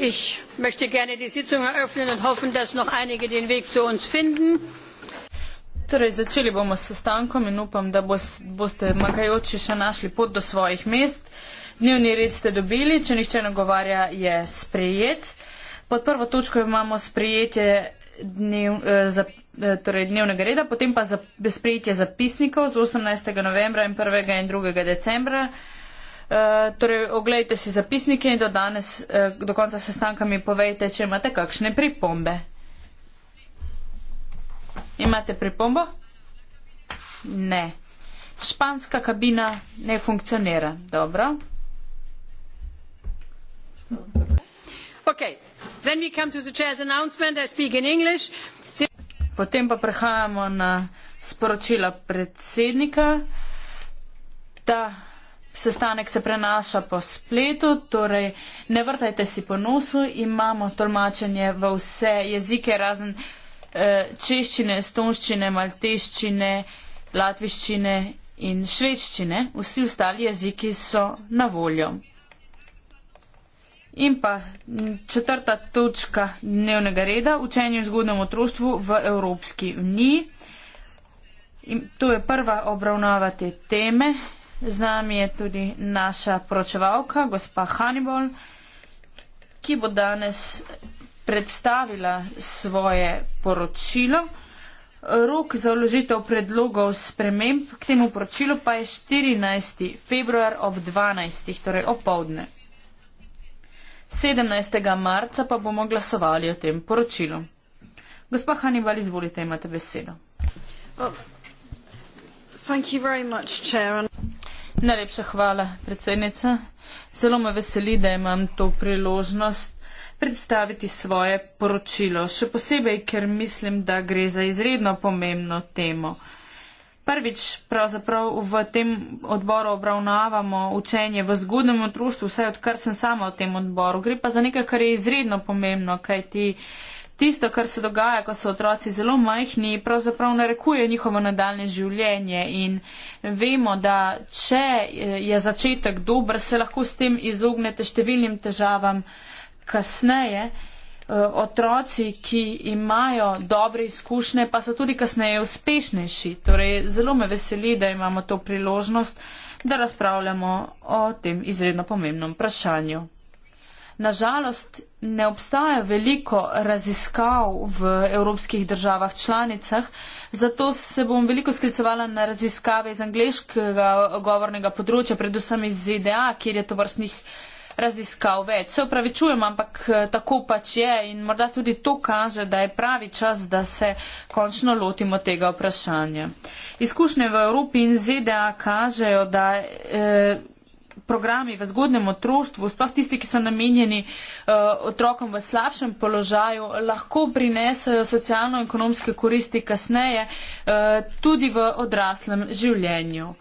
ich möchte gerne die sitzung eröffnen und hoffen dass noch einige den weg zu uns finden. Torej, začeli bomo s sestankom in upam, da bos, boste makajoči še našli pot do svojih mest. Dnevni red ste dobili, če nihče ne govarja, je sprejet. Pod prvo točko imamo sprejetje dnev, eh, za, eh, torej dnevnega reda, potem pa za, sprejetje zapisnikov z 18. novembra in 1. in 2. decembra. Eh, torej, oglejte si zapisnike in do danes, eh, do konca sestanka mi povejte, če imate kakšne pripombe. Imate pripombo? Ne. Španska kabina ne funkcionira. Dobro. Okay. Then we come to the chair's announcement. I speak in English. Potem pa prehajamo na sporočila predsednika. Ta sestanek se prenaša po spletu, torej ne vrtajte si po nosu, imamo tolmačenje v vse jezike, razen eh, češčine, stonščine, malteščine, latviščine in švedščine. Vsi ostali jeziki so na voljo. In pa četrta točka dnevnega reda, učenje v zgodnem otroštvu v Evropski uniji. In to je prva obravnava te teme, Z nami je tudi naša pročevalka, gospa Hannibal, ki bo danes predstavila svoje poročilo. Rok za vložitev predlogov sprememb k temu poročilu pa je 14. februar ob 12. torej opovdne. 17. marca pa bomo glasovali o tem poročilu. Gospa Hannibal, izvolite, imate besedo. Well, thank you very much, Chair. And... Najlepša hvala, predsednica. Zelo me veseli, da imam to priložnost predstaviti svoje poročilo, še posebej, ker mislim, da gre za izredno pomembno temo. Prvič, pravzaprav v tem odboru obravnavamo učenje v zgodnem otroštvu, vsaj odkar sem sama v tem odboru. Gre pa za nekaj, kar je izredno pomembno, kaj ti tisto, kar se dogaja, ko so otroci zelo majhni, pravzaprav narekuje njihovo nadaljne življenje in vemo, da če eh, je začetek dober, se lahko s tem izognete številnim težavam kasneje. Eh, otroci, ki imajo dobre izkušnje, pa so tudi kasneje uspešnejši. Torej, zelo me veseli, da imamo to priložnost, da razpravljamo o tem izredno pomembnem vprašanju. Nažalost, ne obstaja veliko raziskav v evropskih državah članicah, zato se bom veliko sklicovala na raziskave iz angliškega govornega področja, predvsem iz ZDA, kjer je to vrstnih raziskav več. Se upravičujem, ampak eh, tako pač je in morda tudi to kaže, da je pravi čas, da se končno lotimo tega vprašanja. Izkušnje v Evropi in ZDA kažejo, da. Eh, programi v zgodnem otroštvu, sploh tisti, ki so namenjeni eh, otrokom v slabšem položaju, lahko prinesajo socialno-ekonomske koristi kasneje eh, tudi v odraslem življenju.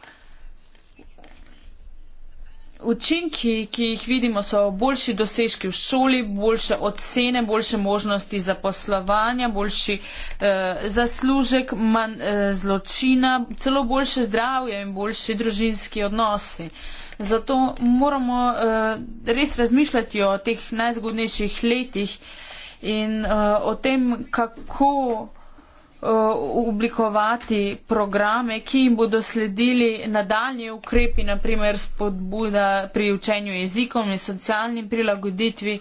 Učinki, ki jih vidimo, so boljši dosežki v šoli, boljše ocene, boljše možnosti zaposlovanja, boljši eh, zaslužek, manj eh, zločina, celo boljše zdravje in boljši družinski odnosi. Eh, Zato moramo uh, res razmišljati o teh najzgodnejših letih in uh, o tem, kako uh, oblikovati programe, ki jim bodo sledili nadaljni ukrepi, naprimer spodbuda pri učenju jezikov in socialnim prilagoditvi.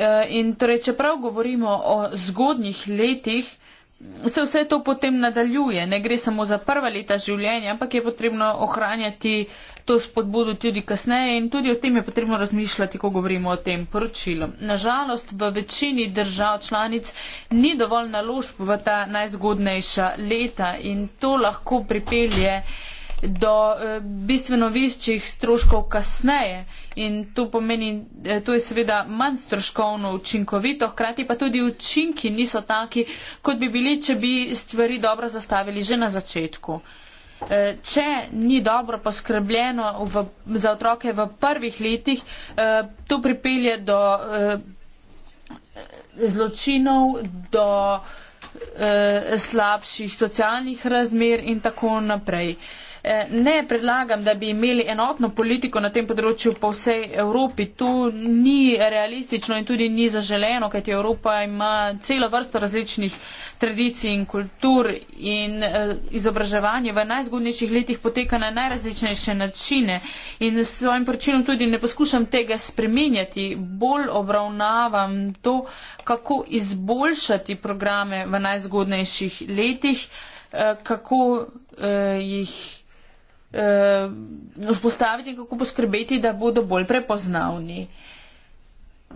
Uh, in torej, čeprav govorimo o zgodnjih letih, se vse to potem nadaljuje, ne gre samo za prva leta življenja, ampak je potrebno ohranjati to spodbudo tudi kasneje in tudi o tem je potrebno razmišljati, ko govorimo o tem poročilu. Nažalost, v večini držav članic ni dovolj naložb v ta najzgodnejša leta in to lahko pripelje do eh, bistveno višjih stroškov kasneje. In to pomeni, eh, to je seveda manj stroškovno učinkovito, hkrati pa tudi učinki niso taki, kot bi bili, če bi stvari dobro zastavili že na začetku. Eh, če ni dobro poskrbljeno v, za otroke v prvih letih, to pripelje do zločinov, do slabših socialnih razmer in tako naprej. Eh, ne predlagam, da bi imeli enotno politiko na tem področju po vsej Evropi. To ni realistično in tudi ni zaželeno, kajti Evropa ima celo vrsto različnih tradicij in kultur in eh, izobraževanje v najzgodnejših letih poteka na najrazličnejše načine. In s svojim poročilom tudi ne poskušam tega spremenjati, bolj obravnavam to, kako izboljšati programe v najzgodnejših letih, eh, kako jih. Uh, Eh, vzpostaviti in kako poskrbeti, da bodo bolj prepoznavni.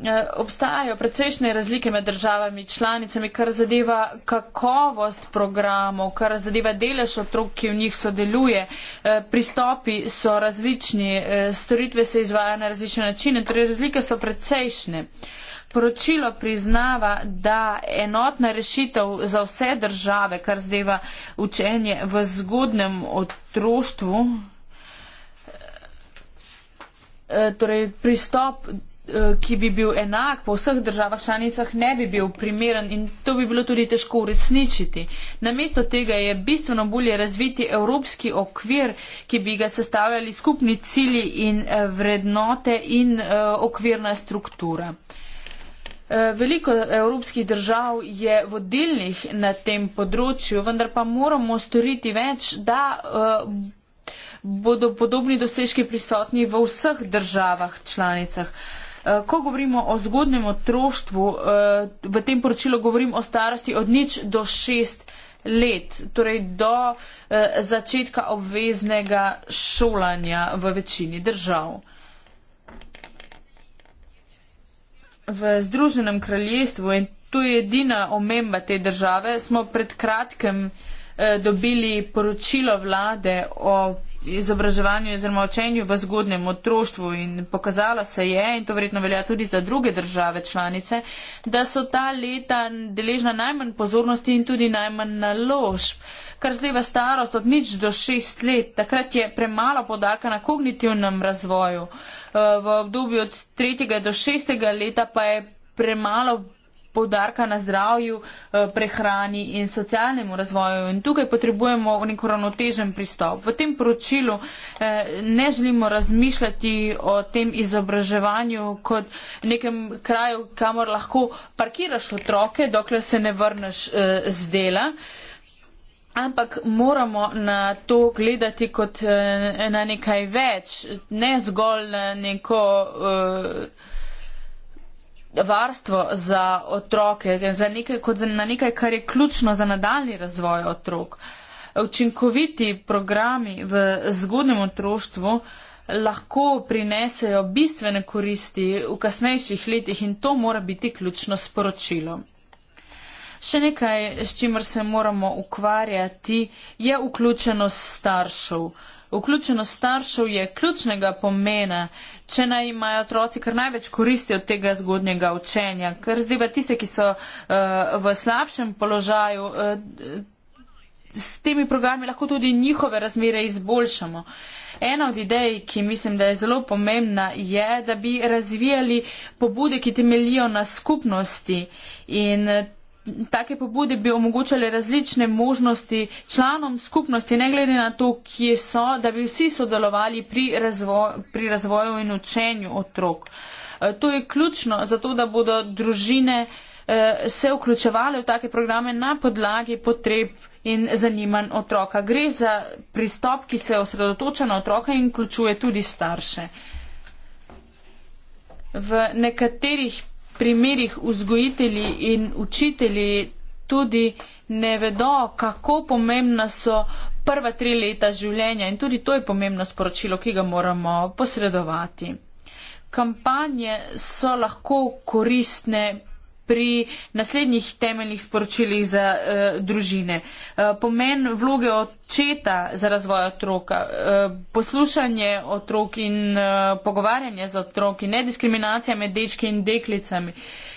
Eh, obstajajo precejšnje razlike med državami članicami, kar zadeva kakovost programov, kar zadeva delež otrok, ki v njih sodeluje. Eh, pristopi so različni, storitve se izvaja na različne načine, torej razlike so precejšnje poročilo priznava, da enotna rešitev za vse države, kar zdeva učenje v zgodnem otroštvu, eh, torej pristop, eh, ki bi bil enak po vseh državah članicah, ne bi bil primeren in to bi bilo tudi težko uresničiti. Namesto tega je bistveno bolje razviti evropski okvir, ki bi ga sestavljali skupni cili in eh, vrednote in okvirna struktura. Eh, veliko evropskih držav je vodilnih na tem področju, vendar pa moramo storiti več, da eh, bodo podobni dosežki prisotni v vseh državah članicah. Eh, ko govorimo o zgodnem otroštvu, v tem poročilu govorim o starosti od nič do šest let, torej do začetka obveznega šolanja v večini držav. V Združenem kraljestvu, in tu je edina omemba te države, smo pred kratkem eh, dobili poročilo vlade o izobraževanju oziroma učenju v zgodnjem otroštvu in pokazalo se je, in to verjetno velja tudi za druge države članice, da so ta leta deležna najmanj pozornosti in tudi najmanj naložb. Kar zdajva starost od nič do šest let, takrat je premalo podarka na kognitivnem razvoju. Eh, v obdobju od tretjega do šestega leta pa je premalo poudarka na zdravju, eh, prehrani in socialnemu razvoju. In tukaj potrebujemo nek ravnotežen pristop. V tem poročilu eh, ne želimo razmišljati o tem izobraževanju kot nekem kraju, kamor lahko parkiraš otroke, dokler se ne vrneš eh, z dela. Ampak moramo na to gledati kot na nekaj več, ne zgolj na neko. Uh varstvo za otroke, za nekaj, kot za, na nekaj, kar je ključno za nadaljni razvoj otrok. Učinkoviti programi v zgodnem otroštvu lahko prinesejo bistvene koristi v kasnejših letih in to mora biti ključno sporočilo. Še nekaj, s čimer se moramo ukvarjati, je vključenost staršev vključenost staršev je ključnega pomena, če naj imajo otroci kar največ koristi od tega zgodnjega učenja, ker zdiva tiste, ki so uh, v slabšem položaju. Uh, S temi programi lahko tudi njihove razmere izboljšamo. Ena od idej, ki mislim, da je zelo pomembna, je, da bi razvijali pobude, ki temelijo na skupnosti in take pobude bi omogočale različne možnosti članom skupnosti, ne glede na to, kje so, da bi vsi sodelovali pri, razvo pri razvoju in učenju otrok. E, to je ključno zato, da bodo družine e, se vključevali v take programe na podlagi potreb in zanimanj otroka. Gre za pristop, ki se osredotoča na otroka in vključuje tudi starše. V nekaterih primerih vzgojitelji in učitelji tudi ne vedo, kako pomembna so prva tri leta življenja in tudi to je pomembno sporočilo, ki ga moramo posredovati. Kampanje so lahko koristne pri naslednjih temeljnih sporočilih za uh, družine. Uh, pomen vloge očeta za razvoj otroka, uh, poslušanje otrok in uh, pogovarjanje z otroki, nediskriminacija med dečki in deklicami,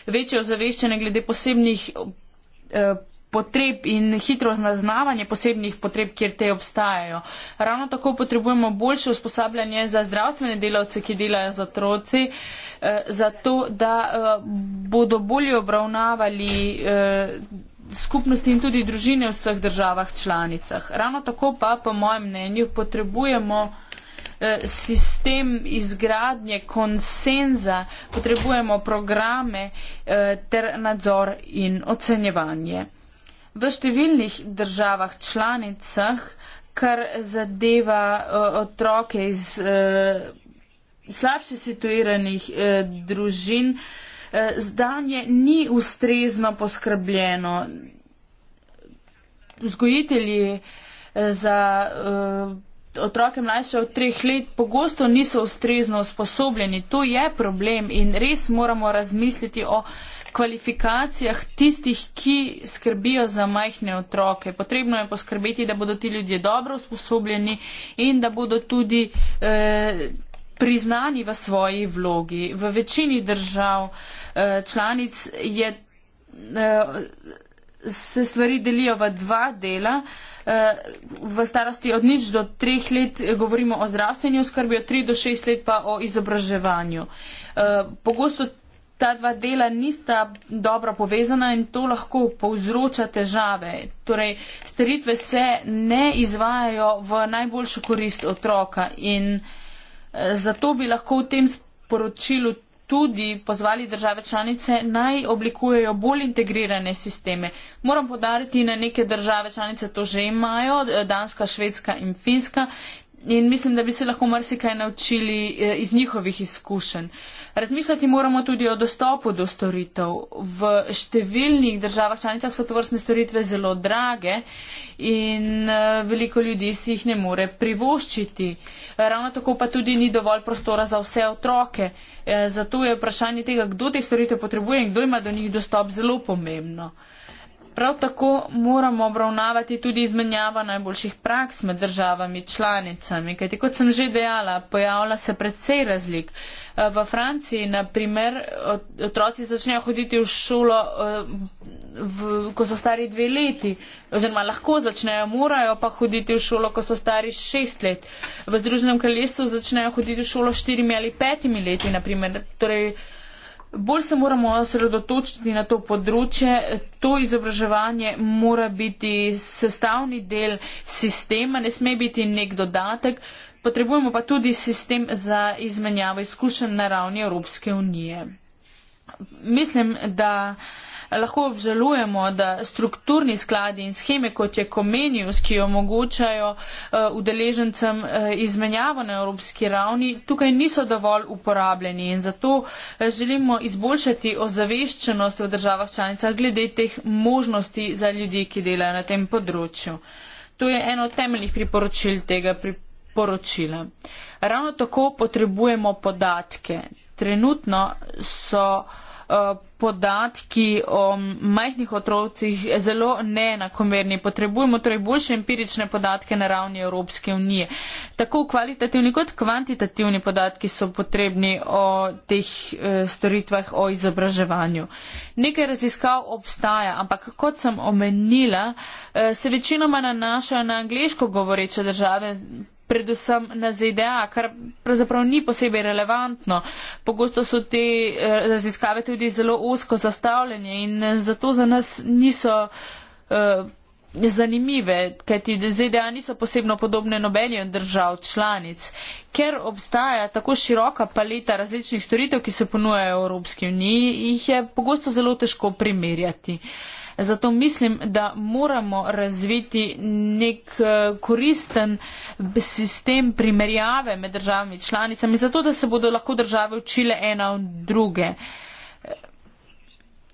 večje ozaveščanje glede posebnih. Uh, potreb in hitro znaznavanje posebnih potreb, kjer te obstajajo. Ravno tako potrebujemo boljše usposabljanje za zdravstvene delavce, ki delajo z otroci, eh, zato da eh, bodo bolje obravnavali eh, skupnosti in tudi družine v vseh državah članicah. Ravno tako pa, po mojem mnenju, potrebujemo sistem izgradnje konsenza, potrebujemo programe ter nadzor in ocenjevanje v številnih državah članicah, kar zadeva eh, otroke iz eh, slabše situiranih eh, družin, zdanje ni ustrezno poskrbljeno. Vzgojitelji za otroke mlajše od treh let pogosto niso ustrezno usposobljeni. To je problem in res moramo razmisliti o kvalifikacijah tistih, ki skrbijo za majhne otroke. Potrebno je poskrbeti, da bodo ti ljudje dobro usposobljeni in da bodo tudi eh, priznani v svoji vlogi. V večini držav eh, članic je, eh, se stvari delijo v dva dela. Eh, v starosti od nič do treh let govorimo o zdravstveni oskrbi, od tri do šest let pa o izobraževanju. Eh, pogosto ta dva dela nista dobro povezana in to lahko povzroča težave. Torej, storitve se ne izvajajo v najboljšo korist otroka in eh, zato bi lahko v tem sporočilu tudi pozvali države članice naj oblikujejo bolj integrirane sisteme. Moram podariti, da neke države članice to že imajo, eh, Danska, Švedska in Finska, in mislim, da bi se lahko marsikaj naučili eh, iz njihovih izkušenj. Razmišljati moramo tudi o dostopu do storitev. V številnih državah članicah so to vrstne storitve zelo drage in eh, veliko ljudi si jih ne more privoščiti. Ravno tako pa tudi ni dovolj prostora za vse otroke. Eh, zato je vprašanje tega, kdo te storitev potrebuje in kdo ima do njih dostop, zelo pomembno. Prav tako moramo obravnavati tudi izmenjava najboljših praks med državami članicami, kajti kot sem že dejala, pojavlja se predvsej razlik. Eh, v Franciji, na primer, otroci začnejo hoditi v šolo, eh, v, ko so stari dve leti, oziroma lahko začnejo, morajo pa hoditi v šolo, ko so stari šest let. V Združenem kraljestvu začnejo hoditi v šolo štirimi ali petimi leti, na primer. Torej, Bolj se moramo osredotočiti na to področje. To izobraževanje mora biti sestavni del sistema, ne sme biti nek dodatek. Potrebujemo pa tudi sistem za izmenjavo izkušenj na ravni Evropske unije. Mislim, da lahko obžalujemo, da strukturni skladi in scheme, kot je Comenius, ki omogočajo eh, udeležencem eh, izmenjavo na evropski ravni, tukaj niso dovolj uporabljeni in zato eh, želimo izboljšati ozaveščenost v državah članicah glede teh možnosti za ljudi, ki delajo na tem področju. To je eno od temeljnih priporočil tega priporočila. Ravno tako potrebujemo podatke. Trenutno so uh, Eh, podatki o majhnih otrocih zelo neenakomerni. Potrebujemo torej boljše empirične podatke na ravni Evropske unije. Tako kvalitativni kot kvantitativni podatki so potrebni o teh eh, storitvah o izobraževanju. Nekaj raziskav obstaja, ampak kot sem omenila, eh, se večinoma nanašajo na angliško govoreče države, predvsem na ZDA, kar pravzaprav ni posebej relevantno. Pogosto so te eh, raziskave tudi zelo osko zastavljene in eh, zato za nas niso uh, zanimive, kajti ZDA niso posebno podobne nobeni od držav članic, ker obstaja tako široka paleta različnih storitev, ki se ponujajo v Evropski uniji, jih je pogosto zelo težko primerjati. Uh, Zato mislim, da moramo razviti nek eh, koristen sistem primerjave med državami članicami, zato da se bodo lahko države učile ena od druge. Eh,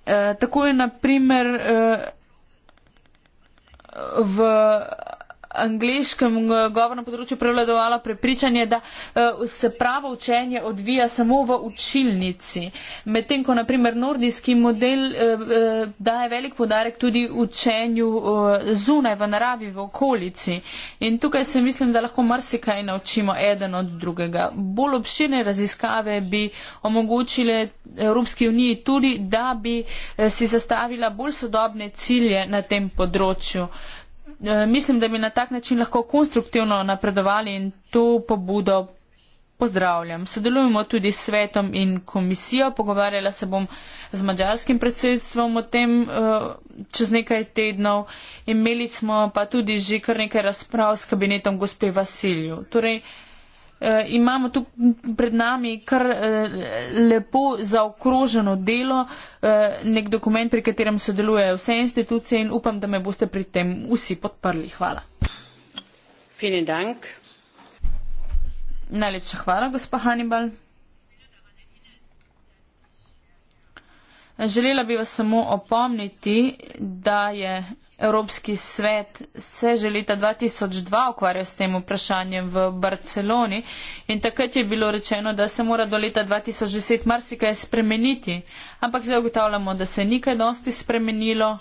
eh, tako je na primer v angliškem eh, govornem področju prevladovalo prepričanje, da eh, se pravo učenje odvija samo v učilnici. Medtem ko naprimer nordijski model eh, daje velik podarek tudi učenju zunaj v naravi, v okolici. In tukaj se mislim, da lahko marsikaj naučimo eden od drugega. Bolj obširne raziskave bi omogočile Evropski uniji tudi, da bi si zastavila bolj sodobne cilje na tem področju. Eh, mislim, da bi na tak način lahko konstruktivno napredovali in to pobudo pozdravljam. Sodelujemo tudi s svetom in komisijo, pogovarjala se bom z mađarskim predsedstvom o tem eh, čez nekaj tednov. Imeli smo pa tudi že kar nekaj razprav s kabinetom gospe Vasilju. Torej, Uh, imamo tu pred nami kar uh, lepo zaokroženo delo, uh, nek dokument, pri katerem sodelujejo vse institucije in upam, da me boste pri tem vsi podprli. Hvala. Najlepša hvala, gospa Hannibal. Želela bi vas samo opomniti, da je. Uh, Evropski svet se že leta 2002 ukvarjal s tem vprašanjem v Barceloni in takrat je bilo rečeno, da se mora do leta 2010 marsikaj spremeniti, ampak zdaj ugotavljamo, da se ni kaj dosti spremenilo.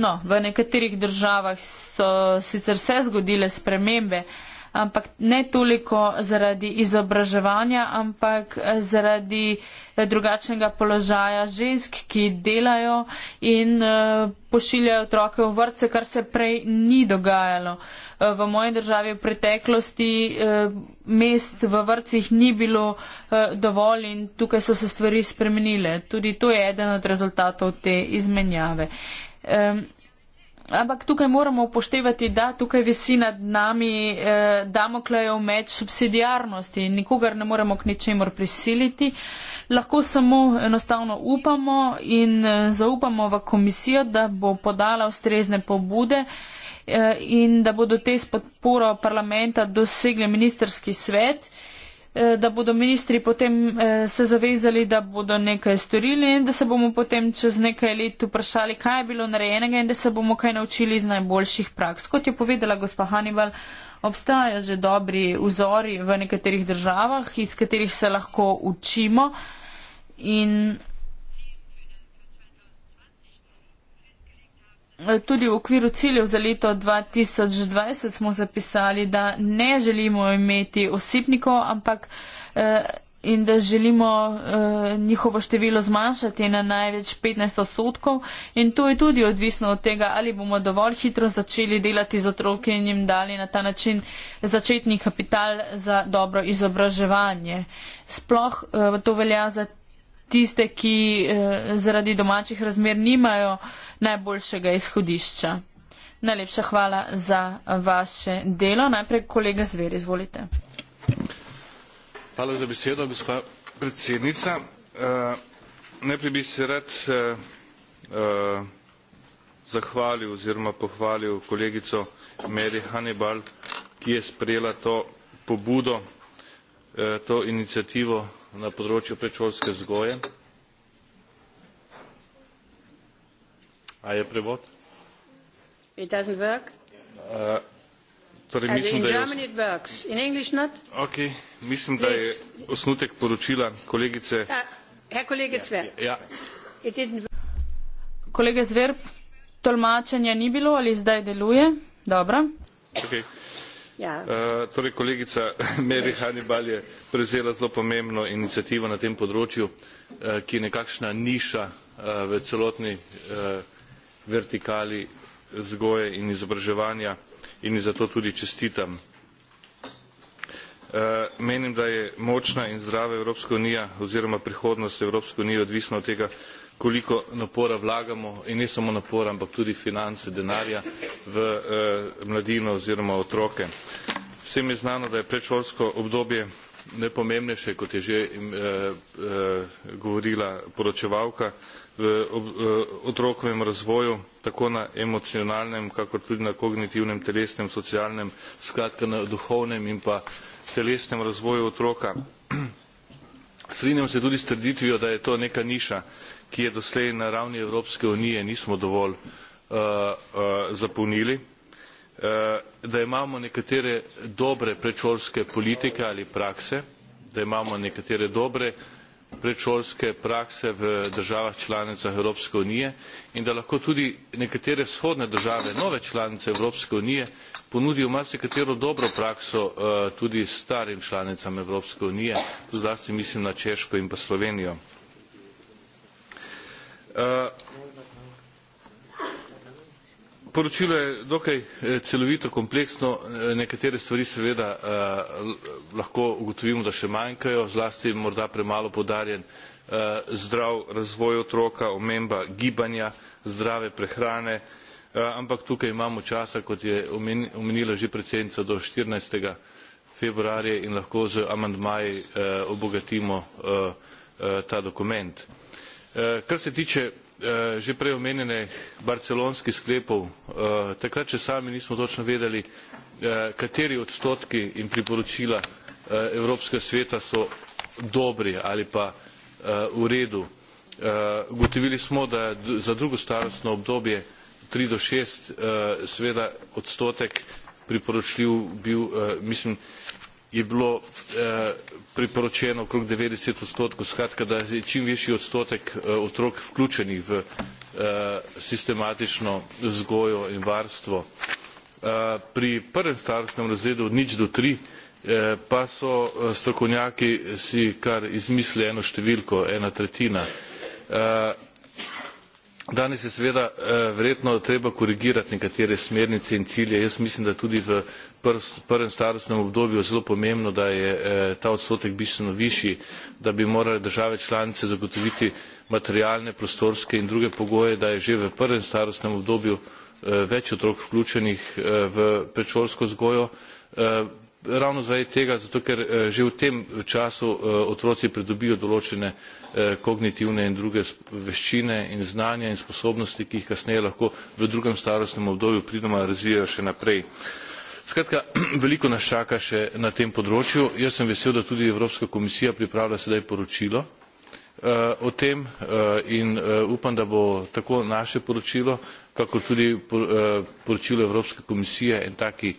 No, v nekaterih državah so sicer se zgodile spremembe, ampak ne toliko zaradi izobraževanja, ampak zaradi eh, drugačnega položaja žensk, ki delajo in eh, pošiljajo otroke v vrtce, kar se prej ni dogajalo. Eh, v moji državi v preteklosti mest v vrtcih ni bilo dovolj in tukaj so se stvari spremenile. Tudi to je eden od rezultatov te izmenjave. Ampak tukaj moramo upoštevati, da tukaj visi nad nami eh, damoklejo meč subsidijarnosti. Nikogar ne moremo k ničemor prisiliti. Lahko samo enostavno upamo in eh, zaupamo v komisijo, da bo podala ustrezne pobude eh, in da bodo te s podporo parlamenta dosegli ministerski svet. Eh, Eh, da bodo ministri potem eh, se zavezali, da bodo nekaj storili in da se bomo potem čez nekaj let vprašali, kaj je bilo narejenega in da se bomo kaj naučili iz najboljših praks. Kot je povedala gospa Hannibal, obstajajo že dobri vzori v nekaterih državah, iz katerih se lahko učimo. In Tudi v okviru ciljev za leto 2020 smo zapisali, da ne želimo imeti osipnikov, ampak eh, in da želimo eh, njihovo število zmanjšati na največ 15 odstotkov. In to je tudi odvisno od tega, ali bomo dovolj hitro začeli delati z otroki in jim dali na ta način začetni kapital za dobro izobraževanje. Sploh eh, to velja za tiste, ki eh, zaradi domačih razmer nimajo najboljšega izhodišča. Najlepša hvala za vaše delo. Najprej kolega Zver, izvolite. Hvala za besedo, gospa predsednica. Uh, najprej bi se rad uh, zahvalil oziroma pohvalil kolegico Mary Hannibal, ki je sprejela to pobudo, uh, to inicijativo na področju predšolske vzgoje. A je prevod? It doesn't work. Uh, torej mislim, in da je, it works. In English not? Okay. Mislim, da je osnutek poročila kolegice. Uh, Herr Kollege ja, Zwerb. Ja. It didn't work. Kolege Zwerb, tolmačenja ni bilo ali zdaj deluje? Dobro. Okay. Ja. Eh, torej kolegica mary hannibal je prevzela zelo pomembno iniciativo na tem področju eh, ki je nekakšna niša eh, v celotni vertikali vzgoje in izobraževanja in ji zato tudi čestitam. menim da je močna in zdrava evropska unija oziroma prihodnost evropske unije odvisna od tega koliko napora vlagamo in ne samo napora ampak tudi finance denarja v eh, mladino oziroma otroke. vsem je znano da je predšolsko obdobje najpomembnejše kot je že eh, eh, govorila poročevalka v otrokovem razvoju tako na emocionalnem kakor tudi na kognitivnem telesnem socialnem skratka na duhovnem in pa telesnem razvoju otroka. strinjam se tudi s trditvijo da je to neka niša ki je doslej na ravni evropske unije nismo dovolj uh, uh, zapolnili uh, da imamo nekatere dobre predšolske politike ali prakse da imamo nekatere dobre predšolske prakse v državah članicah evropske unije in da lahko tudi nekatere vzhodne države nove članice evropske unije ponudijo marsikatero dobro prakso tudi starim članicam evropske unije tu zlasti mislim na češko in pa slovenijo. Eh, poročilo je dokaj eh, celovito kompleksno eh, nekatere stvari seveda lahko ugotovimo da še manjkajo zlasti morda premalo poudarjen zdrav razvoj otroka omemba gibanja zdrave prehrane ampak tukaj imamo časa kot je omenila že predsednica do štirinajst februarja in lahko z amandmaji obogatimo ta dokument. Eh, kar se tiče eh, že prej omenjenih barcelonskih sklepov eh, takrat še sami nismo točno vedeli kateri odstotki in priporočila evropskega sveta so dobri ali pa v redu. ugotovili smo da za drugo starostno obdobje tri do šest seveda odstotek priporočljiv bil mislim je bilo eh, priporočeno okrog devetdeset odstotkov skratka da je čim višji odstotek eh, otrok vključenih v eh, sistematično vzgojo in varstvo. pri prvem starostnem razredu od nič do tri pa so strokovnjaki si kar izmislili eno številko ena tretjina danes je seveda eh, verjetno treba korigirati nekatere smernice in cilje jaz mislim da tudi v prvem starostnem obdobju zelo pomembno da je eh, ta odstotek bistveno višji da bi morale države članice zagotoviti materialne prostorske in druge pogoje da je že v prvem starostnem obdobju eh, več otrok vključenih v predšolsko vzgojo ravno zaradi tega zato ker eh, že v tem času eh, otroci pridobijo določene eh, kognitivne in druge veščine in znanja in sposobnosti ki jih kasneje lahko v drugem starostnem obdobju pridoma razvijajo še naprej. skratka veliko nas čaka še na tem področju jaz sem vesel da tudi evropska komisija pripravlja sedaj poročilo o tem in upam da bo tako naše poročilo kakor tudi poročilo evropske komisije en taki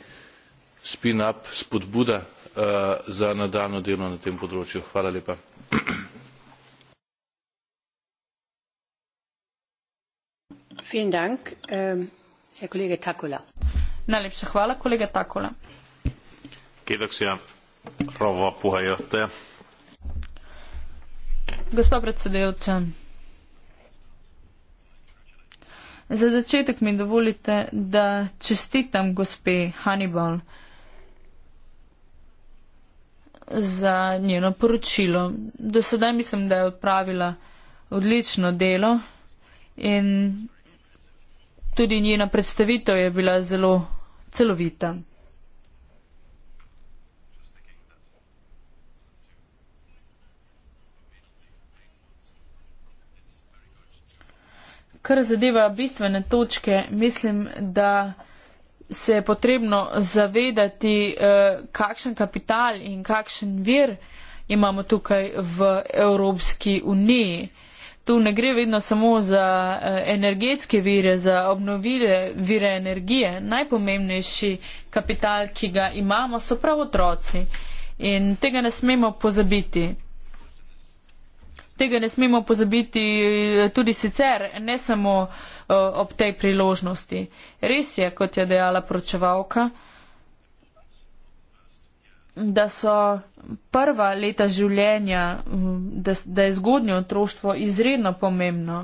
spin up spodbuda eh, za nadaljno delo na tem področju. Hvala lepa. Dank, eh, Takola. Najlepša hvala, kolega Takola. Kedoksija, rova puhajote. Gospa predsedajoča, za začetek mi dovolite, da čestitam gospe Hannibal za njeno poročilo. Do sedaj mislim, da je odpravila odlično delo in tudi njena predstavitev je bila zelo celovita. Kar zadeva bistvene točke, mislim, da se je potrebno zavedati, eh, kakšen kapital in kakšen vir imamo tukaj v Evropski uniji. Tu ne gre vedno samo za eh, energetske vire, za obnovile vire energije. Najpomembnejši kapital, ki ga imamo, so prav otroci. In tega ne smemo pozabiti tega ne smemo pozabiti eh, tudi sicer, ne samo eh, ob tej priložnosti. Res je, kot je dejala poročevalka, da so prva leta življenja, mm, da, da je zgodnje otroštvo izredno pomembno.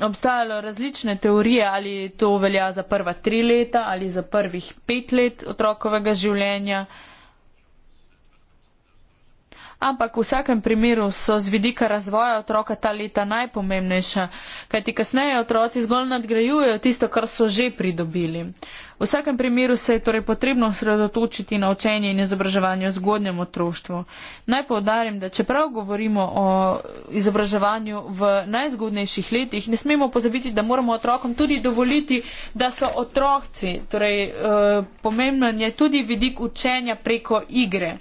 Obstajalo različne teorije, ali to velja za prva tri leta ali za prvih pet let otrokovega življenja ampak v vsakem primeru so z vidika razvoja otroka ta leta najpomembnejša, kajti kasneje otroci zgolj nadgrajujejo tisto, kar so že pridobili. V vsakem primeru se je torej potrebno osredotočiti na učenje in izobraževanje v zgodnjem otroštvu. Naj povdarim, da čeprav govorimo o izobraževanju v najzgodnejših letih, ne smemo pozabiti, da moramo otrokom tudi dovoliti, da so otrokci. Torej, eh, pomemben je tudi vidik učenja preko igre.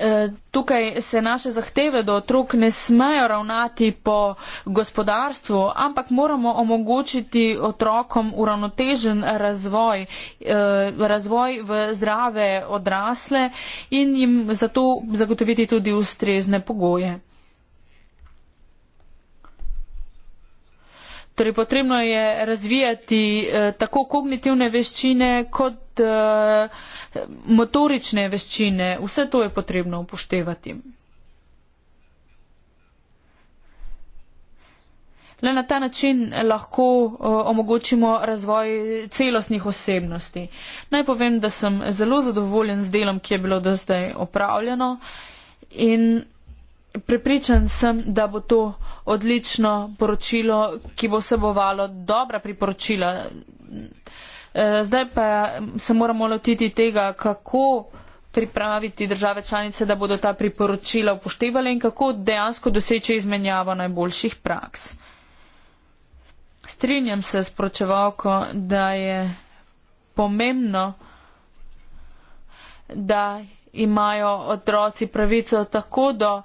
Eh, tukaj se naše zahteve do otrok ne smejo ravnati po gospodarstvu, ampak moramo omogočiti otrokom uravnotežen razvoj, eh, razvoj v zdrave odrasle in jim zato zagotoviti tudi ustrezne pogoje. Torej, potrebno je razvijati eh, tako kognitivne veščine kot eh, motorične veščine. Vse to je potrebno upoštevati. Le na ta način lahko eh, omogočimo razvoj celostnih osebnosti. Naj povem, da sem zelo zadovoljen z delom, ki je bilo do zdaj opravljeno. In Prepričan sem, da bo to odlično poročilo, ki bo vsebovalo dobra priporočila. E, zdaj pa se moramo lotiti tega, kako pripraviti države članice, da bodo ta priporočila upoštevali in kako dejansko doseči izmenjavo najboljših praks. Strinjam se s pročevalko, da je pomembno, da imajo otroci pravico tako do uh,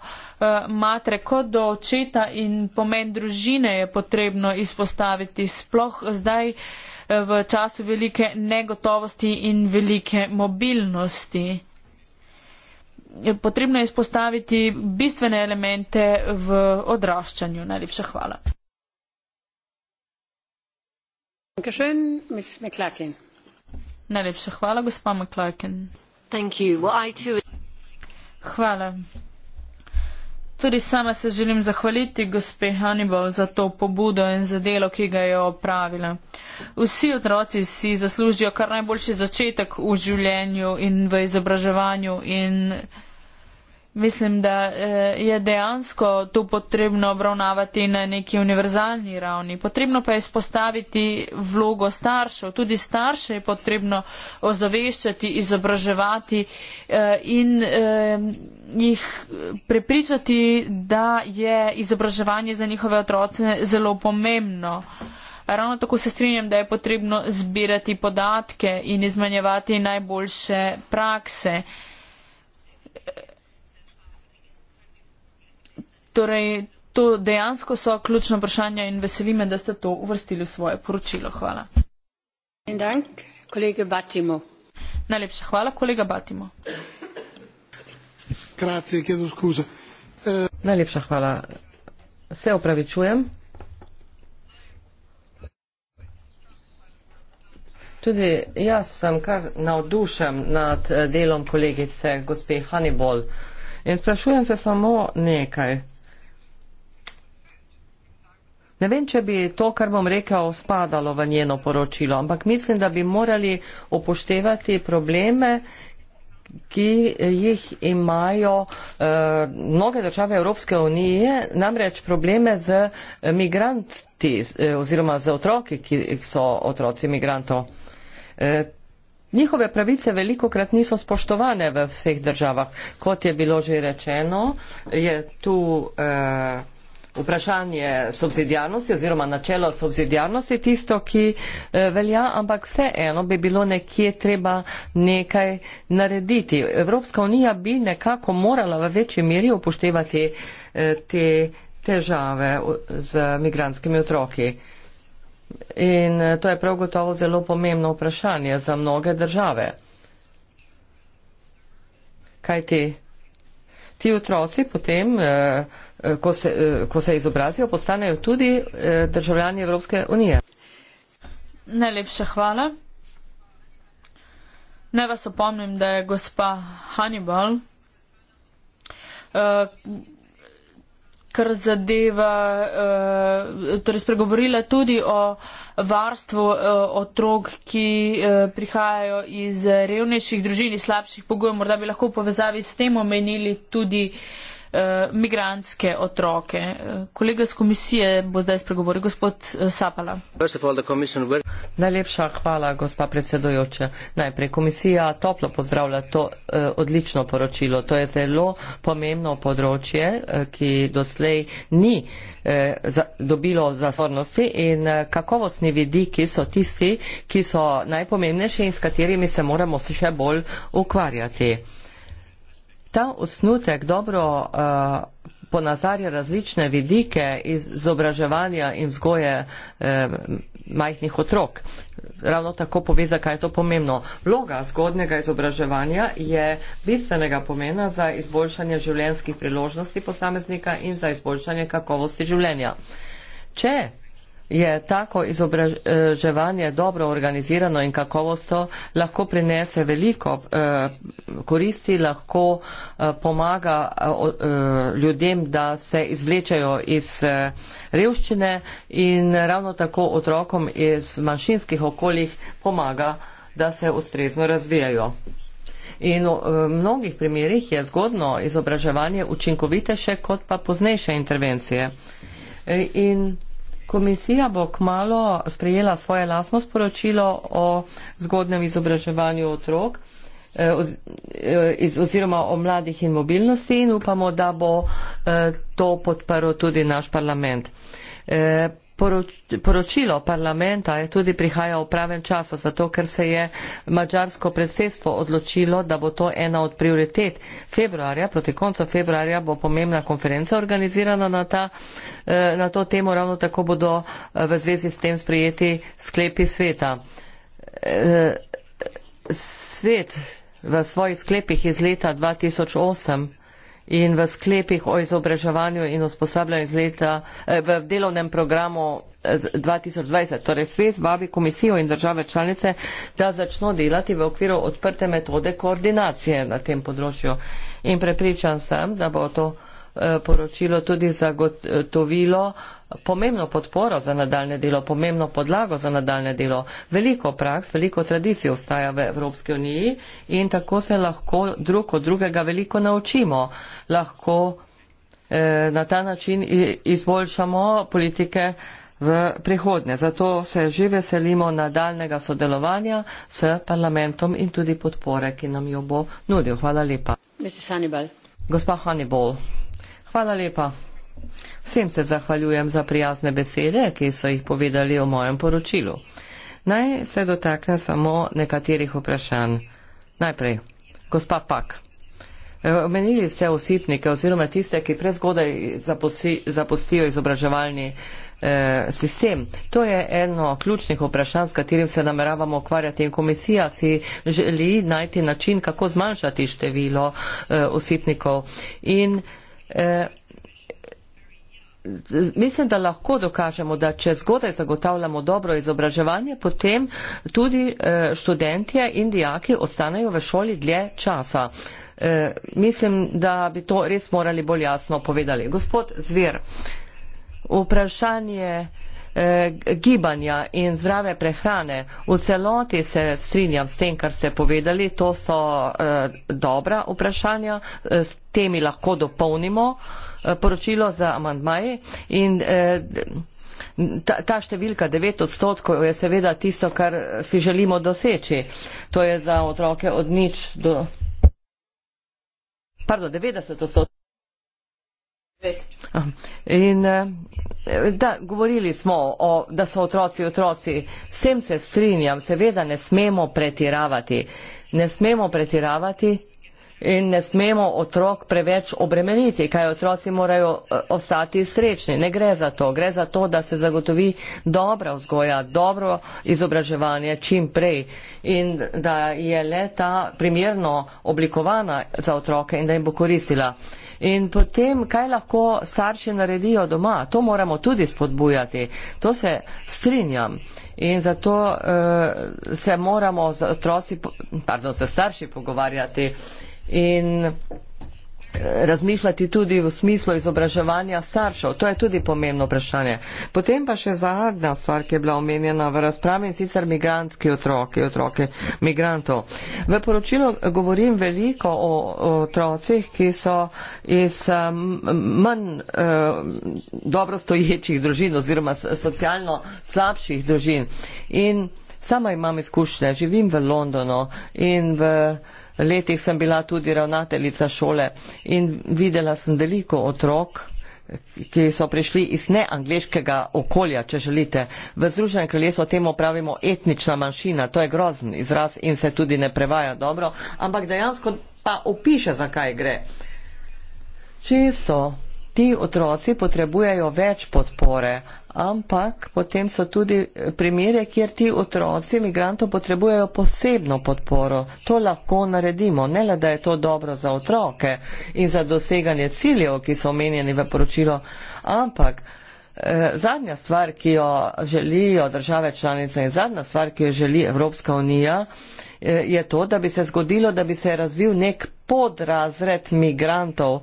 matere kot do očeta in pomen družine je potrebno izpostaviti sploh zdaj eh, v času velike negotovosti in velike mobilnosti. Potrebno je izpostaviti bistvene elemente v odraščanju. Najlepša hvala. Najlepša hvala, gospa McClarkin. Hvala. Tudi sama se želim zahvaliti gospe Hannibal za to pobudo in za delo, ki ga je opravila. Vsi otroci si zaslužijo kar najboljši začetek v življenju in v izobraževanju in Mislim, da eh, je dejansko to potrebno obravnavati na neki univerzalni ravni. Potrebno pa je izpostaviti vlogo staršev. Tudi starše je potrebno ozaveščati, izobraževati eh, in eh, jih prepričati, da je izobraževanje za njihove otroce zelo pomembno. Ravno tako se strinjam, da je potrebno zbirati podatke in izmanjevati najboljše prakse. Torej, to dejansko so ključna vprašanja in veseli me, da ste to uvrstili v svoje poročilo. Hvala. En dan, kolega Batimo. Najlepša hvala, kolega Batimo. Grazie, chiedo scusa. Eh... Najlepša hvala. Se opravičujem. Tudi jaz sem kar navdušen nad eh, delom kolegice gospe Hannibal in sprašujem se samo nekaj. Ne vem, če bi to, kar bom rekel, spadalo v njeno poročilo, ampak mislim, da bi morali upoštevati probleme, ki jih imajo uh, mnoge države Evropske unije, namreč probleme z eh, migranti eh, oziroma z otroki, ki so otroci migrantov. Njihove pravice veliko krat niso spoštovane v vseh državah. Kot je bilo že rečeno, je tu eh, Vprašanje subsidijarnosti oziroma načelo subsidijarnosti je tisto, ki eh, velja, ampak vseeno bi bilo nekje treba nekaj narediti. Evropska unija bi nekako morala v večji meri upoštevati eh, te težave z migranskimi otroki. In eh, to je prav gotovo zelo pomembno vprašanje za mnoge države. Kaj ti? Ti otroci potem. Eh, Eh, ko se, eh, ko se izobrazijo, postanejo tudi eh, državljani Evropske unije. Najlepša hvala. Naj vas opomnim, da je gospa Hannibal, kar zadeva, torej spregovorila tudi o varstvu otrok, ki prihajajo iz revnejših družin, iz slabših pogojev. Morda bi lahko v povezavi s tem omenili tudi uh, Eh, migrantske otroke. Eh, kolega z komisije bo zdaj spregovoril, gospod eh, Sapala. All, will... Najlepša hvala, gospa predsedujoča. Najprej komisija toplo pozdravlja to eh, odlično poročilo. To je zelo pomembno področje, eh, ki doslej ni eh, za, dobilo zasornosti in eh, kakovostni vidiki so tisti, ki so najpomembnejši in s katerimi se moramo še bolj ukvarjati ta osnutek dobro uh, ponazarja različne vidike izobraževanja in vzgoje eh, majhnih otrok. Ravno tako pove, zakaj je to pomembno. Vloga zgodnega izobraževanja je bistvenega pomena za izboljšanje življenjskih priložnosti posameznika in za izboljšanje kakovosti življenja. Če je tako izobraževanje dobro organizirano in kakovostno, lahko prinese veliko eh, koristi, lahko eh, pomaga eh, ljudem, da se izvlečajo iz revščine in ravno tako otrokom iz manjšinskih okoljih pomaga, da se ustrezno razvijajo. In v mnogih primerjih je zgodno izobraževanje učinkovitejše kot pa poznejše intervencije. In Komisija bo kmalo sprejela svoje lasno sporočilo o zgodnem izobraževanju otrok eh, eh, oziroma o mladih in mobilnosti in upamo, da bo eh, to podprl tudi naš parlament poročilo parlamenta je tudi prihaja v pravem času, zato ker se je mačarsko predsedstvo odločilo, da bo to ena od prioritet. Februarja, proti koncu februarja bo pomembna konferenca organizirana na, ta, eh, na to temo, ravno tako bodo eh, v zvezi s tem sprijeti sklepi sveta. Eh, svet v svojih sklepih iz leta 2008 in v sklepih o izobraževanju in usposabljanju leta, eh, v delovnem programu 2020. Eh, torej svet vabi komisijo in države članice, da začno delati v okviru odprte metode koordinacije na tem področju. In prepričan sem, da bo to Eh, poročilo tudi zagotovilo pomembno podporo za nadaljne delo, pomembno podlago za nadaljne delo. Veliko praks, veliko tradicij ostaja v Evropski uniji in tako se lahko drug od drugega veliko naučimo. Lahko eh, na ta način izboljšamo politike v prihodnje. Zato se že veselimo nadaljnega sodelovanja s parlamentom in tudi podpore, ki nam jo bo nudil. Hvala lepa. Gospa Hannibal. Gospa Hannibal. Hvala lepa. Vsem se zahvaljujem za prijazne besede, ki so jih povedali o mojem poročilu. Naj se dotaknem samo nekaterih vprašanj. Najprej, gospa Pak. E, omenili ste osipnike oziroma tiste, ki prezgodaj zaposi, zapustijo izobraževalni eh, sistem. To je eno ključnih vprašanj, s katerim se nameravamo ukvarjati in komisija si želi najti način, kako zmanjšati število eh, osipnikov. In, eh, Eh, mislim, da lahko dokažemo, da če zgodaj zagotavljamo dobro izobraževanje, potem tudi eh, študentje in dijaki ostanejo v šoli dlje časa. Eh, mislim, da bi to res morali bolj jasno povedali. Gospod Zver, vprašanje eh, gibanja in zdrave prehrane. V celoti se strinjam s tem, kar ste povedali. To so eh, dobra vprašanja, eh, s temi lahko dopolnimo eh, poročilo za amandmaji. In, eh, Ta, ta številka 9 odstotkov je seveda tisto, kar si želimo doseči. To je za otroke od nič do. Pardon, 90 odstotkov. In, eh, da, govorili smo, o, da so otroci otroci. Vsem se strinjam, seveda ne smemo pretiravati. Ne smemo pretiravati in ne smemo otrok preveč obremeniti, kaj otroci morajo eh, ostati srečni. Ne gre za to. Gre za to, da se zagotovi dobra vzgoja, dobro izobraževanje čim prej in da je le ta primerno oblikovana za otroke in da jim bo koristila. In potem, kaj lahko starši naredijo doma, to moramo tudi spodbujati. To se strinjam. In zato uh, se moramo z, otroci, pardon, z starši pogovarjati. In razmišljati tudi v smislu izobraževanja staršev. To je tudi pomembno vprašanje. Potem pa še zadnja stvar, ki je bila omenjena v razpravi in sicer migrantski otroki, otroke migrantov. V poročilu govorim veliko o otrocih, ki so iz manj eh, dobro stoječih družin oziroma socialno slabših družin. In sama imam izkušnje, živim v Londonu in v letih sem bila tudi ravnateljica šole in videla sem veliko otrok, ki so prišli iz neangliškega okolja, če želite. V Združenem kraljestvu temu pravimo etnična manjšina, to je grozen izraz in se tudi ne prevaja dobro, ampak dejansko pa opiše, zakaj gre. Čisto ti otroci potrebujejo več podpore, ampak potem so tudi eh, primere, kjer ti otroci imigrantov potrebujejo posebno podporo. To lahko naredimo, ne le da je to dobro za otroke in za doseganje ciljev, ki so omenjeni v poročilo, ampak eh, Zadnja stvar, ki jo želijo države članice in zadnja stvar, ki jo želi Evropska unija, eh, je to, da bi se zgodilo, da bi se razvil nek podrazred migrantov,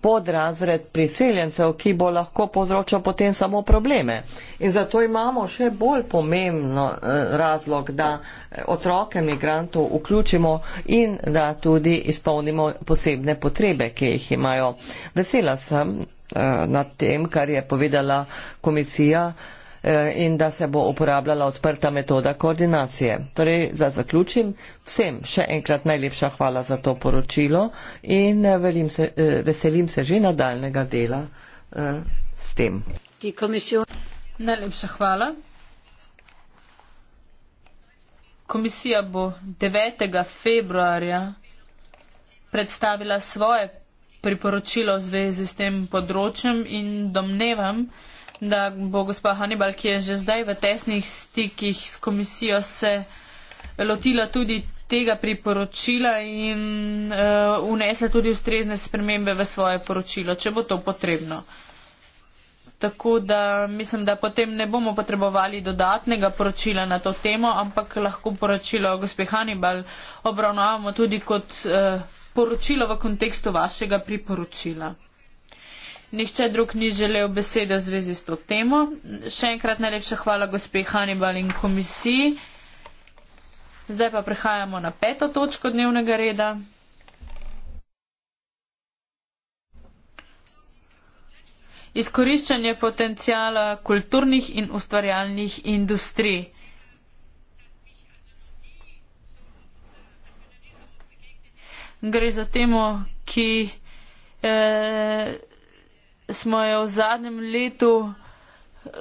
podrazred priseljencev, ki bo lahko povzročal potem samo probleme. In zato imamo še bolj pomembno eh, razlog, da eh, otroke migrantov vključimo in da tudi izpolnimo posebne potrebe, ki jih imajo. Vesela sem eh, nad tem, kar je povedala komisija, Eh, in da se bo uporabljala odprta metoda koordinacije. Torej, za zaključim, vsem še enkrat najlepša hvala za to poročilo in eh, se, eh, veselim se že nadaljnega dela s tem. Najlepša hvala. Komisija bo 9. februarja predstavila svoje priporočilo v zvezi s tem področjem in domnevam, da bo gospa Hannibal, ki je že zdaj v tesnih stikih s komisijo, se lotila tudi tega priporočila in uh, eh, unesla tudi ustrezne spremembe v svoje poročilo, če bo to potrebno. Tako da mislim, da potem ne bomo potrebovali dodatnega poročila na to temo, ampak lahko poročilo gospe Hannibal obravnavamo tudi kot uh, poročilo v kontekstu vašega priporočila. Nihče drug ni želel besede v zvezi s to temo. Še enkrat najlepša hvala gospe Hannibal in komisiji. Zdaj pa prehajamo na peto točko dnevnega reda. Izkoriščanje potencijala kulturnih in ustvarjalnih industrij. Gre za temo, ki. Eh, smo jo v zadnjem letu eh,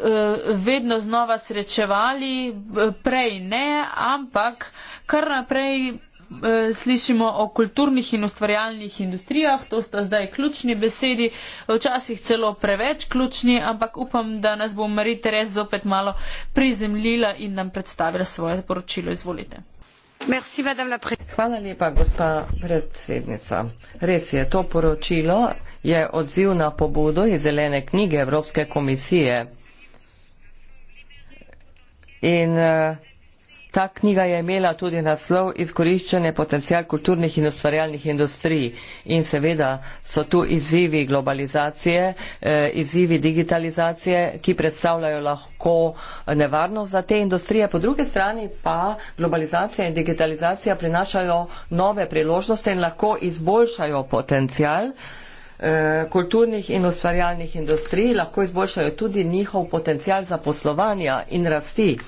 vedno znova srečevali, eh, prej ne, ampak kar naprej eh, slišimo o kulturnih in ustvarjalnih industrijah, to sta zdaj ključni besedi, včasih celo preveč ključni, ampak upam, da nas bo Marita res zopet malo prizemljila in nam predstavila svoje poročilo. Izvolite. Hvala lepa, gospa predsednica. Res je, to poročilo je odziv na pobudo iz zelene knjige Evropske komisije. In uh, Ta knjiga je imela tudi naslov Izkoriščanje potencijal kulturnih in ustvarjalnih industrij in seveda so tu izzivi globalizacije, eh, izzivi digitalizacije, ki predstavljajo lahko nevarnost za te industrije. Po druge strani pa globalizacija in digitalizacija prinašajo nove priložnosti in lahko izboljšajo potencijal. Eh, kulturnih in ustvarjalnih industrij lahko izboljšajo tudi njihov potencial za poslovanja in rasti.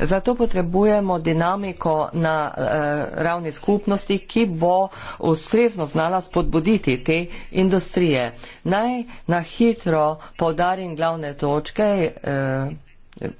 Zato potrebujemo dinamiko na eh, ravni skupnosti, ki bo ustrezno znala spodbuditi te industrije. Naj na hitro podarim glavne točke. Eh,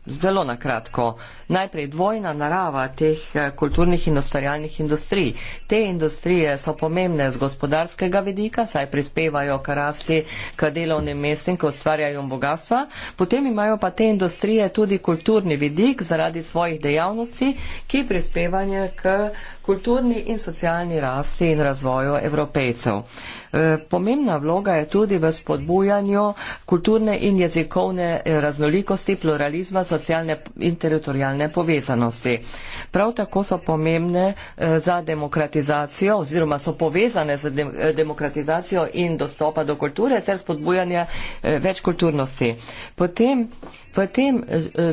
zelo na kratko. Najprej dvojna narava teh eh, kulturnih in ustvarjalnih industrij. Te industrije so pomembne z gospodarskega vidika, saj prispevajo k rasti, k delovnim mestim, k ustvarjajo bogatstva. Potem imajo pa te industrije tudi kulturni vidik zaradi svojih dejavnosti, ki prispevanje k kulturni in socialni rasti in razvoju evropejcev. Eh, pomembna vloga je tudi v spodbujanju kulturne in jezikovne eh, raznolikosti, pluralizma, socialne in teritorijalne povezanosti. Prav tako so pomembne eh, za demokratizacijo oziroma so povezane z demokratizacijo in dostopa do kulture ter spodbujanje večkulturnosti. Potem v tem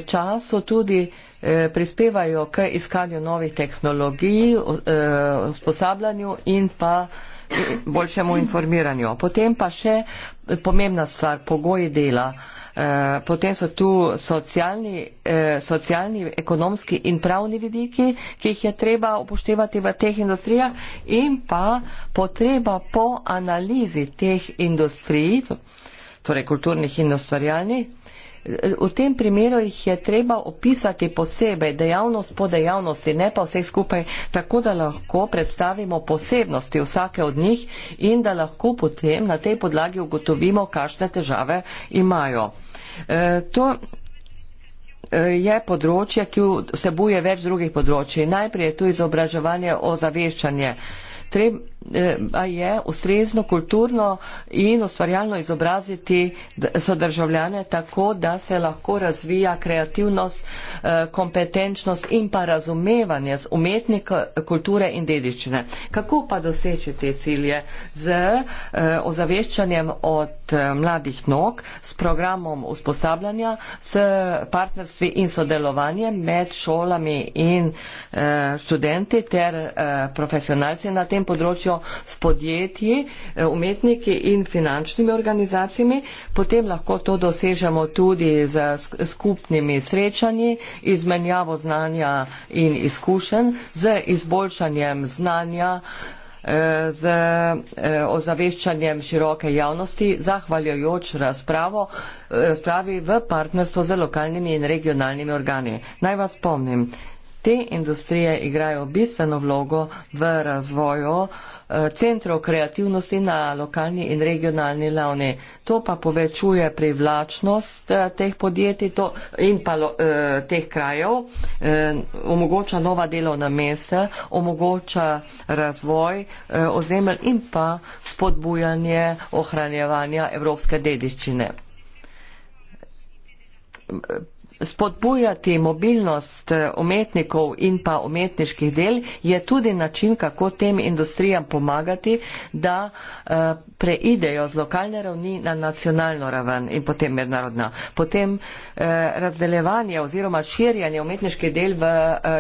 času tudi prispevajo k iskanju novih tehnologij, usposabljanju in pa boljšemu informiranju. Potem pa še pomembna stvar, pogoji dela. Eh, potem so tu socialni, eh, socialni, ekonomski in pravni vidiki, ki jih je treba upoštevati v teh industrijah in pa potreba po analizi teh industrij, torej kulturnih in ustvarjalnih, V tem primeru jih je treba opisati posebej, dejavnost po dejavnosti, ne pa vseh skupaj, tako da lahko predstavimo posebnosti vsake od njih in da lahko potem na tej podlagi ugotovimo, kakšne težave imajo. E, to e, je področje, ki vsebuje več drugih področji. Najprej je tu izobraževanje o zaveščanje. Treba Eh, a je ustrezno kulturno in ustvarjalno izobraziti sodržavljane tako, da se lahko razvija kreativnost, eh, kompetenčnost in pa razumevanje umetnika, kulture in dedičine. Kako pa doseči te cilje? Z eh, ozaveščanjem od mladih nog, s programom usposabljanja, s partnerstvi in sodelovanjem med šolami in študenti ter profesionalci na tem področju, s podjetji, eh, umetniki in finančnimi organizacijami, potem lahko to dosežemo tudi z skupnimi srečanji, izmenjavo znanja in izkušenj, z izboljšanjem znanja eh, z eh, ozaveščanjem široke javnosti, zahvaljujoč razpravo, razpravi v partnerstvu z lokalnimi in regionalnimi organi. Naj vas spomnim, te industrije igrajo bistveno vlogo v razvoju Eh, centrov kreativnosti na lokalni in regionalni ravni. To pa povečuje privlačnost eh, teh podjetij to, in pa eh, teh krajev, omogoča nova delovna mesta, omogoča razvoj ozemelj in pa spodbujanje ohranjevanja evropske dediščine spodbujati mobilnost eh, umetnikov in pa umetniških del je tudi način, kako tem industrijam pomagati, da eh, preidejo z lokalne ravni na nacionalno raven in potem mednarodna. Potem eh, razdeljevanje oziroma širjanje umetniških del v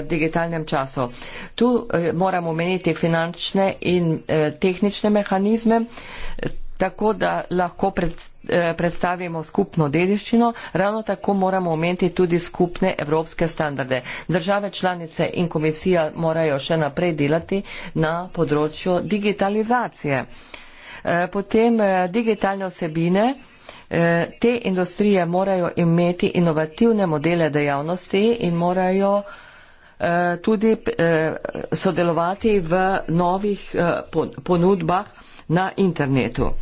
digitalnem času. Tu moramo omeniti finančne in tehnične mehanizme tako da lahko eh, predstavimo skupno dediščino, ravno tako moramo omeniti tudi skupne evropske standarde. Države članice in komisija morajo še naprej delati na področju digitalizacije. Eh, potem eh, digitalne osebine. Te industrije morajo imeti inovativne modele dejavnosti in morajo tudi sodelovati v novih ponudbah na internetu.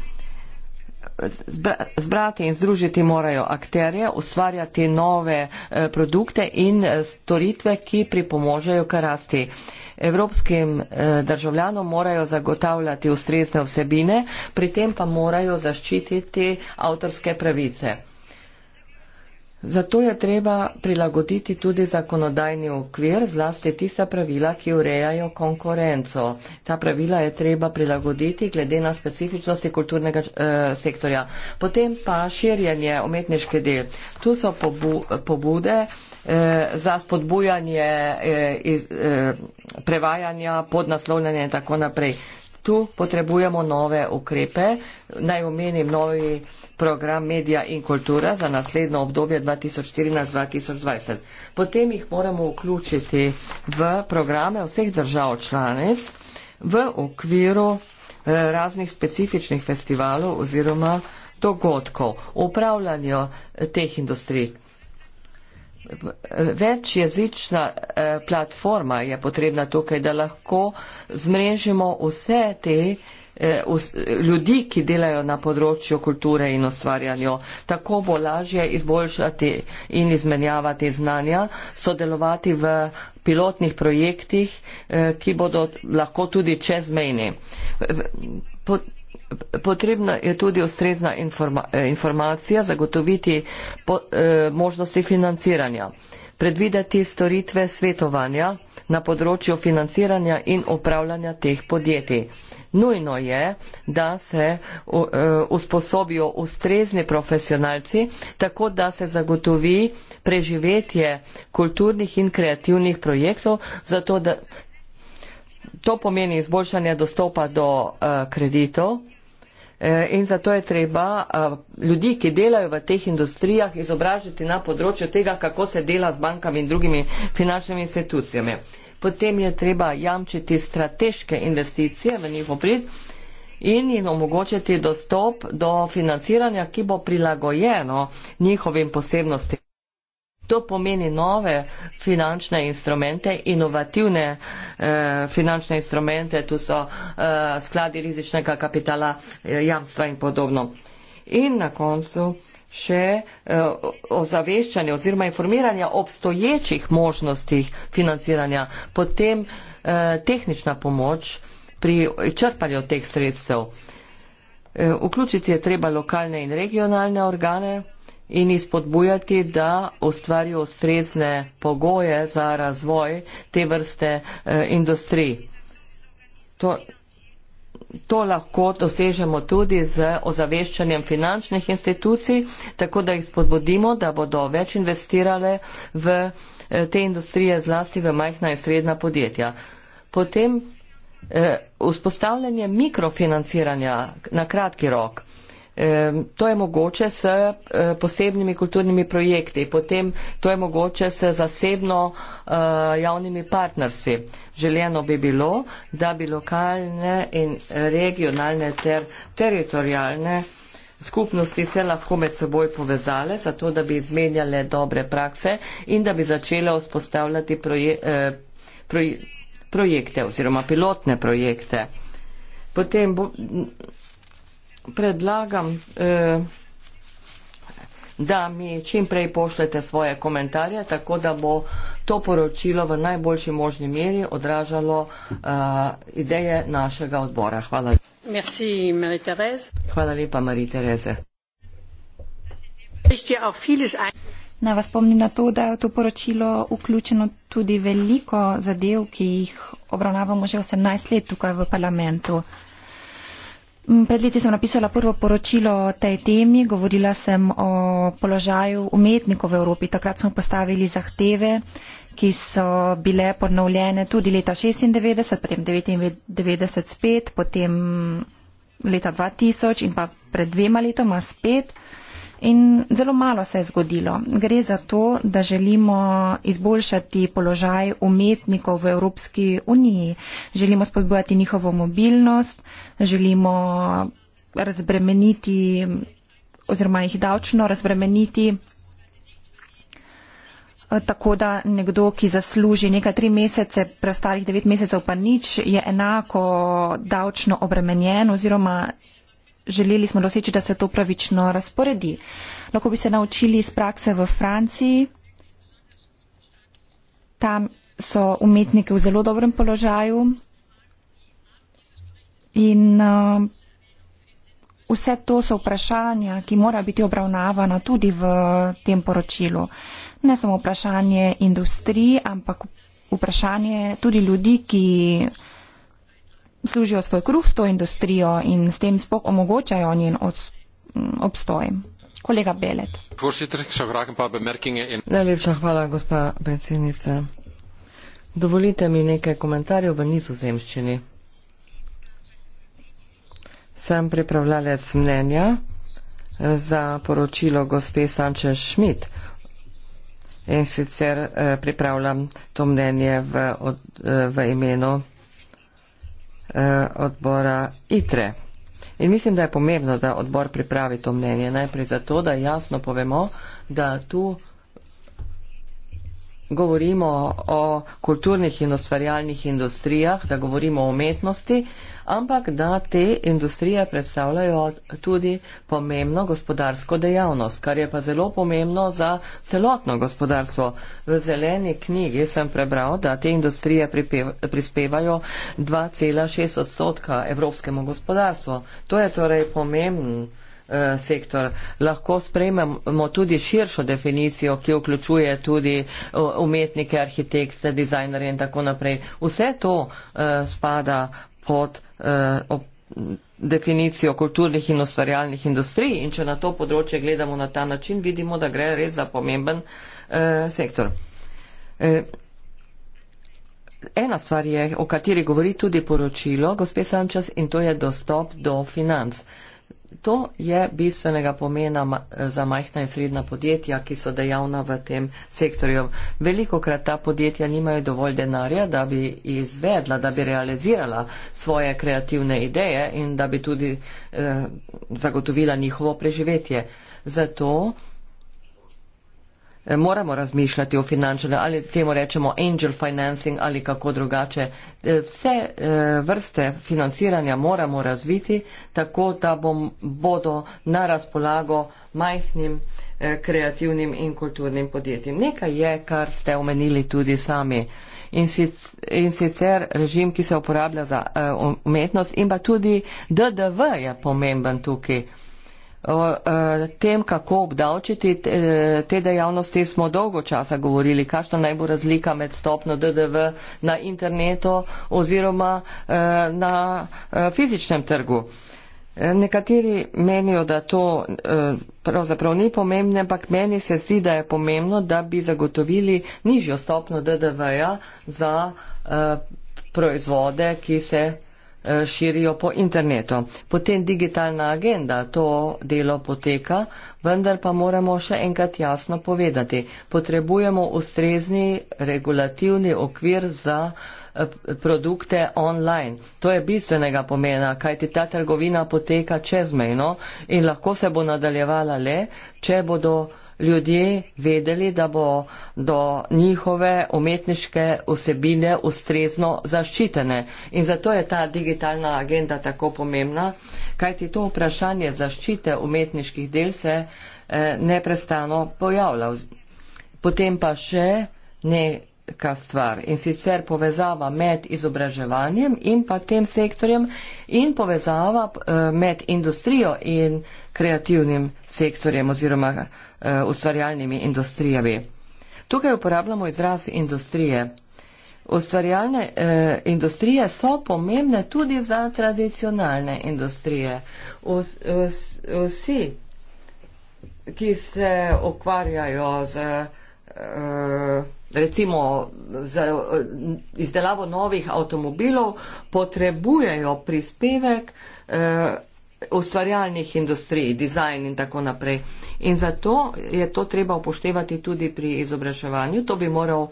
Zbrati in združiti morajo akterje, ustvarjati nove eh, produkte in eh, storitve, ki pripomožajo k rasti. Evropskim eh, državljanom morajo zagotavljati ustrezne vsebine, pri tem pa morajo zaščititi avtorske pravice. Zato je treba prilagoditi tudi zakonodajni okvir, zlasti tista pravila, ki urejajo konkurenco. Ta pravila je treba prilagoditi glede na specifičnosti kulturnega eh, sektorja. Potem pa širjenje umetniške del. Tu so pobu, pobude eh, za spodbujanje eh, iz, eh, prevajanja, podnaslovljanje in tako naprej tu potrebujemo nove ukrepe. Naj omenim novi program Medija in kultura za naslednjo obdobje 2014-2020. Potem jih moramo vključiti v programe vseh držav članic v okviru eh, raznih specifičnih festivalov oziroma dogodkov, upravljanju eh, teh industrij, večjezična eh, platforma je potrebna tukaj, da lahko zmrežimo vse te eh, ljudi, ki delajo na področju kulture in ustvarjanja. Tako bo lažje izboljšati in izmenjavati znanja, sodelovati v pilotnih projektih, eh, ki bodo lahko tudi čezmejni potrebna je tudi ustrezna informa, eh, informacija, zagotoviti po, eh, možnosti financiranja, predvideti storitve svetovanja na področju financiranja in upravljanja teh podjetij. Nujno je, da se eh, usposobijo ustrezni profesionalci, tako da se zagotovi preživetje kulturnih in kreativnih projektov, zato da to pomeni izboljšanje dostopa do eh, kreditov Eh, in zato je treba eh, ljudi, ki delajo v teh industrijah, izobražiti na področju tega, kako se dela z bankami in drugimi finančnimi institucijami. Potem je treba jamčiti strateške investicije v njihov prid in jim omogočiti dostop do financiranja, ki bo prilagojeno njihovim posebnostim. To pomeni nove finančne instrumente, inovativne eh, finančne instrumente, tu so eh, skladi rizičnega kapitala, eh, jamstva in podobno. In na koncu še eh, ozaveščanje oziroma informiranje obstoječih možnostih financiranja, potem eh, tehnična pomoč pri črpanju teh sredstev. Eh, vključiti je treba lokalne in regionalne organe in izpodbujati, da ustvarijo ustrezne pogoje za razvoj te vrste eh, industrij. To, to lahko dosežemo tudi z ozaveščanjem finančnih institucij, tako da jih spodbudimo, da bodo več investirale v eh, te industrije, zlasti v majhna in srednja podjetja. Potem eh, vzpostavljanje mikrofinanciranja na kratki rok. To je mogoče s eh, posebnimi kulturnimi projekti, potem to je mogoče s zasebno eh, javnimi partnerstvi. Želeno bi bilo, da bi lokalne in regionalne ter teritorijalne skupnosti se lahko med seboj povezale, zato da bi izmenjale dobre prakse in da bi začele vzpostavljati proje, eh, proje, projekte oziroma pilotne projekte. Potem bo, predlagam, eh, da mi čim prej pošljete svoje komentarje, tako da bo to poročilo v najboljši možni meri odražalo eh, ideje našega odbora. Hvala. Merci, Hvala lepa, Marija Tereza. Na vas spomnim na to, da je to poročilo vključeno tudi veliko zadev, ki jih obravnavamo že 18 let tukaj v parlamentu. Mm, pred leti sem napisala prvo poročilo o tej temi, govorila sem o položaju umetnikov v Evropi. Takrat smo postavili zahteve, ki so bile ponovljene tudi leta 96, potem 99 spet, potem leta 2000 in pa pred dvema letoma spet. In zelo malo se je zgodilo. Gre za to, da želimo izboljšati položaj umetnikov v Evropski uniji. Želimo spodbojati njihovo mobilnost, želimo razbremeniti oziroma jih davčno razbremeniti eh, tako da nekdo, ki zasluži nekaj tri mesece, preostalih devet mesecev pa nič, je enako davčno obremenjen oziroma želeli smo doseči, da se to pravično razporedi. Lahko bi se naučili iz prakse v Franciji. Tam so umetniki v zelo dobrem položaju in uh, vse to so vprašanja, ki mora biti obravnavana tudi v tem poročilu. Ne samo vprašanje industrij, ampak vprašanje tudi ljudi, ki služijo svoj kruh s to industrijo in s tem spok omogočajo njen obstoj. Kolega Belet. Najlepša hvala, gospa predsednica. Dovolite mi nekaj komentarjev v nizozemščini. Sem pripravljalec mnenja eh, za poročilo gospe Sanče Šmit in sicer eh, pripravljam to mnenje v, od, eh, v imenu Eh, odbora ITRE. In mislim, da je pomembno, da odbor pripravi to mnenje najprej zato, da jasno povemo, da tu govorimo o kulturnih in ustvarjalnih industrijah, da govorimo o umetnosti, ampak da te industrije predstavljajo tudi pomembno gospodarsko dejavnost, kar je pa zelo pomembno za celotno gospodarstvo. V zeleni knjigi sem prebral, da te industrije pripe, prispevajo 2,6 odstotka evropskemu gospodarstvu. To je torej pomembno Eh, sektor. Lahko sprejmemo tudi širšo definicijo, ki vključuje tudi eh, umetnike, arhitekte, dizajnerje in tako naprej. Vse to eh, spada pod definicijo kulturnih in ustvarjalnih industrij in če na to področje gledamo na ta način, vidimo, da gre res za pomemben sektor. Ena stvar je, o kateri govori tudi poročilo, gospe Sančas, in to je dostop do financ to je bistvenega pomena za majhna in srednja podjetja, ki so dejavna v tem sektorju. Veliko krat ta podjetja nimajo dovolj denarja, da bi izvedla, da bi realizirala svoje kreativne ideje in da bi tudi eh, zagotovila njihovo preživetje. Zato Eh, moramo razmišljati o finančnem ali temu rečemo angel financing ali kako drugače. Eh, vse eh, vrste financiranja moramo razviti tako, da bom, bodo na razpolago majhnim kreativnim in kulturnim podjetjem. Nekaj je, kar ste omenili tudi sami in sicer režim, ki se uporablja za umetnost in pa tudi DDV je pomemben tukaj. O eh, tem, kako obdavčiti eh, te dejavnosti, smo dolgo časa govorili, kakšna naj bo razlika med stopno DDV na internetu oziroma eh, na fizičnem trgu. Nekateri menijo, da to pravzaprav ni pomembno, ampak meni se zdi, da je pomembno, da bi zagotovili nižjo stopno DDV-ja za proizvode, ki se Eh, širijo po internetu. Potem digitalna agenda, to delo poteka, vendar pa moramo še enkrat jasno povedati. Potrebujemo ustrezni regulativni okvir za eh, produkte online. To je bistvenega pomena, kajti ta trgovina poteka čezmejno in lahko se bo nadaljevala le, če bodo ljudje vedeli, da bo do njihove umetniške vsebine ustrezno zaščitene. In zato je ta digitalna agenda tako pomembna, kajti to vprašanje zaščite umetniških del se eh, neprestano pojavlja. Potem pa še neka stvar in sicer povezava med izobraževanjem in pa tem sektorjem in povezava eh, med industrijo in kreativnim sektorjem oziroma Eh, ustvarjalnimi industrijami. Tukaj uporabljamo izraz industrije. Ustvarjalne eh, industrije so pomembne tudi za tradicionalne industrije. Vs, vs, vsi, ki se ukvarjajo z, eh, recimo, z izdelavo novih avtomobilov, potrebujejo prispevek eh, ustvarjalnih industrij, dizajn in tako naprej. In zato je to treba upoštevati tudi pri izobraževanju, to bi moral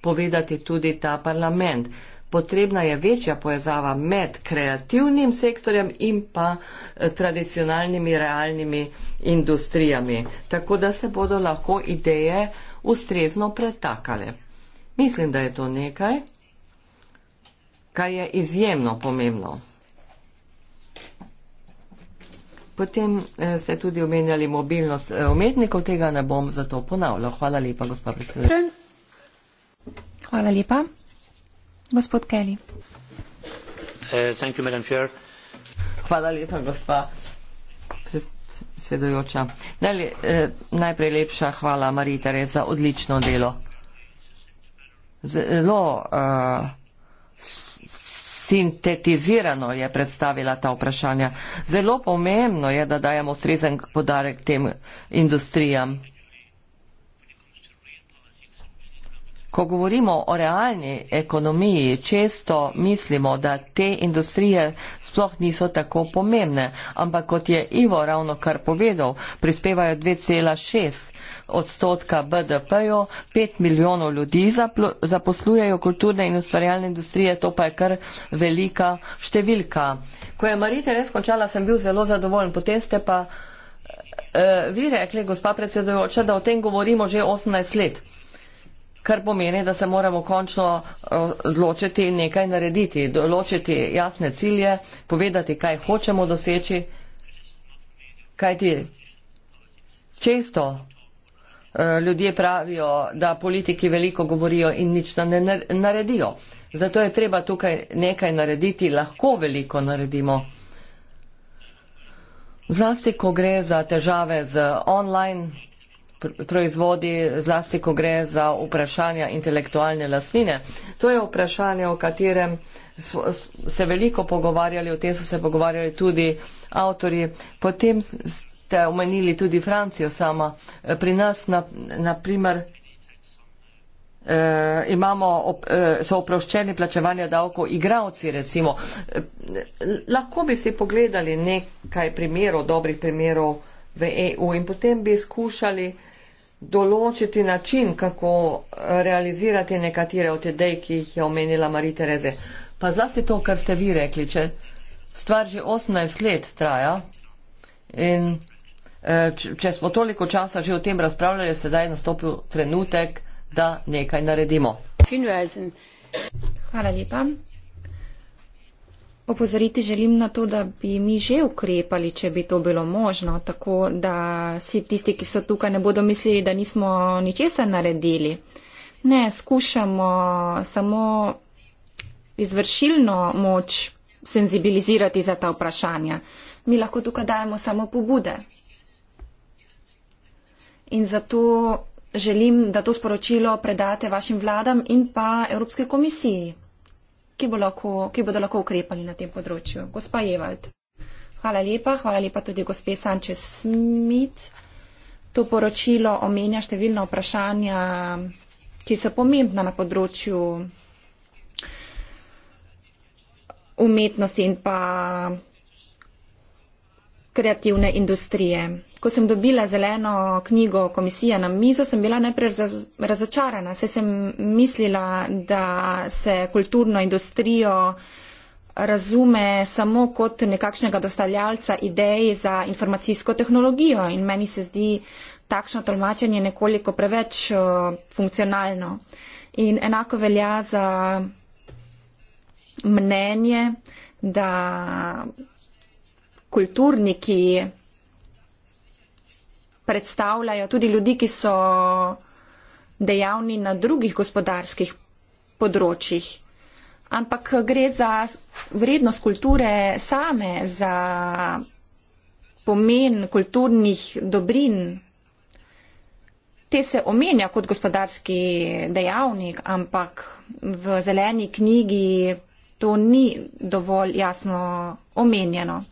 povedati tudi ta parlament. Potrebna je večja povezava med kreativnim sektorjem in pa eh, tradicionalnimi realnimi industrijami, tako da se bodo lahko ideje ustrezno pretakale. Mislim, da je to nekaj, kar je izjemno pomembno. Potem eh, ste tudi omenjali mobilnost eh, umetnikov, tega ne bom zato ponavljal. Hvala lepa, gospod predsednik. Hvala lepa. Gospod Kelly. Uh, thank you, madam chair. Hvala lepa, gospa predsedujoča. Eh, najprej lepša hvala Mariji Terez za odlično delo. Zelo eh, sintetizirano je predstavila ta vprašanja. Zelo pomembno je, da dajemo ustrezen podarek tem industrijam. Ko govorimo o realni ekonomiji, često mislimo, da te industrije sploh niso tako pomembne, ampak kot je Ivo ravno kar povedal, prispevajo 2,6 odstotka BDP-ju, 5 milijonov ljudi zaposlujejo kulturne in ustvarjalne industrije, to pa je kar velika številka. Ko je Marite res končala, sem bil zelo zadovoljen. Potem ste pa eh, eh vi rekli, gospa predsedujoča, da o tem govorimo že 18 let kar pomeni, da se moramo končno eh, odločiti in nekaj narediti, določiti jasne cilje, povedati, kaj hočemo doseči, kaj ti često Eh, ljudje pravijo, da politiki veliko govorijo in nič ne naredijo. Zato je treba tukaj nekaj narediti, lahko veliko naredimo. Zlasti, ko gre za težave z online proizvodi, zlasti, ko gre za vprašanja intelektualne lastnine. To je vprašanje, o katerem se veliko pogovarjali, o tem so se pogovarjali tudi avtori. Potem ste omenili tudi Francijo sama. Eh, pri nas, na, na primer, eh, imamo, op, eh, so oproščeni plačevanja davkov igravci, recimo. Eh, lahko bi si pogledali nekaj primerov, dobrih primerov v EU in potem bi skušali določiti način, kako eh, realizirati nekatere od idej, ki jih je omenila Marija Tereza. Pa zlasti to, kar ste vi rekli, če stvar že 18 let traja in Eh, če smo toliko časa že o tem razpravljali, je sedaj nastopil trenutek, da nekaj naredimo. Hvala lepa. Opozoriti želim na to, da bi mi že ukrepali, če bi to bilo možno, tako da si tisti, ki so tukaj, ne bodo mislili, da nismo ničesar naredili. Ne, skušamo samo izvršilno moč senzibilizirati za ta vprašanja. Mi lahko tukaj dajemo samo pobude, in zato želim, da to sporočilo predate vašim vladam in pa Evropske komisiji, ki, bo lahko, ki bodo lahko ukrepali na tem področju. Gospa Jevald. Hvala lepa, hvala lepa tudi gospe Sančez Smit. To poročilo omenja številna vprašanja, ki so pomembna na področju umetnosti in pa kreativne industrije. Ko sem dobila zeleno knjigo komisije na mizo, sem bila najprej razočarana, saj sem mislila, da se kulturno industrijo razume samo kot nekakšnega dostavljalca idej za informacijsko tehnologijo in meni se zdi takšno tolmačenje nekoliko preveč funkcionalno. In enako velja za mnenje, da kulturniki, predstavljajo tudi ljudi, ki so dejavni na drugih gospodarskih področjih. Ampak gre za vrednost kulture same, za pomen kulturnih dobrin. Te se omenja kot gospodarski dejavnik, ampak v zeleni knjigi to ni dovolj jasno omenjeno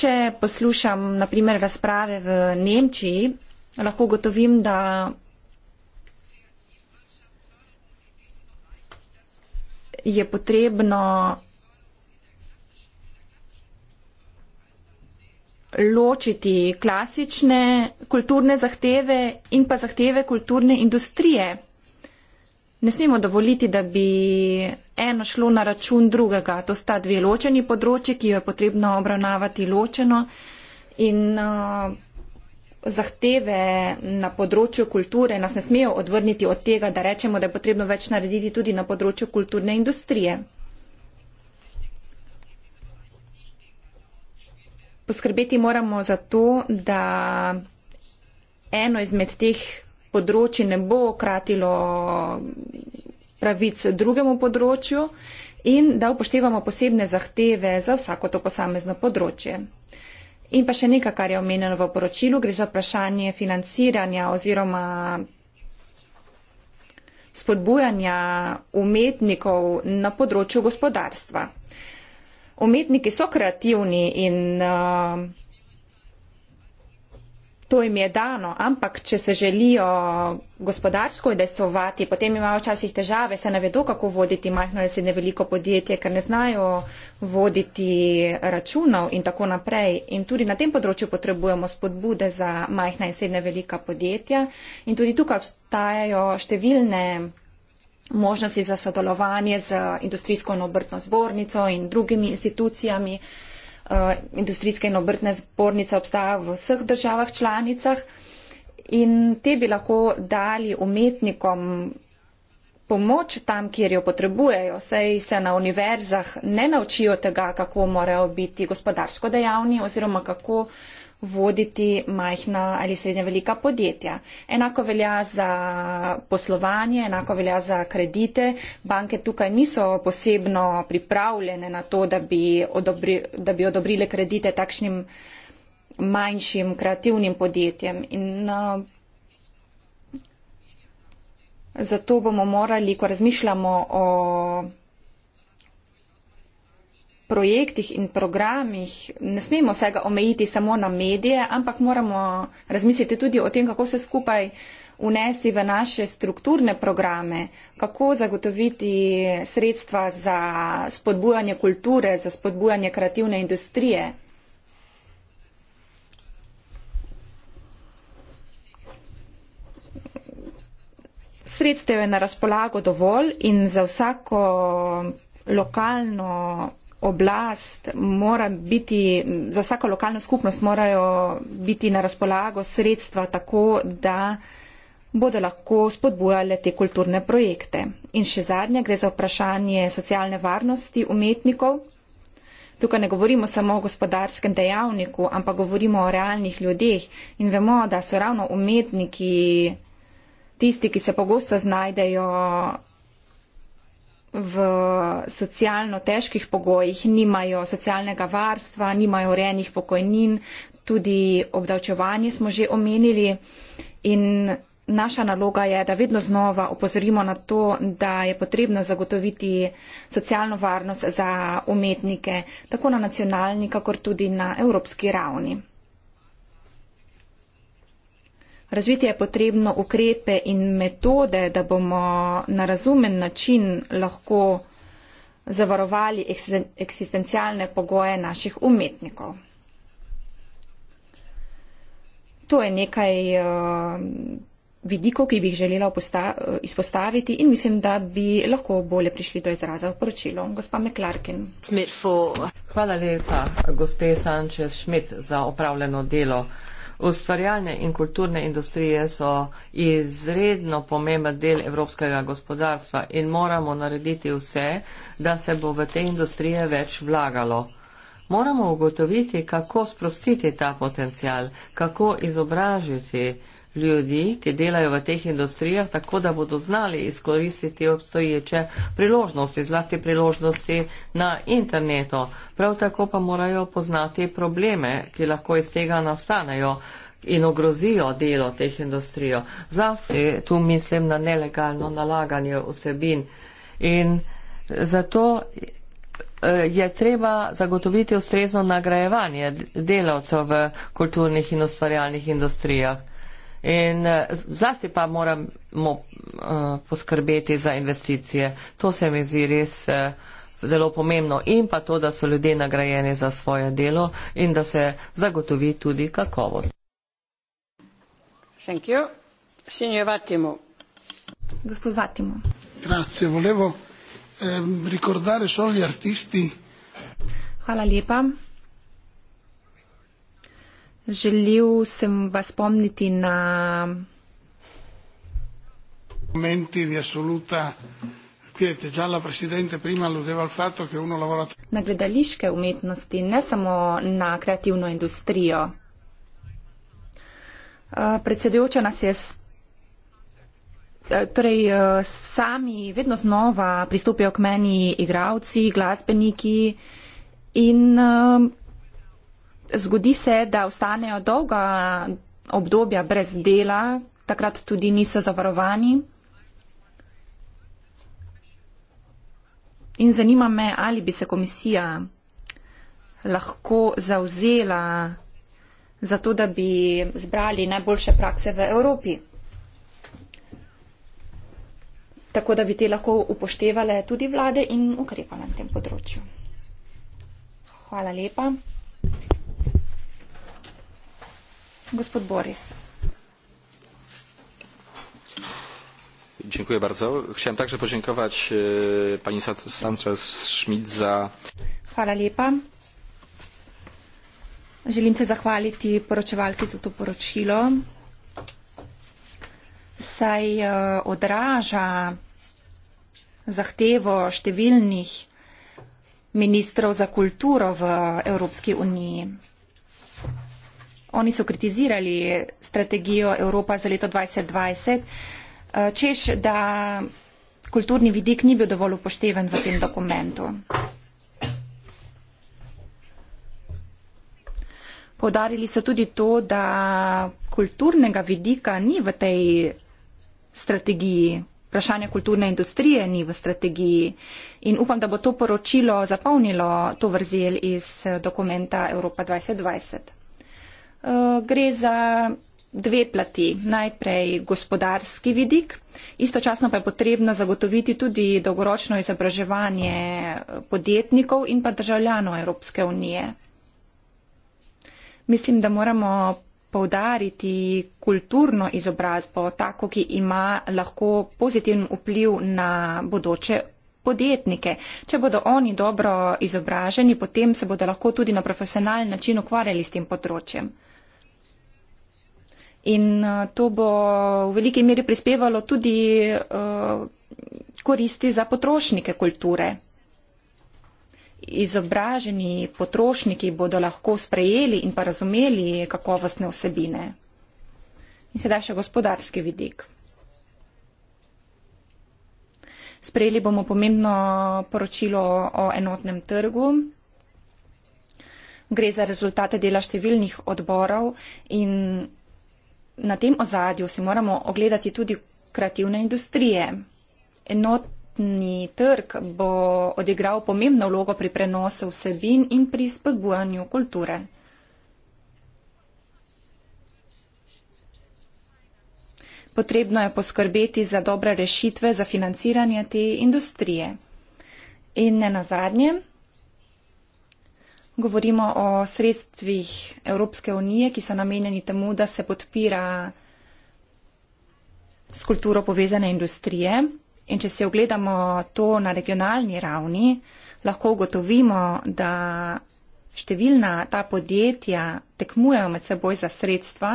če poslušam naprimer razprave v Nemčiji, lahko gotovim, da je potrebno ločiti klasične kulturne zahteve in pa zahteve kulturne industrije ne smemo dovoliti, da bi eno šlo na račun drugega. To sta dve ločeni področji, ki jo je potrebno obravnavati ločeno. In uh, zahteve na področju kulture nas ne smejo odvrniti od tega, da rečemo, da je potrebno več narediti tudi na področju kulturne industrije. Poskrbeti moramo za to, da eno izmed teh področji ne bo kratilo pravic drugemu področju in da upoštevamo posebne zahteve za vsako to posamezno področje. In pa še nekaj, kar je omenjeno v poročilu, gre za vprašanje financiranja oziroma spodbujanja umetnikov na področju gospodarstva. Umetniki so kreativni in uh, to jim je dano, ampak če se želijo gospodarsko udejstvovati, potem imajo včasih težave, se ne vedo, kako voditi majhno ali srednje veliko podjetje, ker ne znajo voditi računov in tako naprej. In tudi na tem področju potrebujemo spodbude za majhna in srednje velika podjetja. In tudi tukaj obstajajo številne možnosti za sodelovanje z industrijsko in obrtno zbornico in drugimi institucijami Eh, industrijske in obrtne zbornice obstaja v vseh državah članicah in te bi lahko dali umetnikom pomoč tam, kjer jo potrebujejo. Sej se na univerzah ne naučijo tega, kako morajo biti gospodarsko dejavni oziroma kako uh, voditi majhna ali srednja velika podjetja. Enako velja za poslovanje, enako velja za kredite. Banke tukaj niso posebno pripravljene na to, da bi, odobri, da bi odobrile kredite takšnim manjšim kreativnim podjetjem. In, uh, zato bomo morali, ko razmišljamo o projektih in programih ne smemo vsega omejiti samo na medije, ampak moramo razmisliti tudi o tem, kako se skupaj unesti v naše strukturne programe, kako zagotoviti sredstva za spodbujanje kulture, za spodbujanje kreativne industrije. Sredstev je na razpolago dovolj in za vsako lokalno oblast mora biti, za vsako lokalno skupnost morajo biti na razpolago sredstva tako, da bodo lahko spodbujale te kulturne projekte. In še zadnje, gre za vprašanje socialne varnosti umetnikov. Tukaj ne govorimo samo o gospodarskem dejavniku, ampak govorimo o realnih ljudeh in vemo, da so ravno umetniki tisti, ki se pogosto znajdejo v socialno težkih pogojih, nimajo socialnega varstva, nimajo urejenih pokojnin, tudi obdavčevanje smo že omenili. In naša naloga je, da vedno znova opozorimo na to, da je potrebno zagotoviti socialno varnost za umetnike, tako na nacionalni, kakor tudi na evropski ravni. Razviti je potrebno ukrepe in metode, da bomo na razumen način lahko zavarovali eksistencialne pogoje naših umetnikov. To je nekaj uh, vidikov, ki bi jih želela izpostaviti in mislim, da bi lahko bolje prišli do izraza v poročilu. Gospa Meklarkin. Hvala lepa, gospe Sanče Šmit, za opravljeno delo. Ustvarjalne in kulturne industrije so izredno pomemben del evropskega gospodarstva in moramo narediti vse, da se bo v te industrije več vlagalo. Moramo ugotoviti, kako sprostiti ta potencial, kako izobražiti ljudi, ki delajo v teh industrijah, tako da bodo znali izkoristiti obstoječe priložnosti, zlasti priložnosti na internetu. Prav tako pa morajo poznati probleme, ki lahko iz tega nastanejo in ogrozijo delo teh industrijo. Zlasti tu mislim na nelegalno nalaganje vsebin. In zato eh, je treba zagotoviti ustrezno nagrajevanje delavcev v kulturnih in ustvarjalnih industrijah. In eh, zlasti pa moramo eh, poskrbeti za investicije. To se mi zdi res eh, zelo pomembno. In pa to, da so ljudje nagrajeni za svoje delo in da se zagotovi tudi kakovost. Thank you. Signor Vattimo. Gospod Vattimo. Grazie, volevo eh, ricordare solo gli artisti. Hvala lepa. Želel sem vas spomniti na. Na gledališke umetnosti, ne samo na kreativno industrijo. Eh, predsedujoča nas je, eh, torej eh, sami vedno znova pristopijo k meni igravci, glasbeniki in zgodi se, da ostanejo dolga obdobja brez dela, takrat tudi niso zavarovani. In zanima me, ali bi se komisija lahko zauzela za to, da bi zbrali najboljše prakse v Evropi, tako da bi te lahko upoštevale tudi vlade in ukrepale na tem področju. Hvala lepa. Gospod Boris. Dziękuję bardzo. Chciałem także podziękować e, pani Sanchez Schmidt za. Hvala lepa. Želim se zahvaliti poročevalki za to poročilo. Saj e, odraža zahtevo številnih ministrov za kulturo v Evropski uniji. Oni so kritizirali strategijo Evropa za leto 2020, eh, češ, da kulturni vidik ni bil dovolj upošteven v tem dokumentu. Podarili so tudi to, da kulturnega vidika ni v tej strategiji, vprašanje kulturne industrije ni v strategiji in upam, da bo to poročilo zapolnilo to vrzel iz eh, dokumenta Evropa 2020. Eh, gre za dve plati. Najprej gospodarski vidik, istočasno pa je potrebno zagotoviti tudi dolgoročno izobraževanje podjetnikov in pa državljanov Evropske unije. Mislim, da moramo povdariti kulturno izobrazbo, tako, ki ima lahko pozitiven vpliv na bodoče podjetnike. Če bodo oni dobro izobraženi, potem se bodo lahko tudi na profesionalni način ukvarjali s tem področjem. In eh, to bo v veliki meri prispevalo tudi eh, koristi za potrošnike kulture. Izobraženi potrošniki bodo lahko sprejeli in pa razumeli kakovostne vsebine. In sedaj še gospodarski vidik. Sprejeli bomo pomembno poročilo o enotnem trgu. Gre za rezultate dela številnih odborov in na tem ozadju si moramo ogledati tudi kreativne industrije. Enotni trg bo odigral pomembno vlogo pri prenosu vsebin in pri spodbujanju kulture. Potrebno je poskrbeti za dobre rešitve za financiranje te industrije. In ne nazadnje, govorimo o sredstvih Evropske unije, ki so namenjeni temu, da se podpira s kulturo povezane industrije. In če si ogledamo to na regionalni ravni, lahko ugotovimo, da številna ta podjetja tekmujejo med seboj za sredstva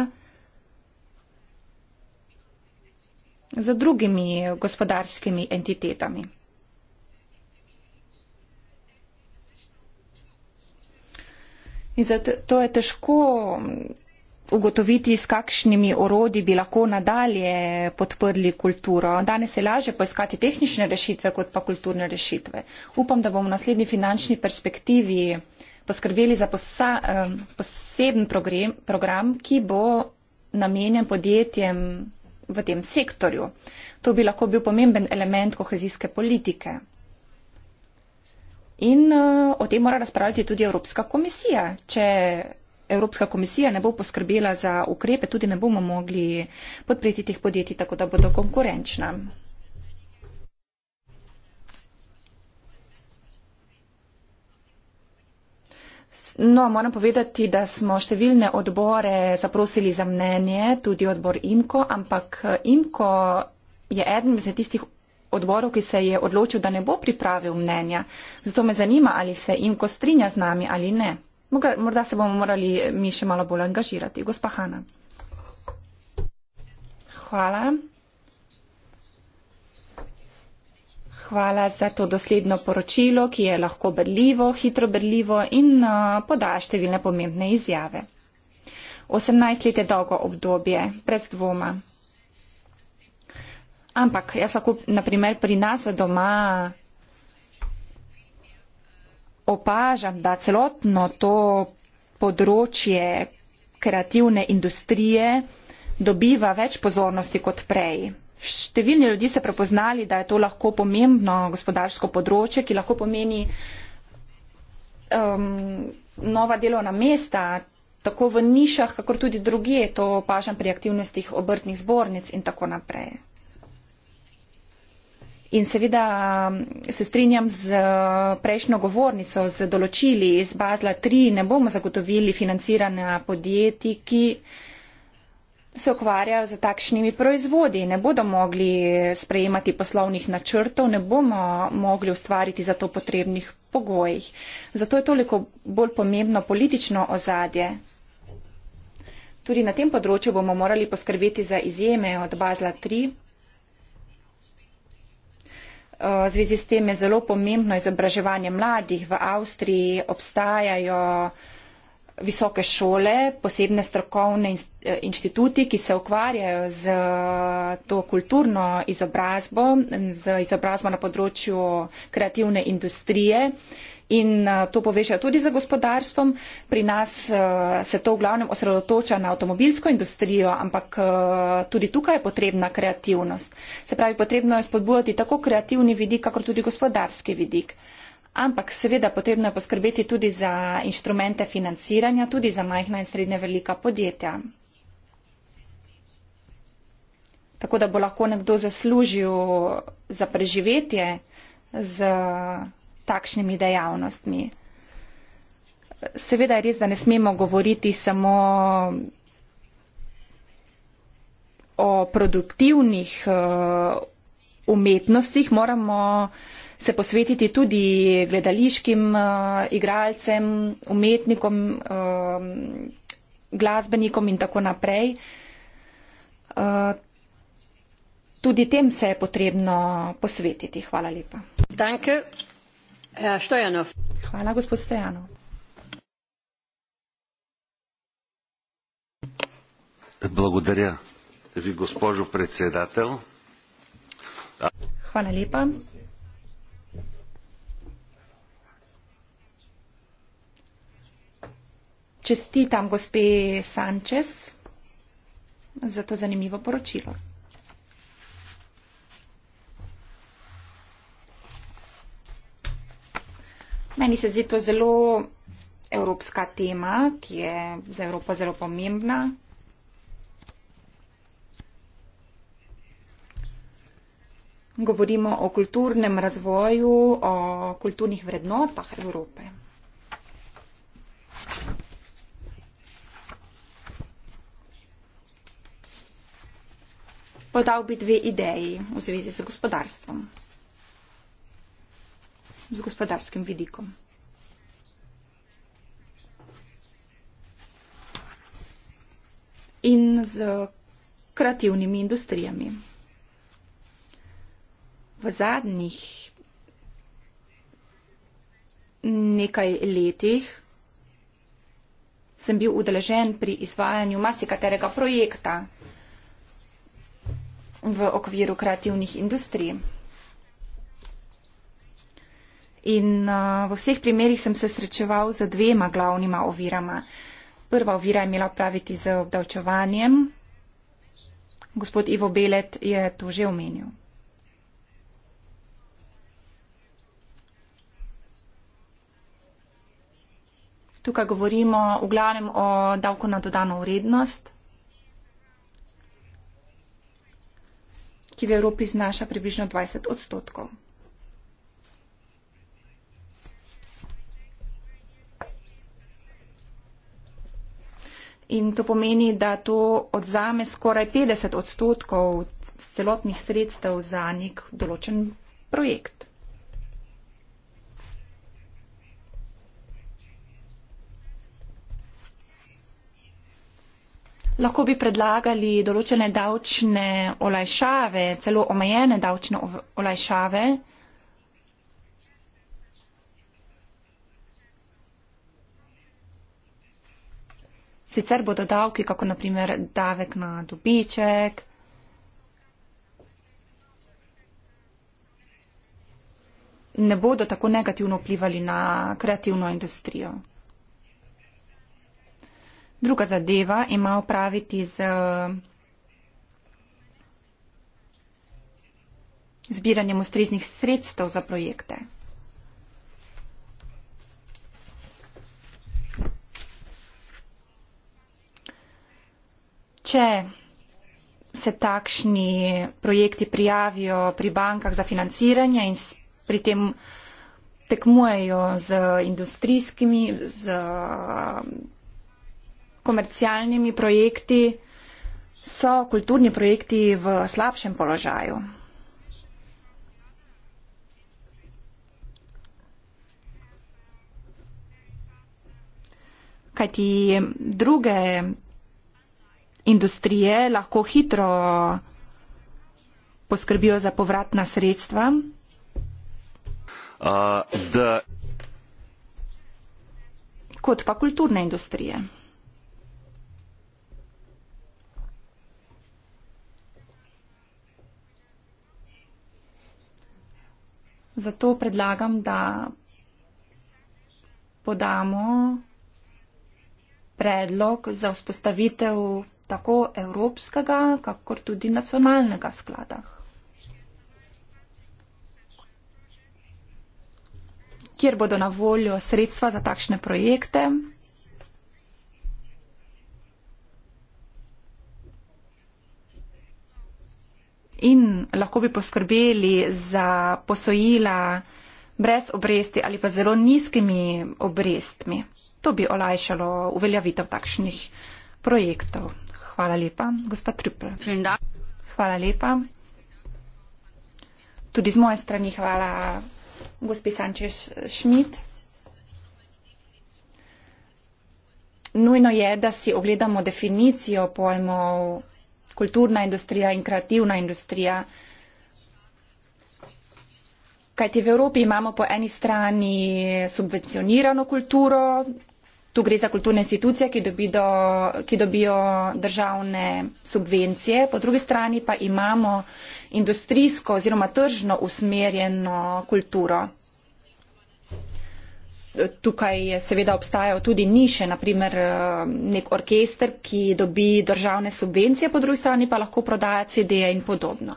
z drugimi gospodarskimi entitetami. In zato je težko mm, ugotoviti, s kakšnimi orodji bi lahko nadalje podprli kulturo. Danes je laže poiskati tehnične rešitve, kot pa kulturne rešitve. Upam, da bomo v naslednji finančni perspektivi poskrbeli za posa, poseben program, program, ki bo namenjen podjetjem v tem sektorju. To bi lahko bil pomemben element kohezijske politike. In uh, o tem mora razpravljati tudi Evropska komisija. Če Evropska komisija ne bo poskrbela za ukrepe, tudi ne bomo mogli podpreti teh podjetij, tako da bodo konkurenčna. No, moram povedati, da smo številne odbore zaprosili za mnenje, tudi odbor IMKO, ampak eh, IMKO je eden iz tistih odboru, ki se je odločil, da ne bo pripravil mnenja. Zato me zanima, ali se jim kostrinja z nami ali ne. Morda se bomo morali eh, mi še malo bolj angažirati. Gospa Hanna. Hvala. Hvala za to dosledno poročilo, ki je lahko brljivo, hitro brljivo in uh, eh, podaja številne pomembne izjave. 18 let je dolgo obdobje, brez dvoma. Ampak jaz lahko naprimer pri nas doma opažam, da celotno to področje kreativne industrije dobiva več pozornosti kot prej. Številni ljudi so prepoznali, da je to lahko pomembno gospodarsko področje, ki lahko pomeni um, nova delovna mesta, tako v nišah, kakor tudi druge, to opažam pri aktivnostih obrtnih zbornic in tako naprej. In seveda se strinjam z eh, prejšnjo govornico, z določili iz Bazla 3, ne bomo zagotovili financiranja podjetij, ki se ukvarjajo z takšnimi proizvodi. Ne bodo mogli sprejemati poslovnih načrtov, ne bomo mogli ustvariti za to potrebnih pogojih. Zato je toliko bolj pomembno politično ozadje. Tudi na tem področju bomo morali poskrbeti za izjeme od Bazla 3. Eh, v zvezi s tem je zelo pomembno izobraževanje mladih. V Avstriji obstajajo visoke šole, posebne strokovne eh, inštituti, ki se ukvarjajo z eh, to kulturno izobrazbo, z izobrazbo na področju kreativne industrije in eh, to povežajo tudi za gospodarstvom. Pri nas eh, se to v glavnem osredotoča na avtomobilsko industrijo, ampak eh, tudi tukaj je potrebna kreativnost. Se pravi, potrebno je spodbujati tako kreativni vidik, kakor tudi gospodarski vidik. Ampak seveda potrebno je poskrbeti tudi za inštrumente financiranja, tudi za majhna in srednja velika podjetja. Tako da bo lahko nekdo zaslužil za preživetje z takšnimi dejavnostmi. Seveda je res, da ne smemo govoriti samo o produktivnih eh, umetnostih, moramo se posvetiti tudi gledališkim eh, igralcem, umetnikom, eh, glasbenikom in tako naprej. Tudi tem se je potrebno posvetiti. Hvala lepa. Danke. Eh, Stojanov. Hvala, gospod Stojanov. Благодаря ви, госпожо председател. Хвала лепа. Честитам госпе Санчес за то занимиво поручило. Meni se zdi to zelo evropska tema, ki je za Evropo zelo pomembna. Govorimo o kulturnem razvoju, o kulturnih vrednotah Evrope. Podal bi dve ideji v zvezi z gospodarstvom z gospodarskim vidikom. In z kreativnimi industrijami. V zadnjih nekaj letih sem bil udeležen pri izvajanju marsikaterega projekta v okviru kreativnih industrij. In uh, v vseh primerjih sem se srečeval z dvema glavnima ovirama. Prva ovira je imela praviti z obdavčevanjem. Gospod Ivo Belet je to že omenil. Tukaj govorimo v glavnem o davku na dodano vrednost, ki v Evropi znaša približno 20 odstotkov. in to pomeni, da to odzame skoraj 50 odstotkov celotnih sredstev za nek določen projekt. Lahko bi predlagali določene davčne olajšave, celo omejene davčne olajšave. Sicer bodo davki, kako naprimer davek na dobiček. ne bodo tako negativno vplivali na kreativno industrijo. Druga zadeva ima opraviti z zbiranjem ustreznih sredstev za projekte. če se takšni projekti prijavijo pri bankah za financiranje in pri tem tekmujejo z industrijskimi, z um, komercialnimi projekti, so kulturni projekti v slabšem položaju. Kajti druge industrije lahko hitro poskrbijo za povratna sredstva. Uh, the... Kot pa kulturne industrije. Zato predlagam, da podamo predlog za vzpostavitev tako evropskega, kakor tudi nacionalnega sklada. kjer bodo na voljo sredstva za takšne projekte. In lahko bi poskrbeli za posojila brez obresti ali pa zelo nizkimi obrestmi. To bi olajšalo uveljavitev takšnih projektov. Hvala lepa, gospod Triple. Hvala lepa. Tudi z moje strani hvala, gospod Sančeš Šmit. Nujno je, da si ogledamo definicijo pojmov kulturna industrija in kreativna industrija. Kajti v Evropi imamo po eni strani subvencionirano kulturo, Tu gre za kulturne institucije, ki, dobi do, ki dobijo državne subvencije, po drugi strani pa imamo industrijsko oziroma tržno usmerjeno kulturo. Tukaj seveda obstajajo tudi niše, naprimer eh, nek orkester, ki dobi državne subvencije, po drugi strani pa lahko prodaja CD-je in podobno.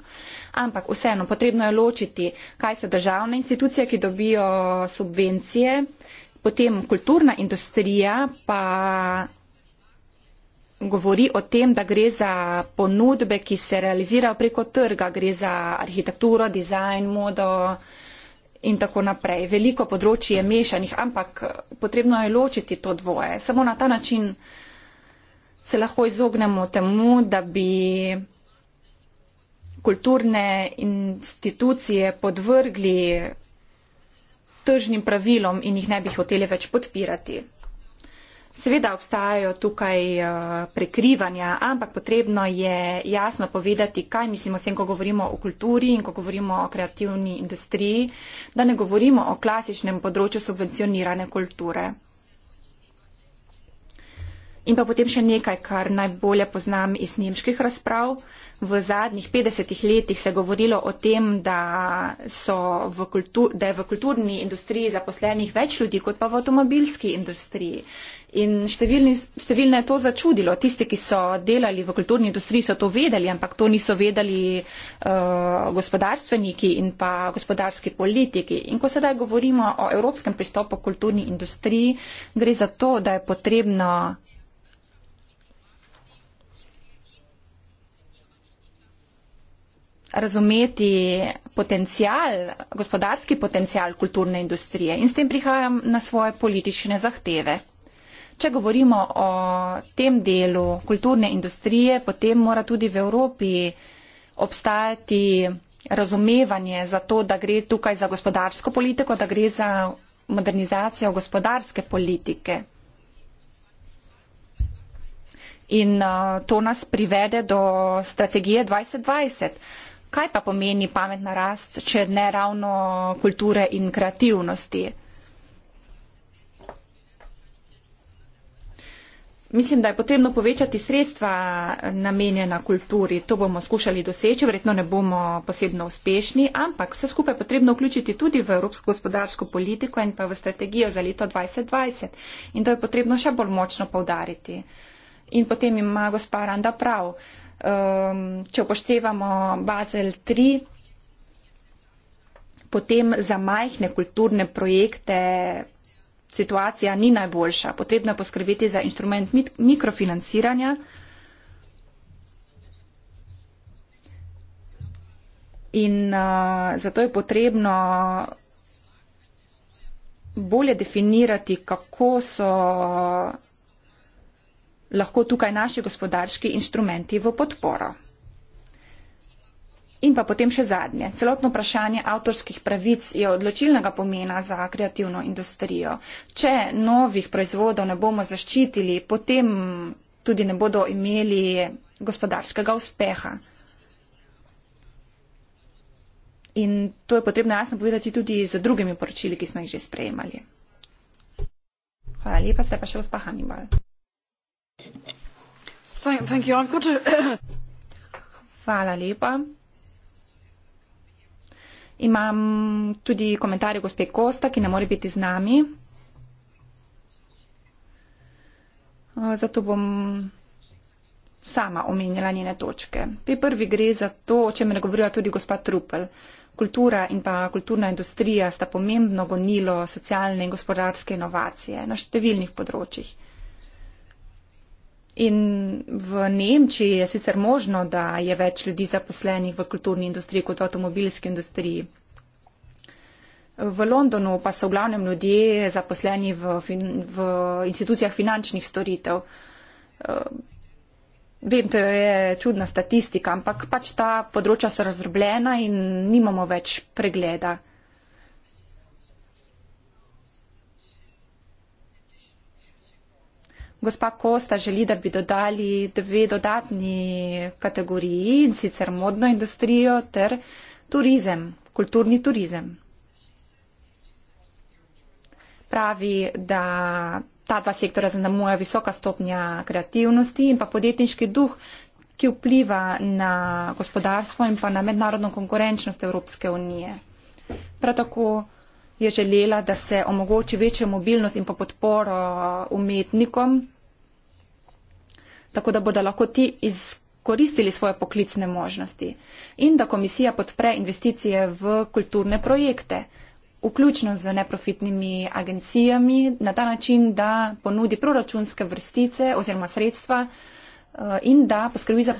Ampak vseeno, potrebno je ločiti, kaj so državne institucije, ki dobijo subvencije Potem kulturna industrija pa govori o tem, da gre za ponudbe, ki se realizirajo preko trga, gre za arhitekturo, dizajn, modo in tako naprej. Veliko področji je mešanih, ampak potrebno je ločiti to dvoje. Samo na ta način se lahko izognemo temu, da bi kulturne institucije podvrgli tržnim pravilom in jih ne bi hoteli več podpirati. Seveda obstajajo tukaj eh, prekrivanja, ampak potrebno je jasno povedati, kaj mislimo s tem, ko govorimo o kulturi in ko govorimo o kreativni industriji, da ne govorimo o klasičnem področju subvencionirane kulture. In pa potem še nekaj, kar najbolje poznam iz nemških razprav. V zadnjih 50 letih se je govorilo o tem, da, kultur, da je v kulturni industriji zaposlenih več ljudi kot pa v avtomobilski industriji. In številni, številne je to začudilo. Tisti, ki so delali v kulturni industriji, so to vedeli, ampak to niso vedeli uh, gospodarstveniki in pa gospodarski politiki. In ko sedaj govorimo o evropskem pristopu kulturni industriji, gre za to, da je potrebno razumeti potencial, gospodarski potencial kulturne industrije in s tem prihajam na svoje politične zahteve. Če govorimo o tem delu kulturne industrije, potem mora tudi v Evropi obstajati razumevanje za to, da gre tukaj za gospodarsko politiko, da gre za modernizacijo gospodarske politike. In uh, to nas privede do strategije 2020. Kaj pa pomeni pametna rast, če ne ravno kulture in kreativnosti? Mislim, da je potrebno povečati sredstva namenjena kulturi. To bomo skušali doseči, verjetno ne bomo posebno uspešni, ampak vse skupaj je potrebno vključiti tudi v evropsko gospodarsko politiko in pa v strategijo za leto 2020. In to je potrebno še bolj močno povdariti. In potem ima gospa Randa prav. Uh, um, če upoštevamo Basel 3, potem za majhne kulturne projekte situacija ni najboljša. Potrebno je poskrbeti za instrument mikrofinanciranja. In uh, zato je potrebno bolje definirati, kako so lahko tukaj naši gospodarski instrumenti v podporo. In pa potem še zadnje. Celotno vprašanje avtorskih pravic je odločilnega pomena za kreativno industrijo. Če novih proizvodov ne bomo zaščitili, potem tudi ne bodo imeli gospodarskega uspeha. In to je potrebno jasno povedati tudi z drugimi poročili, ki smo jih že sprejemali. Hvala lepa, ste pa še gospa Hannibal. Thank you. I've got Hvala lepa. Imam tudi komentarje gospe Kosta, ki ne more biti z nami. Eh, zato bom sama omenjala njene točke. Pri prvi gre za to, o čem je govorila tudi gospa Trupel. Kultura in pa kulturna industrija sta pomembno gonilo socialne in gospodarske inovacije na številnih področjih. In v Nemčiji je sicer možno, da je več ljudi zaposlenih v kulturni industriji kot v avtomobilski industriji. V Londonu pa so v glavnem ljudje zaposleni v, fin, v institucijah finančnih storitev. Eh, vem, to je čudna statistika, ampak pač ta področja so razdrobljena in nimamo več pregleda. Gospa Kosta želi, da bi dodali dve dodatni kategoriji in sicer modno industrijo ter turizem, kulturni turizem. Pravi, da ta dva sektora zaznamuje visoka stopnja kreativnosti in pa podjetniški duh, ki vpliva na gospodarstvo in pa na mednarodno konkurenčnost Evropske unije. Prav tako je želela, da se omogoči večjo mobilnost in pa podporo umetnikom tako da bodo lahko ti izkoristili svoje poklicne možnosti in da komisija podpre investicije v kulturne projekte, vključno z neprofitnimi agencijami, na ta način, da ponudi proračunske vrstice oziroma sredstva eh, in da poskrbi za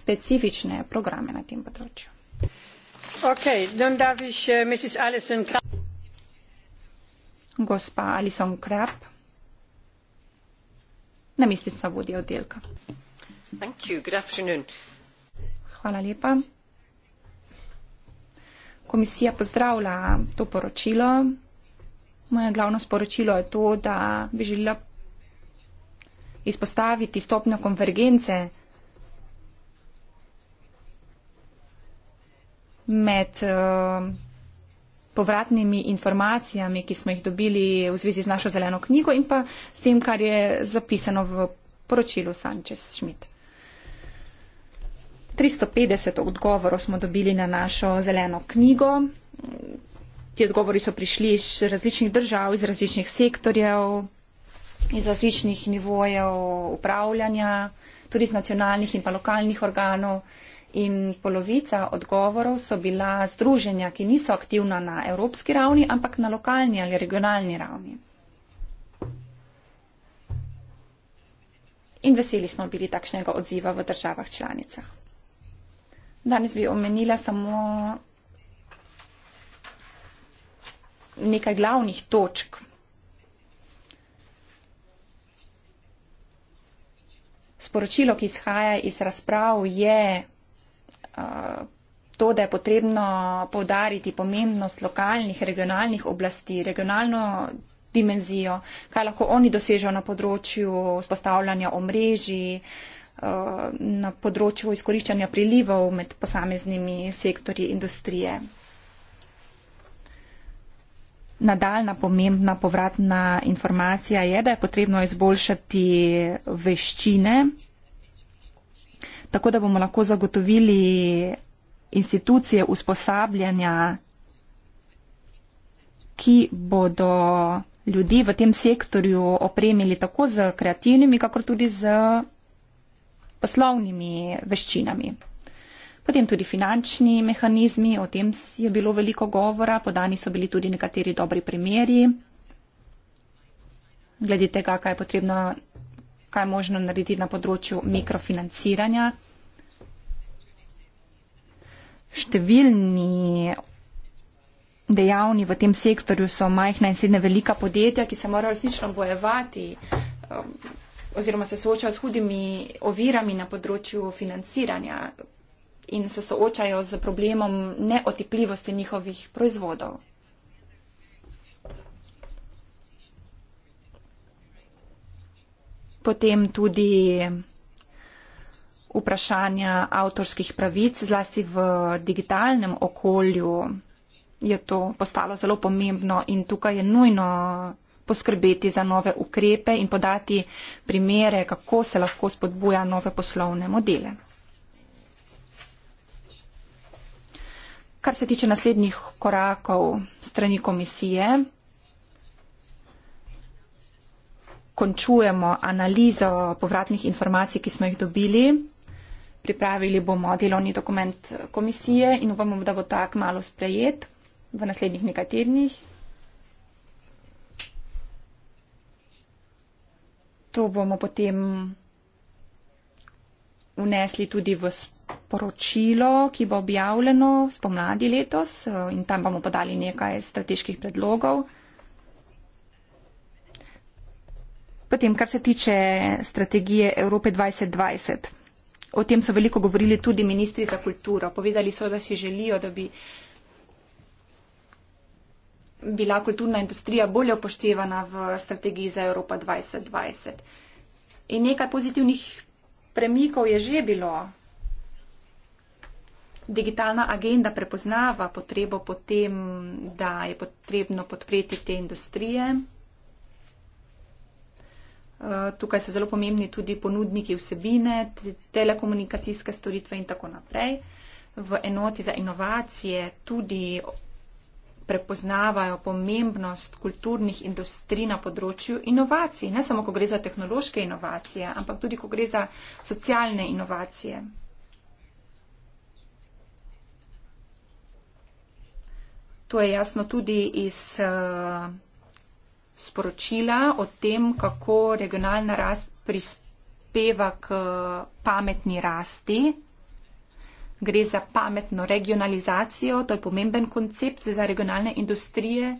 specifične programe na tem področju. Okay, nun darf ich äh, eh, Mrs. Alison Krapp. Gospa Alison Krapp namestnica vodje oddelka. Hvala lepa. Komisija pozdravlja to poročilo. Moje glavno sporočilo je to, da bi želela izpostaviti stopnjo konvergence med uh, povratnimi informacijami, ki smo jih dobili v zvezi z našo zeleno knjigo in pa s tem, kar je zapisano v poročilu Sanchez Schmidt. 350 odgovorov smo dobili na našo zeleno knjigo. Ti odgovori so prišli iz različnih držav, iz različnih sektorjev, iz različnih nivojev upravljanja, tudi iz nacionalnih in pa lokalnih organov. Uh, in polovica odgovorov so bila združenja, ki niso aktivna na evropski ravni, ampak na lokalni ali regionalni ravni. In veseli smo bili takšnega odziva v državah članicah. Danes bi omenila samo nekaj glavnih točk. Sporočilo, ki izhaja iz razprav, je to, da je potrebno povdariti pomembnost lokalnih, regionalnih oblasti, regionalno dimenzijo, kaj lahko oni dosežejo na področju spostavljanja omrežij, eh, na področju izkoriščanja prilivov med posameznimi sektorji industrije. Nadaljna pomembna povratna informacija je, da je potrebno izboljšati veščine tako da bomo lahko zagotovili institucije usposabljanja, ki bodo ljudi v tem sektorju opremili tako z kreativnimi, kakor tudi z poslovnimi veščinami. Potem tudi finančni mehanizmi, o tem je bilo veliko govora, podani so bili tudi nekateri dobri primeri. Glede tega, kaj je potrebno kaj možno narediti na področju mikrofinanciranja. Številni dejavni v tem sektorju so majhna in srednja velika podjetja, ki se morajo resnično bojevati um, oziroma se soočajo s hudimi ovirami na področju financiranja in se soočajo z problemom neotipljivosti njihovih proizvodov. potem tudi vprašanja avtorskih pravic, zlasti v digitalnem okolju je to postalo zelo pomembno in tukaj je nujno poskrbeti za nove ukrepe in podati primere, kako se lahko spodbuja nove poslovne modele. Kar se tiče naslednjih korakov strani komisije, končujemo analizo povratnih informacij, ki smo jih dobili. Pripravili bomo delovni dokument komisije in upamo, da bo tak malo sprejet v naslednjih nekaj tednih. To bomo potem unesli tudi v sporočilo, ki bo objavljeno spomladi letos eh, in tam bomo podali nekaj strateških predlogov. Potem, kar se tiče strategije Evrope 2020. O tem so veliko govorili tudi ministri za kulturo. Povedali so, da si želijo, da bi bila kulturna industrija bolje upoštevana v strategiji za Evropa 2020. In nekaj pozitivnih premikov je že bilo. Digitalna agenda prepoznava potrebo potem, da je potrebno podpreti te industrije. Tukaj so zelo pomembni tudi ponudniki vsebine, telekomunikacijske storitve in tako naprej. V enoti za inovacije tudi prepoznavajo pomembnost kulturnih industrij na področju inovacij. Ne samo, ko gre za tehnološke inovacije, ampak tudi, ko gre za socialne inovacije. To je jasno tudi iz. Uh, sporočila o tem, kako regionalna rast prispeva k pametni rasti. Gre za pametno regionalizacijo, to je pomemben koncept za regionalne industrije,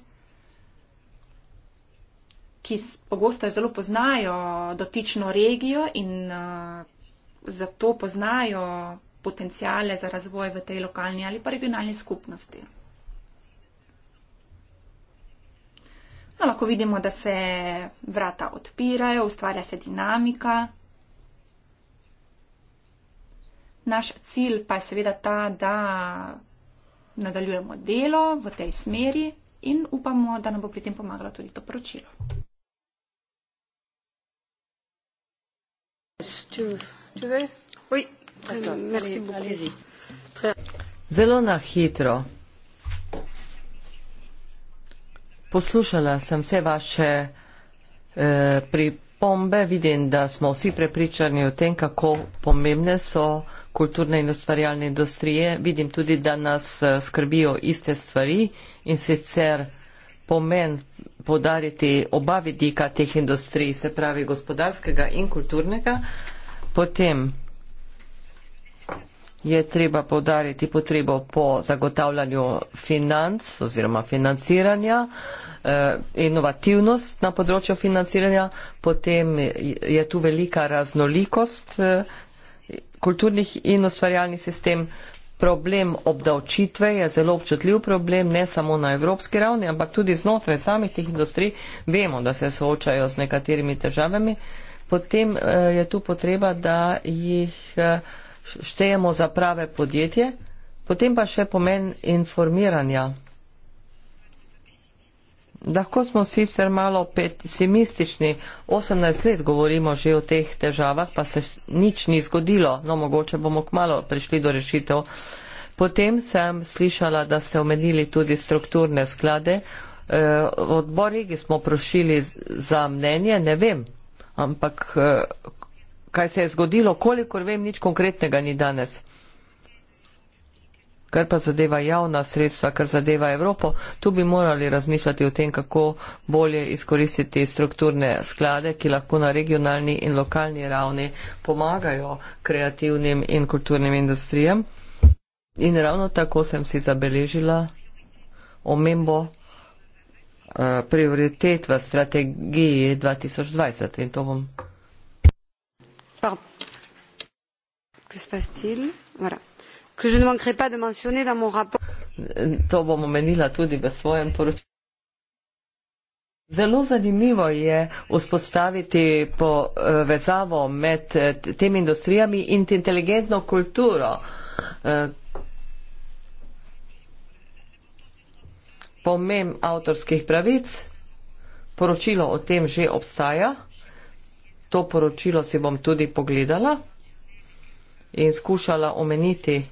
ki pogosto zelo poznajo dotično regijo in uh, zato poznajo potencijale za razvoj v tej lokalni ali pa regionalni skupnosti. No, lahko vidimo, da se vrata odpirajo, ustvarja se dinamika. Naš cilj pa je seveda ta, da nadaljujemo delo v tej smeri in upamo, da nam bo pri tem pomagalo tudi to poročilo. Zelo na hitro. Poslušala sem vse vaše eh, pripombe, vidim, da smo vsi prepričani o tem, kako pomembne so kulturne in ustvarjalne industrije. Vidim tudi, da nas eh, skrbijo iste stvari in sicer pomen podariti oba vidika teh industrij, se pravi gospodarskega in kulturnega. Potem je treba povdariti potrebo po zagotavljanju financ oziroma financiranja, eh, inovativnost na področju financiranja, potem je tu velika raznolikost eh, kulturnih in ustvarjalnih sistem. Problem obdavčitve je zelo občutljiv problem, ne samo na evropski ravni, ampak tudi znotraj samih teh industrij. Vemo, da se soočajo z nekaterimi državami. Potem eh, je tu potreba, da jih štejemo za prave podjetje, potem pa še pomen informiranja. Lahko smo sicer malo pesimistični, 18 let govorimo že o teh težavah, pa se nič ni zgodilo, no mogoče bomo kmalo prišli do rešitev. Potem sem slišala, da ste omenili tudi strukturne sklade. Eh, Odbori, ki smo prošili za mnenje, ne vem, ampak eh, kaj se je zgodilo, kolikor vem, nič konkretnega ni danes. Kar pa zadeva javna sredstva, kar zadeva Evropo, tu bi morali razmišljati o tem, kako bolje izkoristiti strukturne sklade, ki lahko na regionalni in lokalni ravni pomagajo kreativnim in kulturnim industrijam. In ravno tako sem si zabeležila omembo eh, prioritet v strategiji 2020 in to bom. To bom omenila tudi v svojem poročilu. Zelo zanimivo je vzpostaviti povezavo med eh, temi industrijami in inteligentno kulturo. Eh. Pomem avtorskih pravic, poročilo o tem že obstaja to poročilo si bom tudi pogledala in skušala omeniti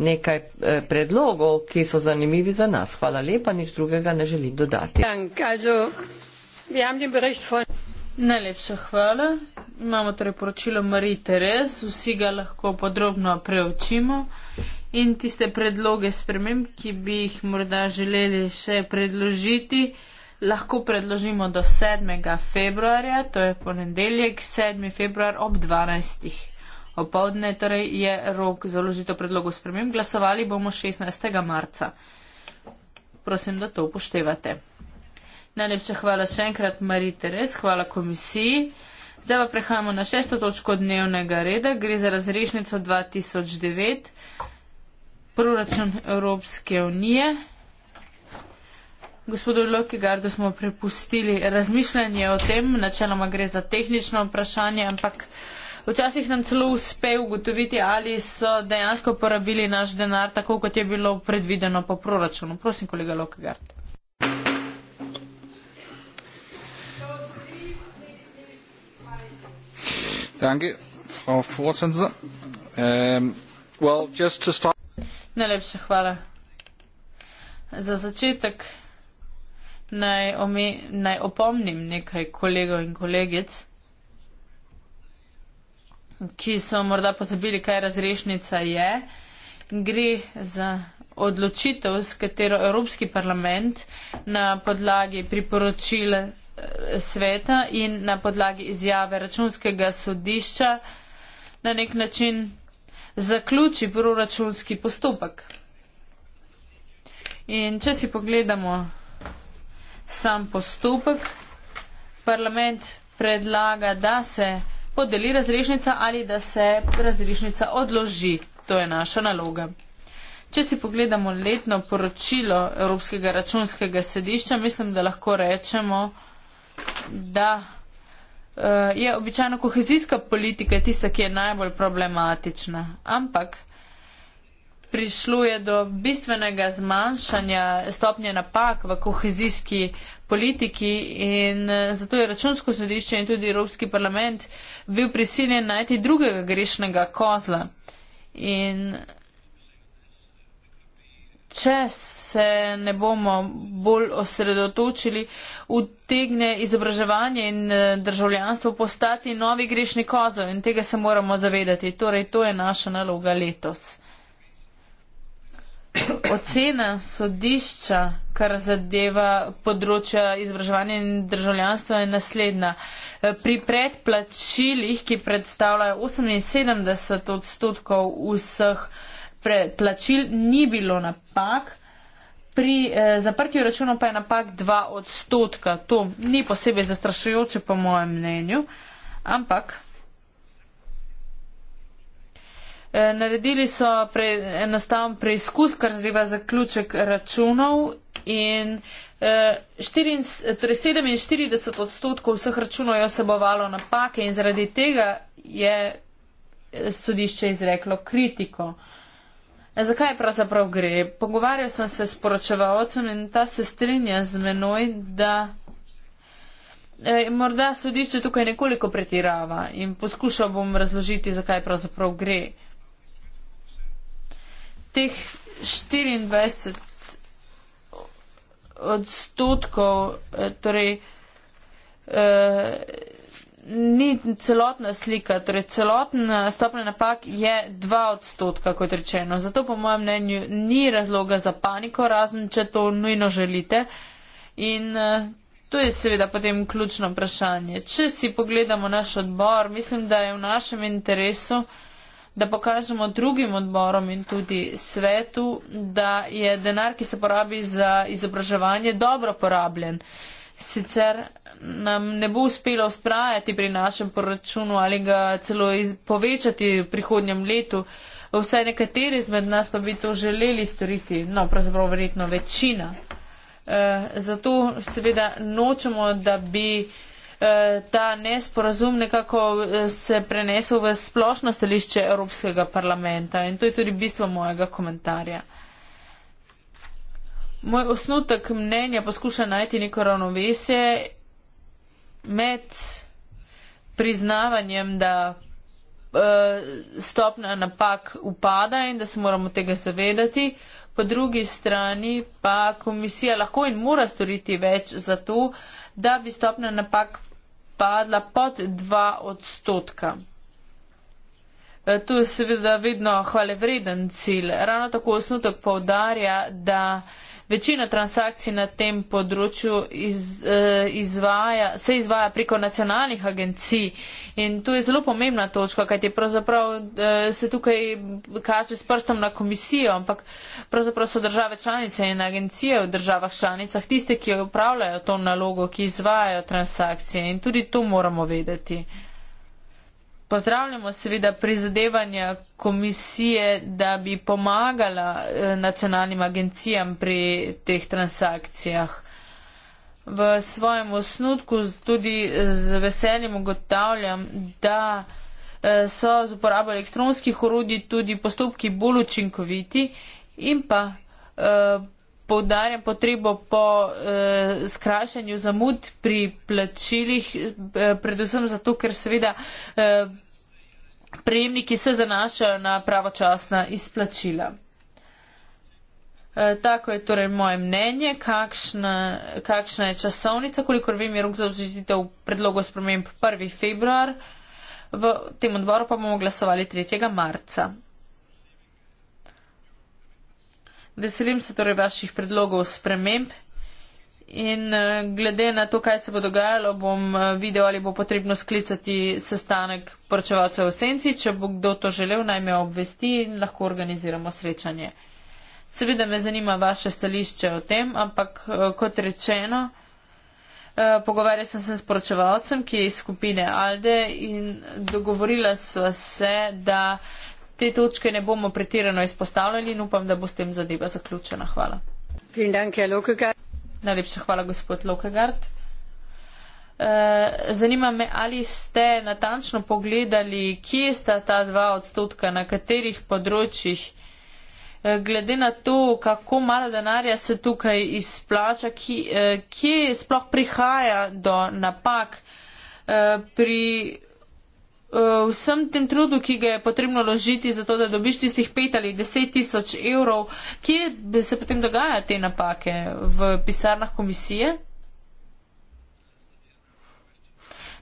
nekaj eh, predlogov, ki so zanimivi za nas. Hvala lepa, nič drugega ne želim dodati. Najlepša hvala. Imamo torej poročilo Marije Terez, vsi ga lahko podrobno preučimo in tiste predloge sprememb, ki bi jih morda želeli še predložiti lahko predložimo do 7. februarja, to je ponedeljek, 7. februar ob 12. opoldne, torej je rok za vložitev predlogov spremem, glasovali bomo 16. marca. Prosim, da to upoštevate. Najlepša hvala še enkrat Marii Teres, hvala komisiji. Zdaj pa prehajamo na šesto točko dnevnega reda, gre za razrešnico 2009, proračun Evropske unije. Gospodu Lokigardu smo prepustili razmišljanje o tem, načeloma gre za tehnično vprašanje, ampak včasih nam celo uspe ugotoviti, ali so dejansko porabili naš denar tako, kot je bilo predvideno po proračunu. Prosim, kolega Lokigard. Danke, Frau Vorsitzende. Um, well, just to start. Najlepša hvala. Za začetek naj, ome, naj opomnim nekaj kolegov in kolegic, ki so morda pozabili, kaj razrešnica je. Gre za odločitev, s katero Evropski parlament na podlagi priporočil eh, sveta in na podlagi izjave računskega sodišča na nek način zaključi proračunski postopek. In če si pogledamo sam postopek. Parlament predlaga, da se podeli razrešnica ali da se razrešnica odloži. To je naša naloga. Če si pogledamo letno poročilo Evropskega računskega sedišča, mislim, da lahko rečemo, da eh, je običajno kohezijska politika tista, ki je najbolj problematična. Ampak prišlo je do bistvenega zmanjšanja stopnje napak v kohezijski politiki in eh, zato je računsko sodišče in tudi Evropski parlament bil prisiljen najti drugega grešnega kozla. In če se ne bomo bolj osredotočili, utegne izobraževanje in eh, državljanstvo postati novi grešni kozel in tega se moramo zavedati. Torej, to je naša naloga letos ocena sodišča, kar zadeva področja izobraževanja in državljanstva, je naslednja. Pri predplačilih, ki predstavljajo 78 odstotkov vseh predplačil, ni bilo napak. Pri eh, zaprtju računov pa je napak 2 odstotka. To ni posebej zastrašujoče, po mojem mnenju. Ampak Eh, naredili so pre, enostaven preizkus, kar zdiva zaključek računov in eh, in, torej 47 odstotkov vseh računov je osebovalo napake in zaradi tega je eh, sodišče izreklo kritiko. Zakaj pravzaprav gre? Pogovarjal sem se s poročevalcem in ta se strinja z menoj, da e, morda sodišče tukaj nekoliko pretirava in poskušal bom razložiti, zakaj pravzaprav gre. E, teh 24 odstotkov, eh, torej eh, ni celotna slika, torej celotna stopna napak je 2 odstotka, kot rečeno. Zato po mojem mnenju ni razloga za paniko, razen če to nujno želite. In eh, to je seveda potem ključno vprašanje. Če si pogledamo naš odbor, mislim, da je v našem interesu, da pokažemo drugim odborom in tudi svetu, da je denar, ki se porabi za izobraževanje, dobro porabljen. Sicer nam ne bo uspelo ustrajati pri našem proračunu ali ga celo povečati v prihodnjem letu, vsaj nekateri izmed nas pa bi to želeli storiti, no pravzaprav verjetno večina. E, zato seveda nočemo, da bi. Eh, ta nesporazum nekako eh, se prenesel v splošno stališče Evropskega parlamenta in to je tudi bistvo mojega komentarja. Moj osnutek mnenja poskuša najti neko ravnovesje med priznavanjem, da eh, stopna napak upada in da se moramo tega zavedati. Po drugi strani pa komisija lahko in mora storiti več za to, da bi stopna napak padla pod 2 odstotka. E, to je seveda vedno hvale vreden cilj. Ravno tako osnutek povdarja, da Večina transakcij na tem področju iz, eh, izvaja, se izvaja preko nacionalnih agencij in tu je zelo pomembna točka, kajti pravzaprav eh, se tukaj kaže s prstom na komisijo, ampak pravzaprav so države članice in agencije v državah članicah tiste, ki upravljajo to nalogo, ki izvajajo transakcije in tudi to moramo vedeti. Pozdravljamo seveda prizadevanja komisije, da bi pomagala eh, nacionalnim agencijam pri teh transakcijah. V svojem osnutku tudi z veseljem ugotavljam, da eh, so z uporabo elektronskih orodij tudi postopki bolj učinkoviti in pa eh, Poudarjam potrebo po eh, skrašanju zamud pri plačilih, eh, predvsem zato, ker seveda eh, prejemniki se zanašajo na pravočasna izplačila. Eh, tako je torej moje mnenje, kakšna, kakšna je časovnica, kolikor vem, je rok za vzrežitev predlogo sprememb 1. februar, v tem odboru pa bomo glasovali 3. marca. Veselim se torej vaših predlogov sprememb in eh, glede na to, kaj se bo dogajalo, bom eh, videl, ali bo potrebno sklicati sestanek poročevalcev v senci. Če bo kdo to želel, naj me obvesti in lahko organiziramo srečanje. Seveda me zanima vaše stališče o tem, ampak eh, kot rečeno, pogovarjal sem se s poročevalcem, ki je iz skupine Alde in dogovorila sva se, da te točke ne bomo pretirano izpostavljali in upam, da bo s tem zadeva zaključena. Hvala. Najlepša hvala, gospod Lokegard. Eh, zanima me, ali ste natančno pogledali, kje sta ta dva odstotka, na katerih področjih. Eh, glede na to, kako malo denarja se tukaj izplača, eh, kje sploh prihaja do napak pri Eh, vsem tem trudu, ki ga je potrebno ložiti za to, da dobiš tistih pet ali deset tisoč evrov, kje se potem dogaja te napake v pisarnah komisije?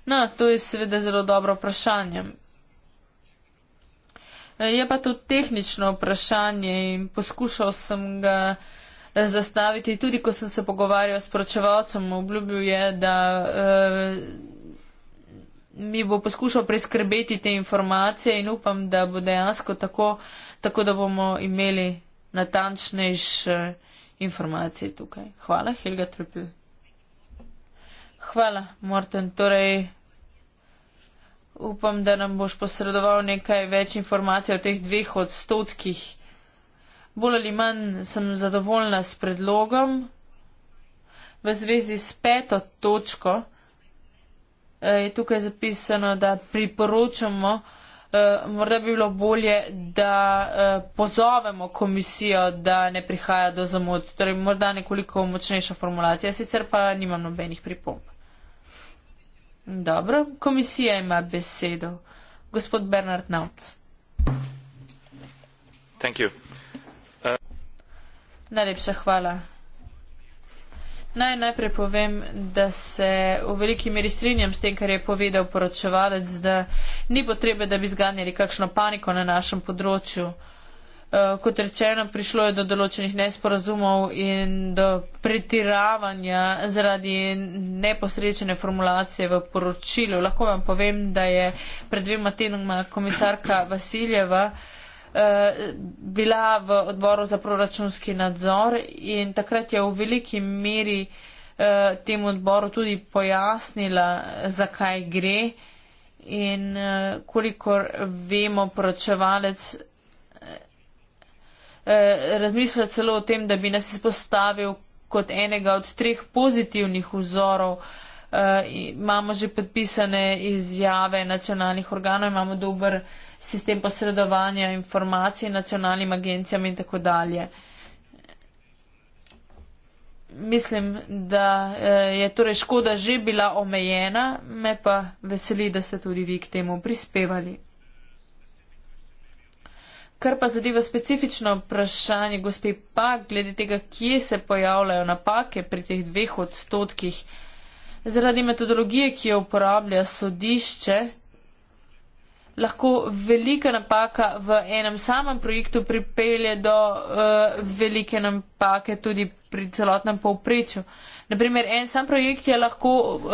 No, to je seveda zelo dobro vprašanje. Eh, je pa to tehnično vprašanje in poskušal sem ga zastaviti tudi, ko sem se pogovarjal s poročevalcem. Obljubil je, da. Uh, mi bo poskušal preskrbeti te informacije in upam, da bo dejansko tako, tako da bomo imeli natančnejše eh, informacije tukaj. Hvala, Helga Trpil. Hvala, Morten. Torej, upam, da nam boš posredoval nekaj več informacij o teh dveh odstotkih. Bolj ali manj sem zadovoljna s predlogom v zvezi s peto točko. E, je tukaj zapisano, da priporočamo, e, morda bi bilo bolje, da e, pozovemo komisijo, da ne prihaja do zamud. Torej, morda nekoliko močnejša formulacija, sicer pa nimam nobenih pripomb. Dobro, komisija ima besedo. Gospod Bernard Nauc. Najlepša hvala. Naj najprej povem, da se v veliki meri strinjam s tem, kar je povedal poročevalec, da ni potrebe, da bi zganjali kakšno paniko na našem področju. Eh, kot rečeno, prišlo je do določenih nesporazumov in do pretiravanja zaradi neposrečene formulacije v poročilu. Lahko vam povem, da je pred dvema tednoma komisarka Vasiljeva Eh, bila v odboru za proračunski nadzor in takrat je v veliki meri eh, tem odboru tudi pojasnila, zakaj gre in eh, kolikor vemo, poročevalec razmišlja celo o tem, da bi nas izpostavil kot enega od treh pozitivnih vzorov. Imamo že podpisane izjave nacionalnih organov, imamo dober sistem posredovanja informacij nacionalnim agencijam in tako dalje. Mislim, da eh, je torej škoda že bila omejena, me pa veseli, da ste tudi vi k temu prispevali. Kar pa zadeva specifično vprašanje, gospe Pak, glede tega, kje se pojavljajo napake pri teh dveh odstotkih. Zaradi metodologije, ki jo uporablja sodišče, lahko velika napaka v enem samem projektu pripelje do uh, velike napake tudi pri celotnem povprečju. Naprimer, en sam projekt je lahko uh,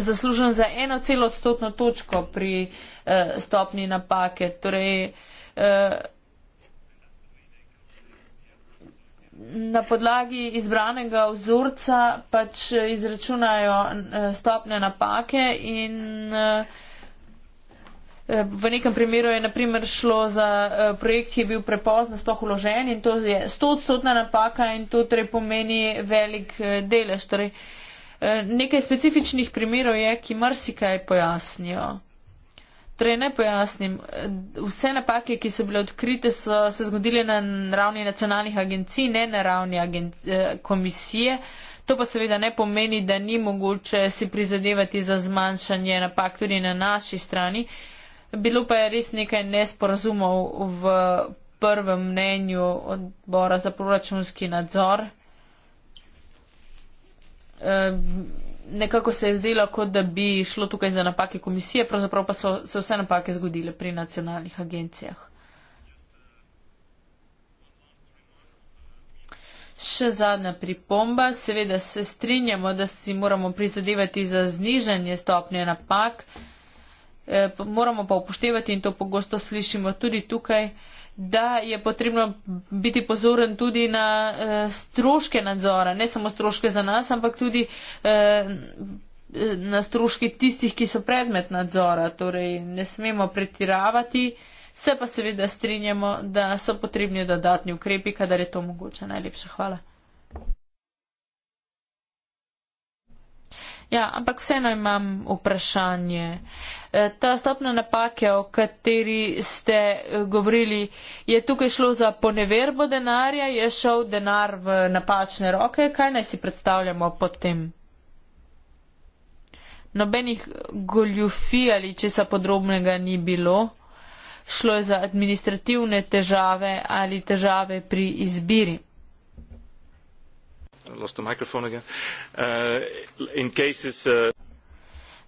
zaslužen za eno celo odstotno točko pri uh, eh, stopni napake. Torej, uh, Na podlagi izbranega vzorca pač izračunajo stopne napake in uh, Eh, v nekem primeru je naprimer šlo za eh, projekt, ki je bil prepozno sploh uložen in to je stotstotna napaka in to torej pomeni velik eh, delež. Torej, nekaj specifičnih primerov je, ki marsikaj pojasnijo. Torej, ne pojasnim, vse napake, ki so bile odkrite, so se zgodile na ravni nacionalnih agencij, ne na ravni komisije. To pa seveda ne pomeni, da ni mogoče si prizadevati za zmanjšanje napak tudi na naši strani. Bilo pa je res nekaj nesporazumov v prvem mnenju odbora za proračunski nadzor. Nekako se je zdelo, kot da bi šlo tukaj za napake komisije, pravzaprav pa so se vse napake zgodile pri nacionalnih agencijah. Še zadnja pripomba. Seveda se strinjamo, da si moramo prizadevati za znižanje stopnje napak. Uh, Eh, moramo pa upoštevati in to pogosto slišimo tudi tukaj, da je potrebno biti pozoren tudi na eh, stroške nadzora, ne samo stroške za nas, ampak tudi eh, na stroške tistih, ki so predmet nadzora. Torej, ne smemo pretiravati, se pa seveda strinjamo, da so potrebni dodatni ukrepi, kadar je to mogoče. Najlepša hvala. Ja, ampak vseeno imam vprašanje. E, ta stopna napake, o kateri ste e, govorili, je tukaj šlo za poneverbo denarja, je šel denar v napačne roke. Kaj naj si predstavljamo pod tem? Nobenih goljufij ali česa podrobnega ni bilo. Šlo je za administrativne težave ali težave pri izbiri. Uh, lost the microphone again. Uh, in cases. Uh,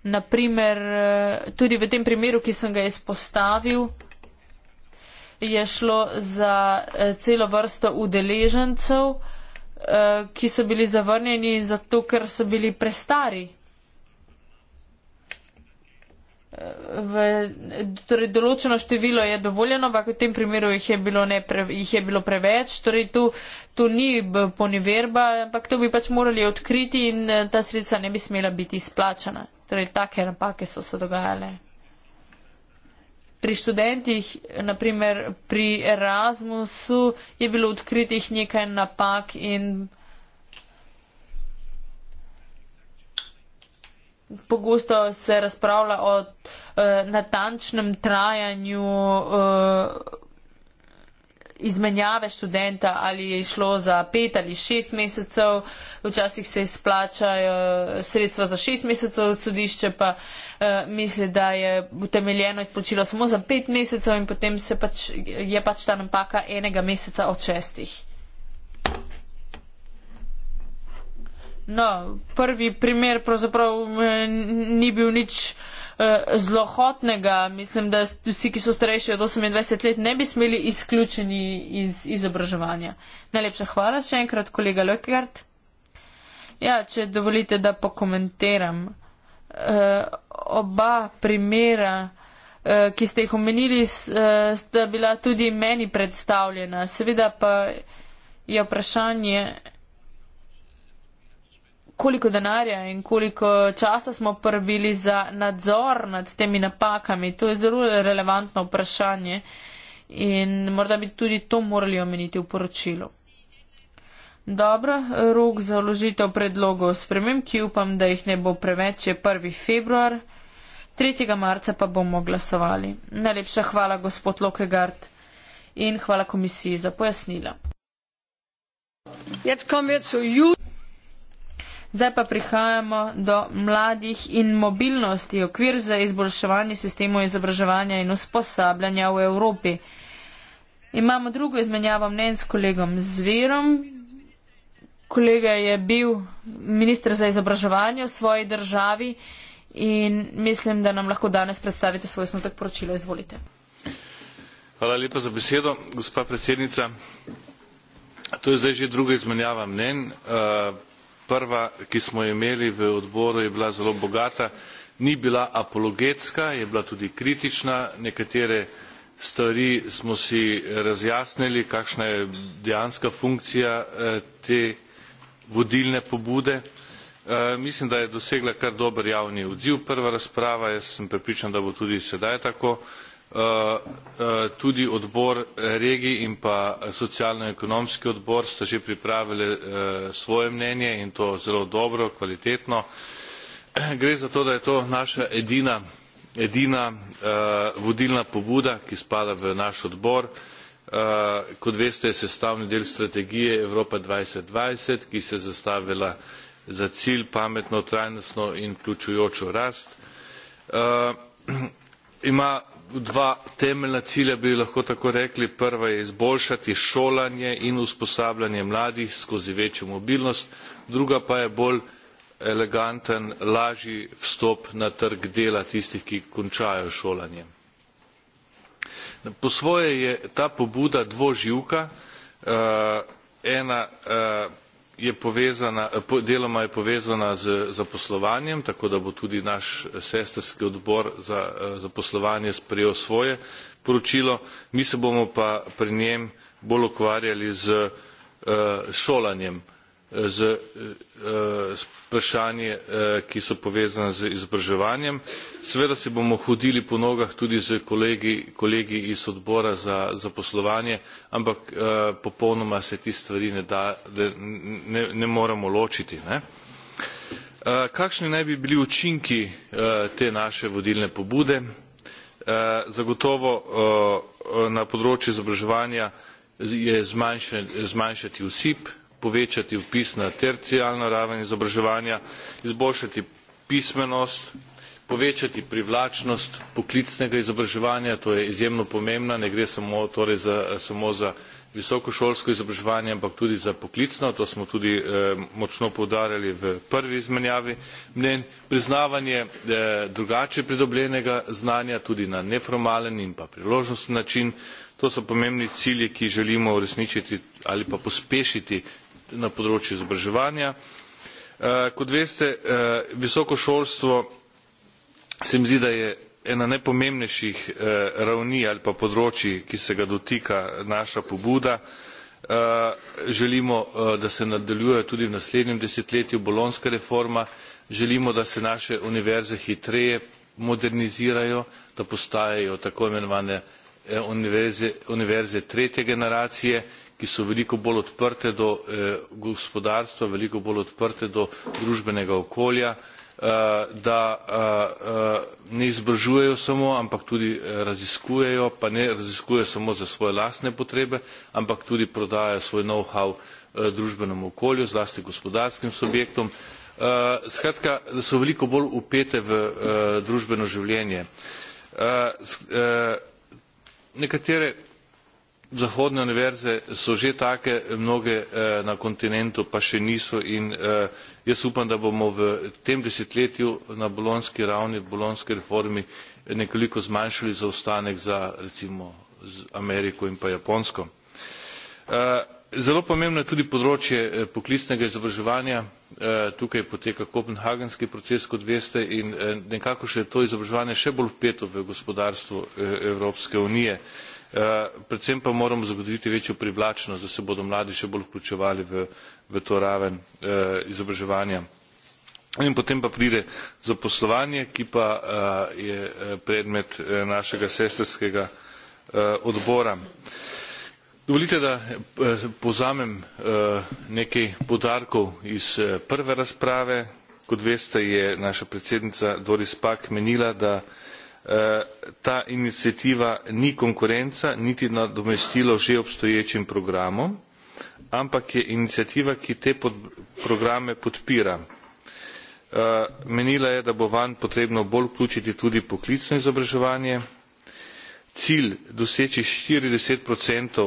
Naprimer, uh, tudi v tem primeru, ki sem ga izpostavil, je šlo za uh, celo vrsto udeležencev, uh, ki so bili zavrnjeni zato, ker so bili prestari v, torej določeno število je dovoljeno, ampak v tem primeru jih je bilo, ne, pre, jih je bilo preveč. Torej tu, tu ni poniverba, ampak to bi pač morali odkriti in eh, ta sredstva ne bi smela biti izplačana. Torej take napake so se dogajale. Pri študentih, naprimer pri Erasmusu, je bilo odkritih nekaj napak in pogosto se razpravlja o e, natančnem trajanju e, izmenjave študenta, ali je šlo za pet ali šest mesecev, včasih se izplačajo eh, sredstva za šest mesecev, sodišče pa e, misli, da je utemeljeno izplačilo samo za pet mesecev in potem pač, je pač ta napaka enega meseca od šestih. No, prvi primer pravzaprav eh, ni bil nič eh, zlohotnega. Mislim, da vsi, ki so starejši od 28 let, ne bi smeli izključeni iz izobraževanja. Najlepša hvala še enkrat, kolega Lökert. Ja, če dovolite, da pokomentiram. Eh, oba primera, eh, ki ste jih omenili, eh, sta bila tudi meni predstavljena. Seveda pa je vprašanje koliko denarja in koliko časa smo porabili za nadzor nad temi napakami. To je zelo relevantno vprašanje in morda bi tudi to morali omeniti v poročilu. Dobro, rok za vložitev predlogov spremem, ki upam, da jih ne bo preveč, je 1. februar, 3. marca pa bomo glasovali. Najlepša hvala, gospod Lokegard, in hvala komisiji za pojasnila. Jetzt kommen wir zu Jud. Zdaj pa prihajamo do mladih in mobilnosti, okvir za izboljševanje sistemov izobraževanja in usposabljanja v Evropi. Imamo drugo izmenjavo mnen s kolegom Zverom. Kolega je bil ministr za izobraževanje v svoji državi in mislim, da nam lahko danes predstavite svoj osnotek poročila. Izvolite. Hvala lepa za besedo, gospa predsednica. To je zdaj že druga izmenjava mnen. Uh, eh, prva ki smo jo imeli v odboru je bila zelo bogata ni bila apologetska je bila tudi kritična nekatere stvari smo si razjasnili kakšna je dejanska funkcija eh, te vodilne pobude eh, mislim da je dosegla kar dober javni odziv prva razprava jaz sem prepričan da bo tudi sedaj tako Eh, eh, tudi odbor regij in pa socialno ekonomski odbor sta že pripravila eh, svoje mnenje in to zelo dobro kvalitetno. gre za to da je to naša edina vodilna pobuda ki spada v naš odbor. kot veste je sestavni del strategije evropa dva tisoč dvajset ki si je zastavila za cilj pametno trajnostno in vključujočo rast. ima dva temeljna cilja bi lahko tako rekli prva je izboljšati šolanje in usposabljanje mladih skozi večjo mobilnost druga pa je bolj eleganten lažji vstop na trg dela tistih ki končajo šolanje po svoje je ta pobuda dvoživka eh, ena eh, Eh, deloma je povezana z zaposlovanjem tako da bo tudi naš eh, sestrski odbor za eh, zaposlovanje sprejel svoje poročilo mi se bomo pa pri njem bolj ukvarjali s šolanjem z eh, vprašanji eh, ki so povezana z izobraževanjem. seveda si bomo hodili po nogah tudi s kolegi iz odbora za zaposlovanje ampak eh, popolnoma se te stvari ne moremo ločiti. kakšni naj bi bili učinki te naše vodilne pobude? zagotovo na področju izobraževanja je zmanjšati osip povečati vpis na terciarno raven izobraževanja izboljšati pismenost povečati privlačnost poklicnega izobraževanja to je izjemno pomembno ne gre samo torej za samo za visokošolsko izobraževanje ampak tudi za poklicno to smo tudi eh, močno poudarjali v prvi izmenjavi mnenj priznavanje eh, drugače pridobljenega znanja tudi na neformalen in pa priložnosten način to so pomembni cilji ki jih želimo uresničiti ali pa pospešiti na področju izobraževanja. Eh, kot veste eh, visoko šolstvo se mi zdi da je ena najpomembnejših eh, ravni ali pa področij ki se ga dotika naša pobuda. želimo da se nadaljuje tudi v naslednjem desetletju bolonjska reforma želimo da se naše univerze hitreje modernizirajo da postajajo tako imenovane univerze tretje generacije ki so veliko bolj odprte do eh, gospodarstva veliko bolj odprte do družbenega okolja eh, da eh, ne izobražujejo samo ampak tudi raziskujejo pa ne raziskujejo samo za svoje lastne potrebe ampak tudi prodajajo svoj know how družbenemu okolju zlasti gospodarskim subjektom skratka da so veliko bolj vpete v družbeno življenje. nekatere zahodne univerze so že take mnoge eh, na kontinentu pa še niso in eh, jaz upam da bomo v tem desetletju na bolonjski ravni bolonjski reformi nekoliko zmanjšali zaostanek za recimo z ameriko in pa japonsko. Eh, zelo pomembno je tudi področje poklicnega izobraževanja tukaj poteka kopenhagenski proces kot veste in nekako je to izobraževanje še bolj vpeto v gospodarstvo evropske unije. Eh, predvsem pa moramo zagotoviti večjo privlačnost da se bodo mladi še bolj vključevali v to raven eh, izobraževanja. No, in potem pa pride zaposlovanje ki pa eh, je predmet našega sestrskega odbora. dovolite da povzamem nekaj poudarkov iz prve razprave. kot veste je naša predsednica doris pack menila da Eh, ta iniciativa ni konkurenca niti nadomestilo že obstoječim programom ampak je iniciativa ki te programe podpira. Eh, menila je da bo vanj potrebno bolj vključiti tudi poklicno izobraževanje cilj doseči štirideset eh,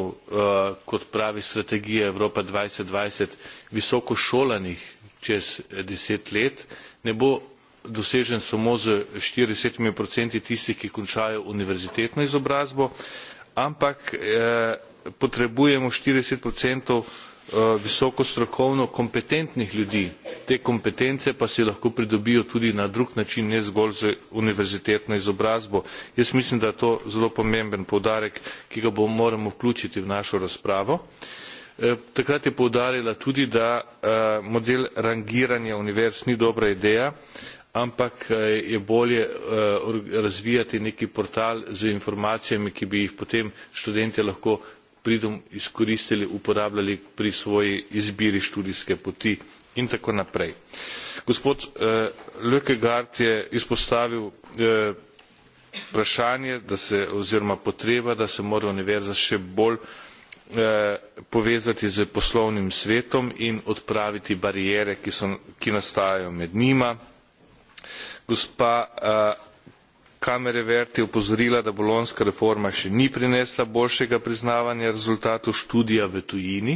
kot pravi strategija evropa dva tisoč dvajset visokošolanih čez deset let ne bo dosežen samo s štirideset tistih ki končajo univerzitetno izobrazbo ampak eh, potrebujemo štirideset eh, visoko strokovno kompetentnih ljudi te kompetence pa si lahko pridobijo tudi na drug način ne zgolj z univerzitetno izobrazbo. jaz mislim da je to zelo pomemben poudarek ki ga moramo vključiti v našo razpravo. Eh, takrat je poudarila tudi da model rangiranja univerz ni dobra ideja ampak eh, je bolje eh, razvijati neki portal z informacijami ki bi jih potem študentje lahko pridom izkoristili uporabljali pri svoji izbiri študijske poti in tako naprej. gospod eh, lkegaard je izpostavil eh, vprašanje da se oziroma potreba da se mora univerza še bolj eh, povezati z poslovnim svetom in odpraviti barijere, ki, so, ki nastajajo med njima gospa kammerevert je opozorila da bolonjska reforma še ni prinesla boljšega priznavanja rezultatov študija v tujini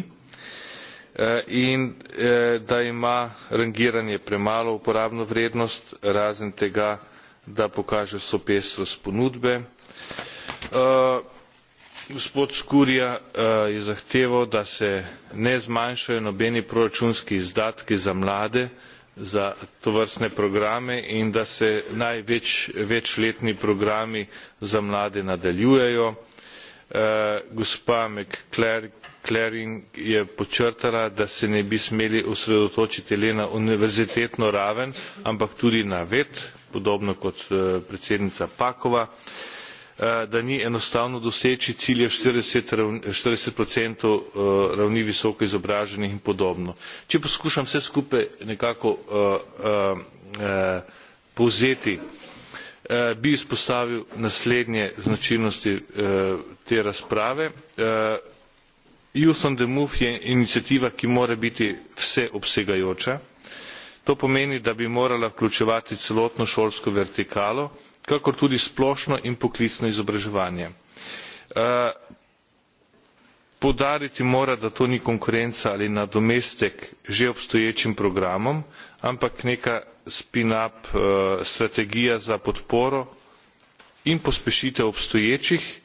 in e, da ima rangiranje premalo uporabno vrednost razen tega da pokaže vso pestrost ponudbe. gospod scurria je zahteval da se ne zmanjšajo nobeni proračunski izdatki za mlade za tovrstne programe in da se naj večletni programi za mlade nadaljujejo. Eh, gospa mcclarin je podčrtala da se ne bi smeli osredotočiti le na univerzitetno raven ampak tudi na ved podobno kot eh, predsednica packova. Eh, da ni enostavno doseči cilja štirideset ravni eh, visoko izobraženih in podobno. če poskušam vse skupaj nekako eh, povzeti bi izpostavil naslednje značilnosti te razprave youth on the move je iniciativa ki mora biti vseobsegajoča to pomeni da bi morala vključevati celotno šolsko vertikalo kakor tudi splošno in poklicno izobraževanje. Eh, poudariti mora da to ni konkurenca ali nadomestek že obstoječim programom ampak neka spin up eh, strategija za podporo in pospešitev obstoječih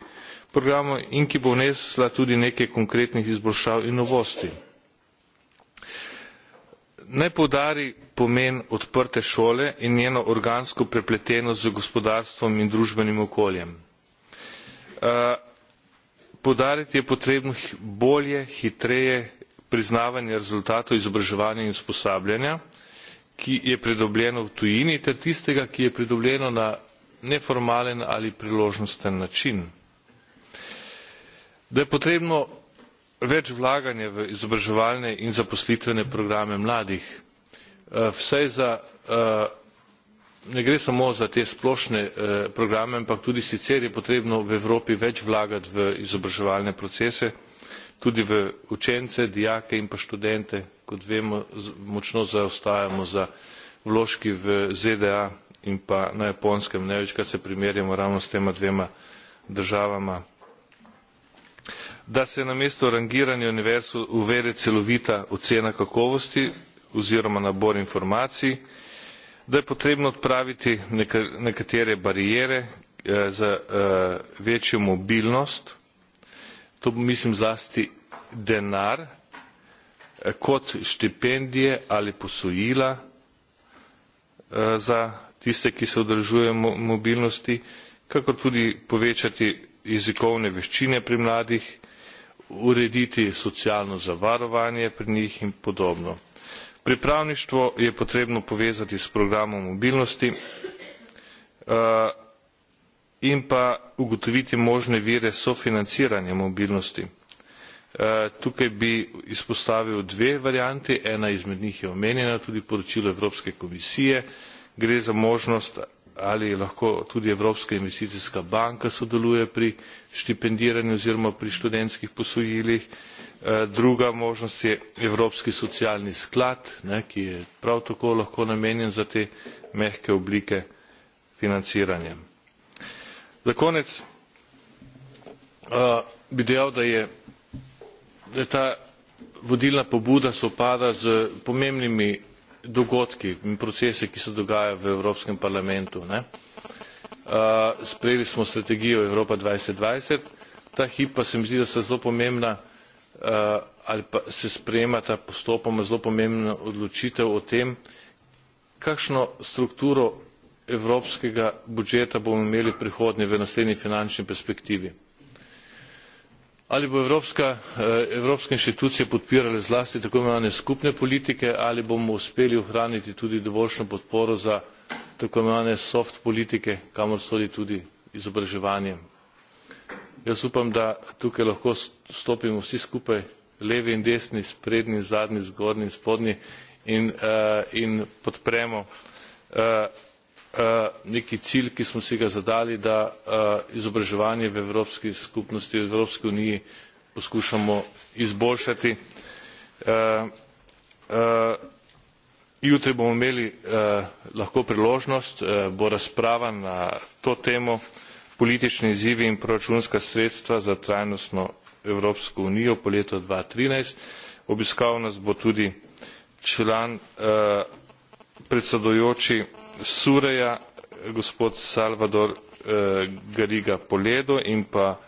programov in ki bo vnesla tudi nekaj konkretnih izboljšav in novosti naj poudari pomen odprte šole in njeno organsko prepletenost z gospodarstvom in družbenim okoljem. Eh, poudariti je potrebno bolje hitreje priznavanje rezultatov izobraževanja in usposabljanja ki je pridobljeno v tujini ter tistega ki je pridobljeno na neformalen ali priložnosten način. da je potrebno več vlaganja v izobraževalne in zaposlitvene programe mladih eh, vsaj za eh, ne gre samo za te splošne eh, programe ampak tudi sicer je potrebno v evropi več vlagati v izobraževalne procese tudi v učence dijake in pa študente kot vemo močno zaostajamo za vložki v zda in pa na japonskem največkrat se primerjamo ravno s tema dvema državama da se namesto rangiranja univerz uvede celovita ocena kakovosti oziroma nabor informacij da je potrebno odpraviti nekatere bariere eh, za eh, večjo mobilnost tu mislim zlasti denar eh, kot štipendije ali posojila za tiste ki se udeležujejo mobilnosti kakor tudi povečati jezikovne veščine pri mladih urediti socialno zavarovanje pri njih in podobno. pripravništvo je potrebno povezati s programom mobilnosti eh, in pa ugotoviti možne vire sofinanciranja mobilnosti. Eh, tukaj bi izpostavil dve varianti ena izmed njih je omenjena tudi v poročilu evropske komisije gre za možnost ali lahko tudi Evropska investicijska banka sodeluje pri štipendiranju oziroma pri študentskih posojilih. Eh, druga možnost je Evropski socialni sklad, ne, ki je prav tako lahko namenjen za te mehke oblike financiranja. Za konec uh, bi dejal, da je, da je ta vodilna pobuda sopada z pomembnimi dogodki in procesi ki se dogajajo v evropskem parlamentu. Uh, sprejeli smo strategijo evropa dva tisoč dvajset ta hip pa se mi zdi da sta zelo pomembna uh, ali pa se sprejemata postopoma zelo pomembna odločitev o tem kakšno strukturo evropskega budžeta bomo imeli v prihodnje v naslednji finančni perspektivi ali bodo eh, evropske inštitucije podpirale zlasti tako imenovane skupne politike ali bomo uspeli ohraniti tudi dovoljšno podporo za tako imenovane soft politike kamor sodi tudi izobraževanje. jaz upam da tukaj lahko stopimo vsi skupaj levi in desni sprednji in zadnji zgornji in spodnji in eh, podpremo eh, Eh, neki cilj ki smo si ga zadali da eh, izobraževanje v evropski skupnosti v evropski uniji poskušamo izboljšati. Eh, jutri bomo imeli lahko priložnost bo razprava na to temo politični izzivi in proračunska sredstva za trajnostno evropsko unijo po letu dva tisoč trinajst obiskal nas bo tudi član predsedujoči sureja gospod salvador eh, garriga poledo in pa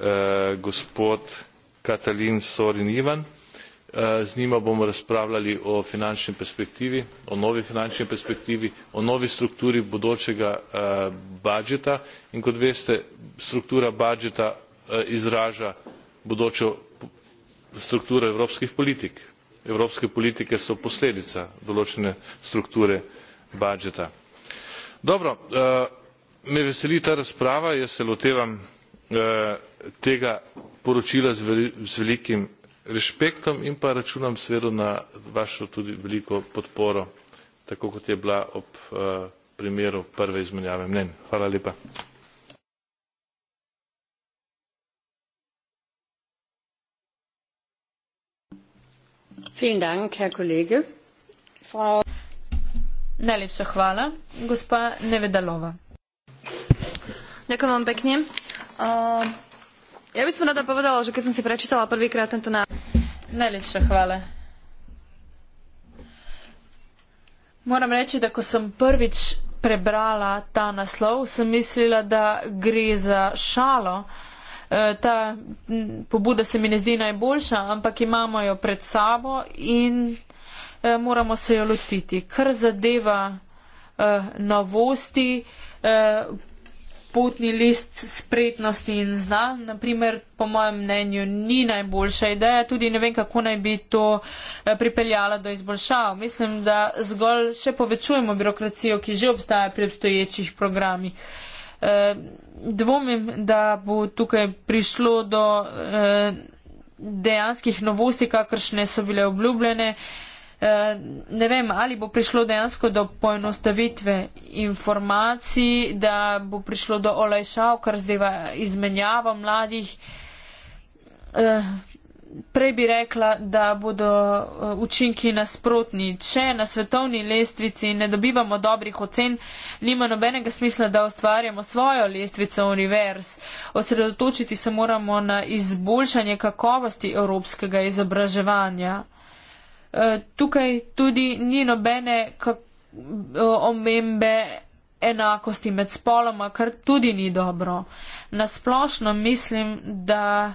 eh, gospod katalin sorin ivan eh, z njima bomo razpravljali o finančni perspektivi o novi finančni perspektivi o novi strukturi bodočega budžeta in kot veste struktura budžeta izraža bodočo strukturo evropskih politik evropske politike so posledica določene strukture budgeta. dobro eh, me veseli ta razprava jaz se lotevam eh, tega poročila z velikim rešpektom in pa računam seveda na vašo tudi veliko podporo tako kot je bila ob eh, primeru prve izmenjave mnenj. hvala lepa. Najlepša hvala. Gospa Nevedalova. Ďakujem vám pekne. Uh, ja by som rada povedala, že keď som si prečítala prvýkrát tento návrh... Najlepša hvala. Moram reči, da ko sem prvič prebrala ta naslov, sem mislila, da gre za šalo. E, ta pobuda se mi ne zdi najboljša, ampak imamo jo pred sabo in Eh, moramo se jo lotiti. Kar zadeva eh, novosti, eh, potni list spretnosti in znanj, naprimer, po mojem mnenju, ni najboljša ideja, tudi ne vem, kako naj bi to pripeljala do izboljšav. Mislim, da zgolj še povečujemo birokracijo, ki že obstaja pri obstoječih programih. Dvomim, da bo tukaj prišlo do dejanskih novosti, kakršne so bile obljubljene ne vem, ali bo prišlo dejansko do poenostavitve informacij, da bo prišlo do olajšav, kar zdajva izmenjava mladih. Eh, prej bi rekla, da bodo eh, učinki nasprotni. Če na svetovni lestvici ne dobivamo dobrih ocen, nima nobenega smisla, da ustvarjamo svojo lestvico univerz. Osredotočiti se moramo na izboljšanje kakovosti evropskega izobraževanja. Eh, tukaj tudi ni nobene eh, omembe enakosti med spoloma, kar tudi ni dobro. Nasplošno mislim, da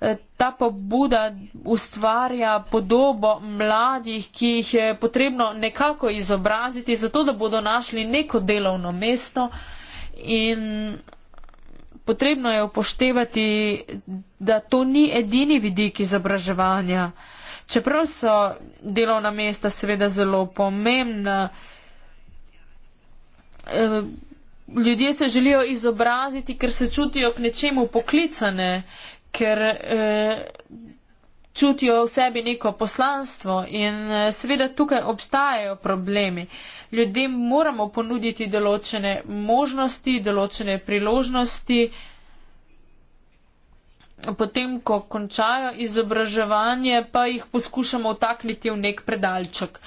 eh, ta pobuda ustvarja podobo mladih, ki jih je potrebno nekako izobraziti, zato da bodo našli neko delovno mesto in potrebno je upoštevati, da to ni edini vidik izobraževanja čeprav so delovna mesta seveda zelo pomembna. Eh, ljudje se želijo izobraziti, ker se čutijo k nečemu poklicane, ker eh, čutijo v sebi neko poslanstvo in eh, seveda tukaj obstajajo problemi. Ljudem moramo ponuditi določene možnosti, določene priložnosti potem, ko končajo izobraževanje, pa jih poskušamo vtakniti v nek predalček.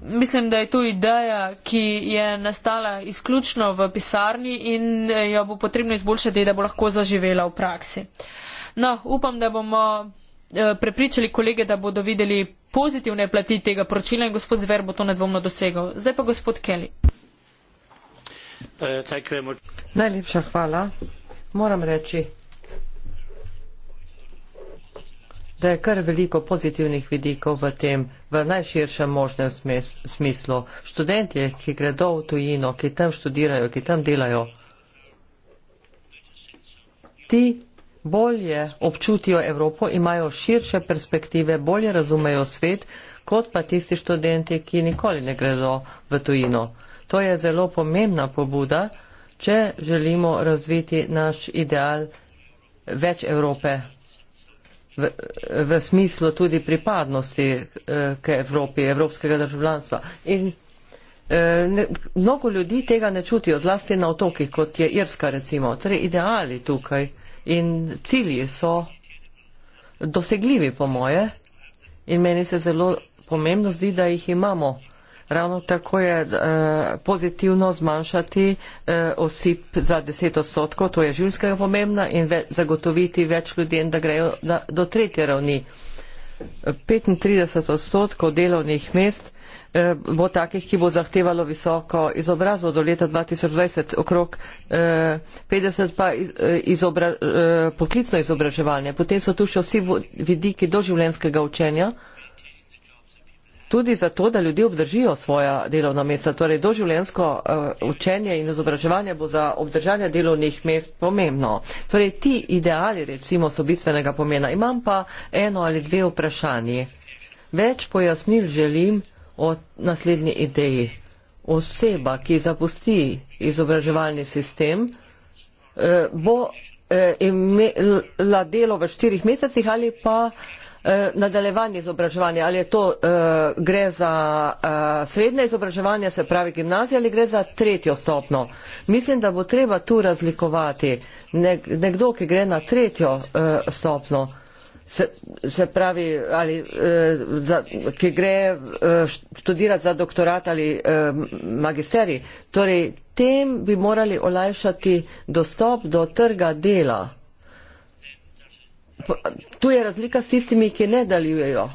Mislim, da je to ideja, ki je nastala izključno v pisarni in jo bo potrebno izboljšati, da bo lahko zaživela v praksi. No, upam, da bomo eh, prepričali kolege, da bodo videli pozitivne plati tega poročila in gospod Zver bo to nedvomno dosegal. Zdaj pa gospod Kelly. Eh, Najlepša hvala. Moram reči, da je kar veliko pozitivnih vidikov v tem, v najširšem možnem smes, smislu. Študentje, ki gredo v tujino, ki tam študirajo, ki tam delajo, ti bolje občutijo Evropo, imajo širše perspektive, bolje razumejo svet, kot pa tisti študenti, ki nikoli ne gredo v tujino. To je zelo pomembna pobuda, če želimo razviti naš ideal več Evrope v, v smislu tudi pripadnosti eh, k Evropi, evropskega državljanstva. In eh, ne, mnogo ljudi tega ne čutijo, zlasti na otokih, kot je Irska recimo. Torej ideali tukaj in cilji so dosegljivi po moje in meni se zelo pomembno zdi, da jih imamo. Ravno tako je eh, pozitivno zmanjšati eh, osip za 10 odstotkov, to je življenjskega pomembna in ve zagotoviti več ljudem, da grejo na, do tretje ravni. 35 odstotkov delovnih mest eh, bo takih, ki bo zahtevalo visoko izobrazbo do leta 2020, okrog eh, 50 pa eh, izobra eh, poklicno izobraževanje. Potem so tu še vsi vidiki doživljenjskega učenja tudi zato, da ljudje obdržijo svoja delovna mesta. Torej, doživljensko uh, eh, učenje in izobraževanje bo za obdržanje delovnih mest pomembno. Torej, ti ideali, recimo, so bistvenega pomena. Imam pa eno ali dve vprašanji. Več pojasnil želim o naslednji ideji. Oseba, ki zapusti izobraževalni sistem, uh, bo uh, imela delo v štirih mesecih ali pa. Eh, nadaljevanje izobraževanja, ali je to uh, gre za uh, srednje izobraževanje, se pravi gimnazija, ali gre za tretjo stopno. Mislim, da bo treba tu razlikovati Nek, nekdo, ki gre na tretjo uh, stopno, se, se pravi, ali, uh, za, ki gre uh, študirati za doktorat ali uh, magisterij. Torej, tem bi morali olajšati dostop do trga dela tu je razlika s tistimi, ki ne daljujejo.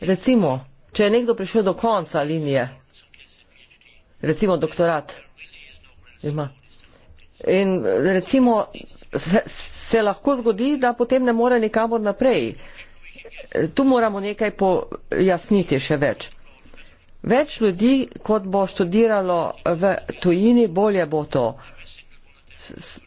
Recimo, če je nekdo prišel do konca linije, recimo doktorat ima. In recimo, se, se lahko zgodi, da potem ne more nikamor naprej. Tu moramo nekaj pojasniti še več. Več ljudi, kot bo študiralo v tujini, bolje bo to. S,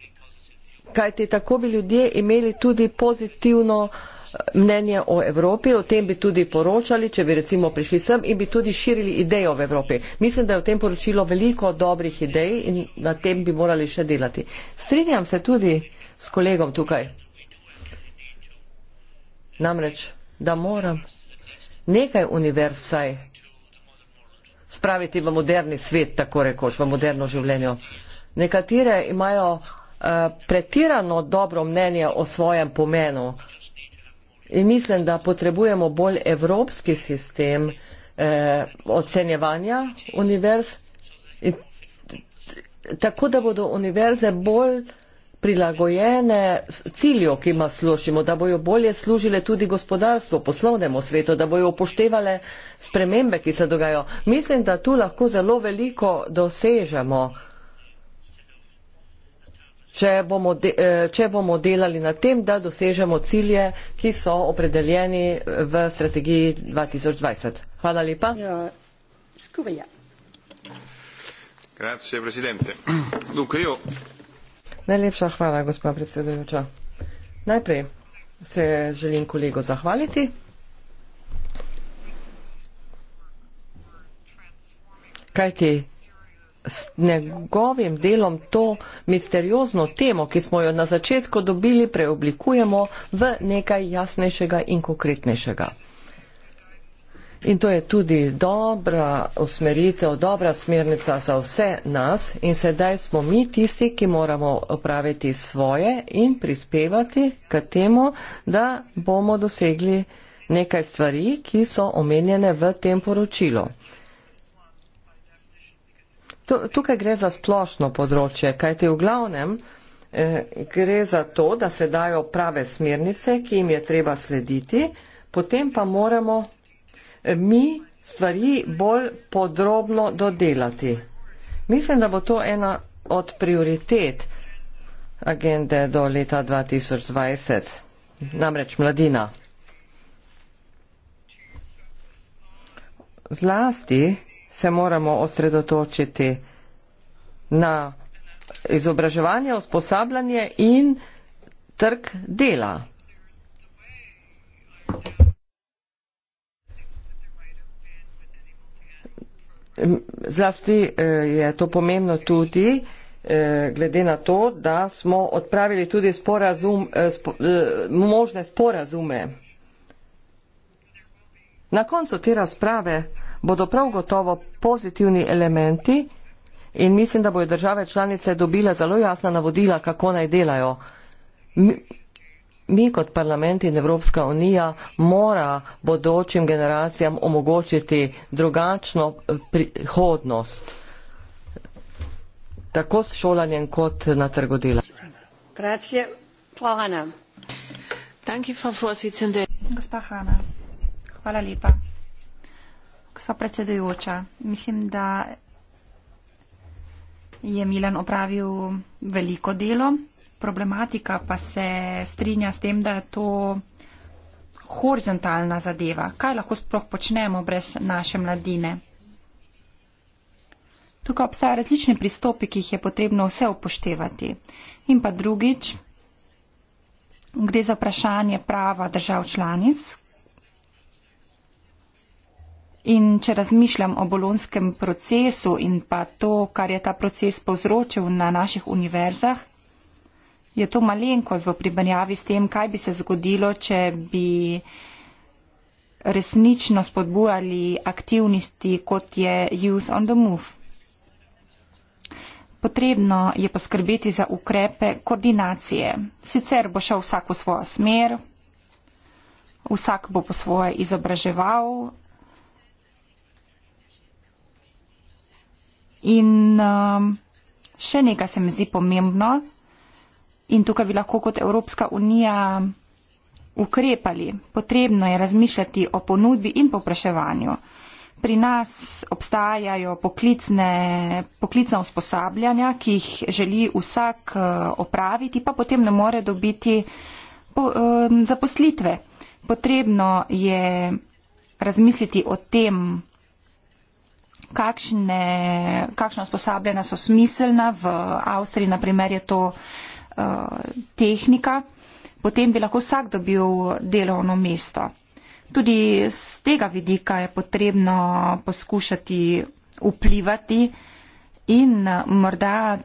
kajti tako bi ljudje imeli tudi pozitivno eh, mnenje o Evropi, o tem bi tudi poročali, če bi recimo prišli sem in bi tudi širili idejo v Evropi. Mislim, da je v tem poročilo veliko dobrih idej in na tem bi morali še delati. Strinjam se tudi s kolegom tukaj. Namreč, da moram nekaj univerz vsaj spraviti v moderni svet, tako rekoč, v moderno življenje. Nekatere imajo Eh, pretirano dobro mnenje o svojem pomenu. In mislim, da potrebujemo bolj evropski sistem eh, ocenjevanja univerz, in, tako da bodo univerze bolj prilagojene cilju, ki ima služimo, da bojo bolje služile tudi gospodarstvo, poslovnemu svetu, da bojo upoštevale spremembe, ki se dogajajo. Mislim, da tu lahko zelo veliko dosežemo če bomo, de, eh, če bomo delali na tem, da dosežemo cilje, ki so opredeljeni v strategiji 2020. Hvala lepa. Ja, ja, Grazie, presidente. Dunque, io... Najlepša hvala, gospod predsedujoča. Najprej se želim kolego zahvaliti. Kaj ti? s njegovim delom to misteriozno temo, ki smo jo na začetku dobili, preoblikujemo v nekaj jasnejšega in konkretnejšega. In to je tudi dobra usmeritev, dobra smernica za vse nas in sedaj smo mi tisti, ki moramo opraviti svoje in prispevati k temu, da bomo dosegli nekaj stvari, ki so omenjene v tem poročilu tukaj gre za splošno področje, kajte v glavnem eh, gre za to, da se dajo prave smernice, ki jim je treba slediti, potem pa moramo eh, mi stvari bolj podrobno dodelati. Mislim, da bo to ena od prioritet agende do leta 2020, namreč mladina. Zlasti se moramo osredotočiti na izobraževanje, usposabljanje in trg dela. Zlasti eh, je to pomembno tudi eh, glede na to, da smo odpravili tudi sporazum, eh, spo, možne sporazume. Na koncu te razprave bodo prav gotovo pozitivni elementi in mislim, da bojo države članice dobile zelo jasna navodila, kako naj delajo. Mi, mi kot parlament in Evropska unija mora bodočim generacijam omogočiti drugačno prihodnost, tako s šolanjem kot na trgu dela. Gospa Hanna, hvala lepa. Gospa predsedujoča, mislim, da je Milan opravil veliko delo. Problematika pa se strinja s tem, da je to horizontalna zadeva. Kaj lahko sploh počnemo brez naše mladine? Tukaj obstajajo različni pristopi, ki jih je potrebno vse upoštevati. In pa drugič, gre za vprašanje prava držav članic, In če razmišljam o bolonskem procesu in pa to, kar je ta proces povzročil na naših univerzah, je to malenkost v primerjavi s tem, kaj bi se zgodilo, če bi resnično spodbujali aktivnosti, kot je Youth on the Move. Potrebno je poskrbeti za ukrepe koordinacije. Sicer bo šel vsak v svojo smer, vsak bo po svoje izobraževal, In um, še nekaj se mi zdi pomembno in tukaj bi lahko kot Evropska unija ukrepali. Potrebno je razmišljati o ponudbi in popraševanju. Pri nas obstajajo poklicne, poklicna usposabljanja, ki jih želi vsak uh, opraviti, pa potem ne more dobiti po, um, zaposlitve. Potrebno je razmisliti o tem, kakšne, kakšna usposabljena so smiselna, v Avstriji naprimer je to uh, tehnika, potem bi lahko vsak dobil delovno mesto. Tudi z tega vidika je potrebno poskušati vplivati in eh, morda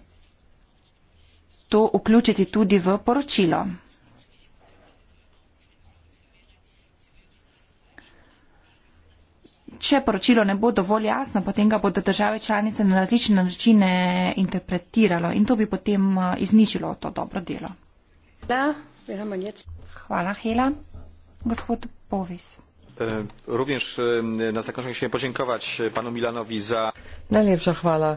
to vključiti tudi v poročilo. če poročilo ne bo dovolj jasno, potem ga bodo države članice na različne načine interpretiralo in to bi potem eh, izničilo to dobro delo. Da, Hvala, Hela. Gospod Povis. E, również e, na zakończenie chciałem podziękować e, panu Milanowi za. Najlepsza chwała.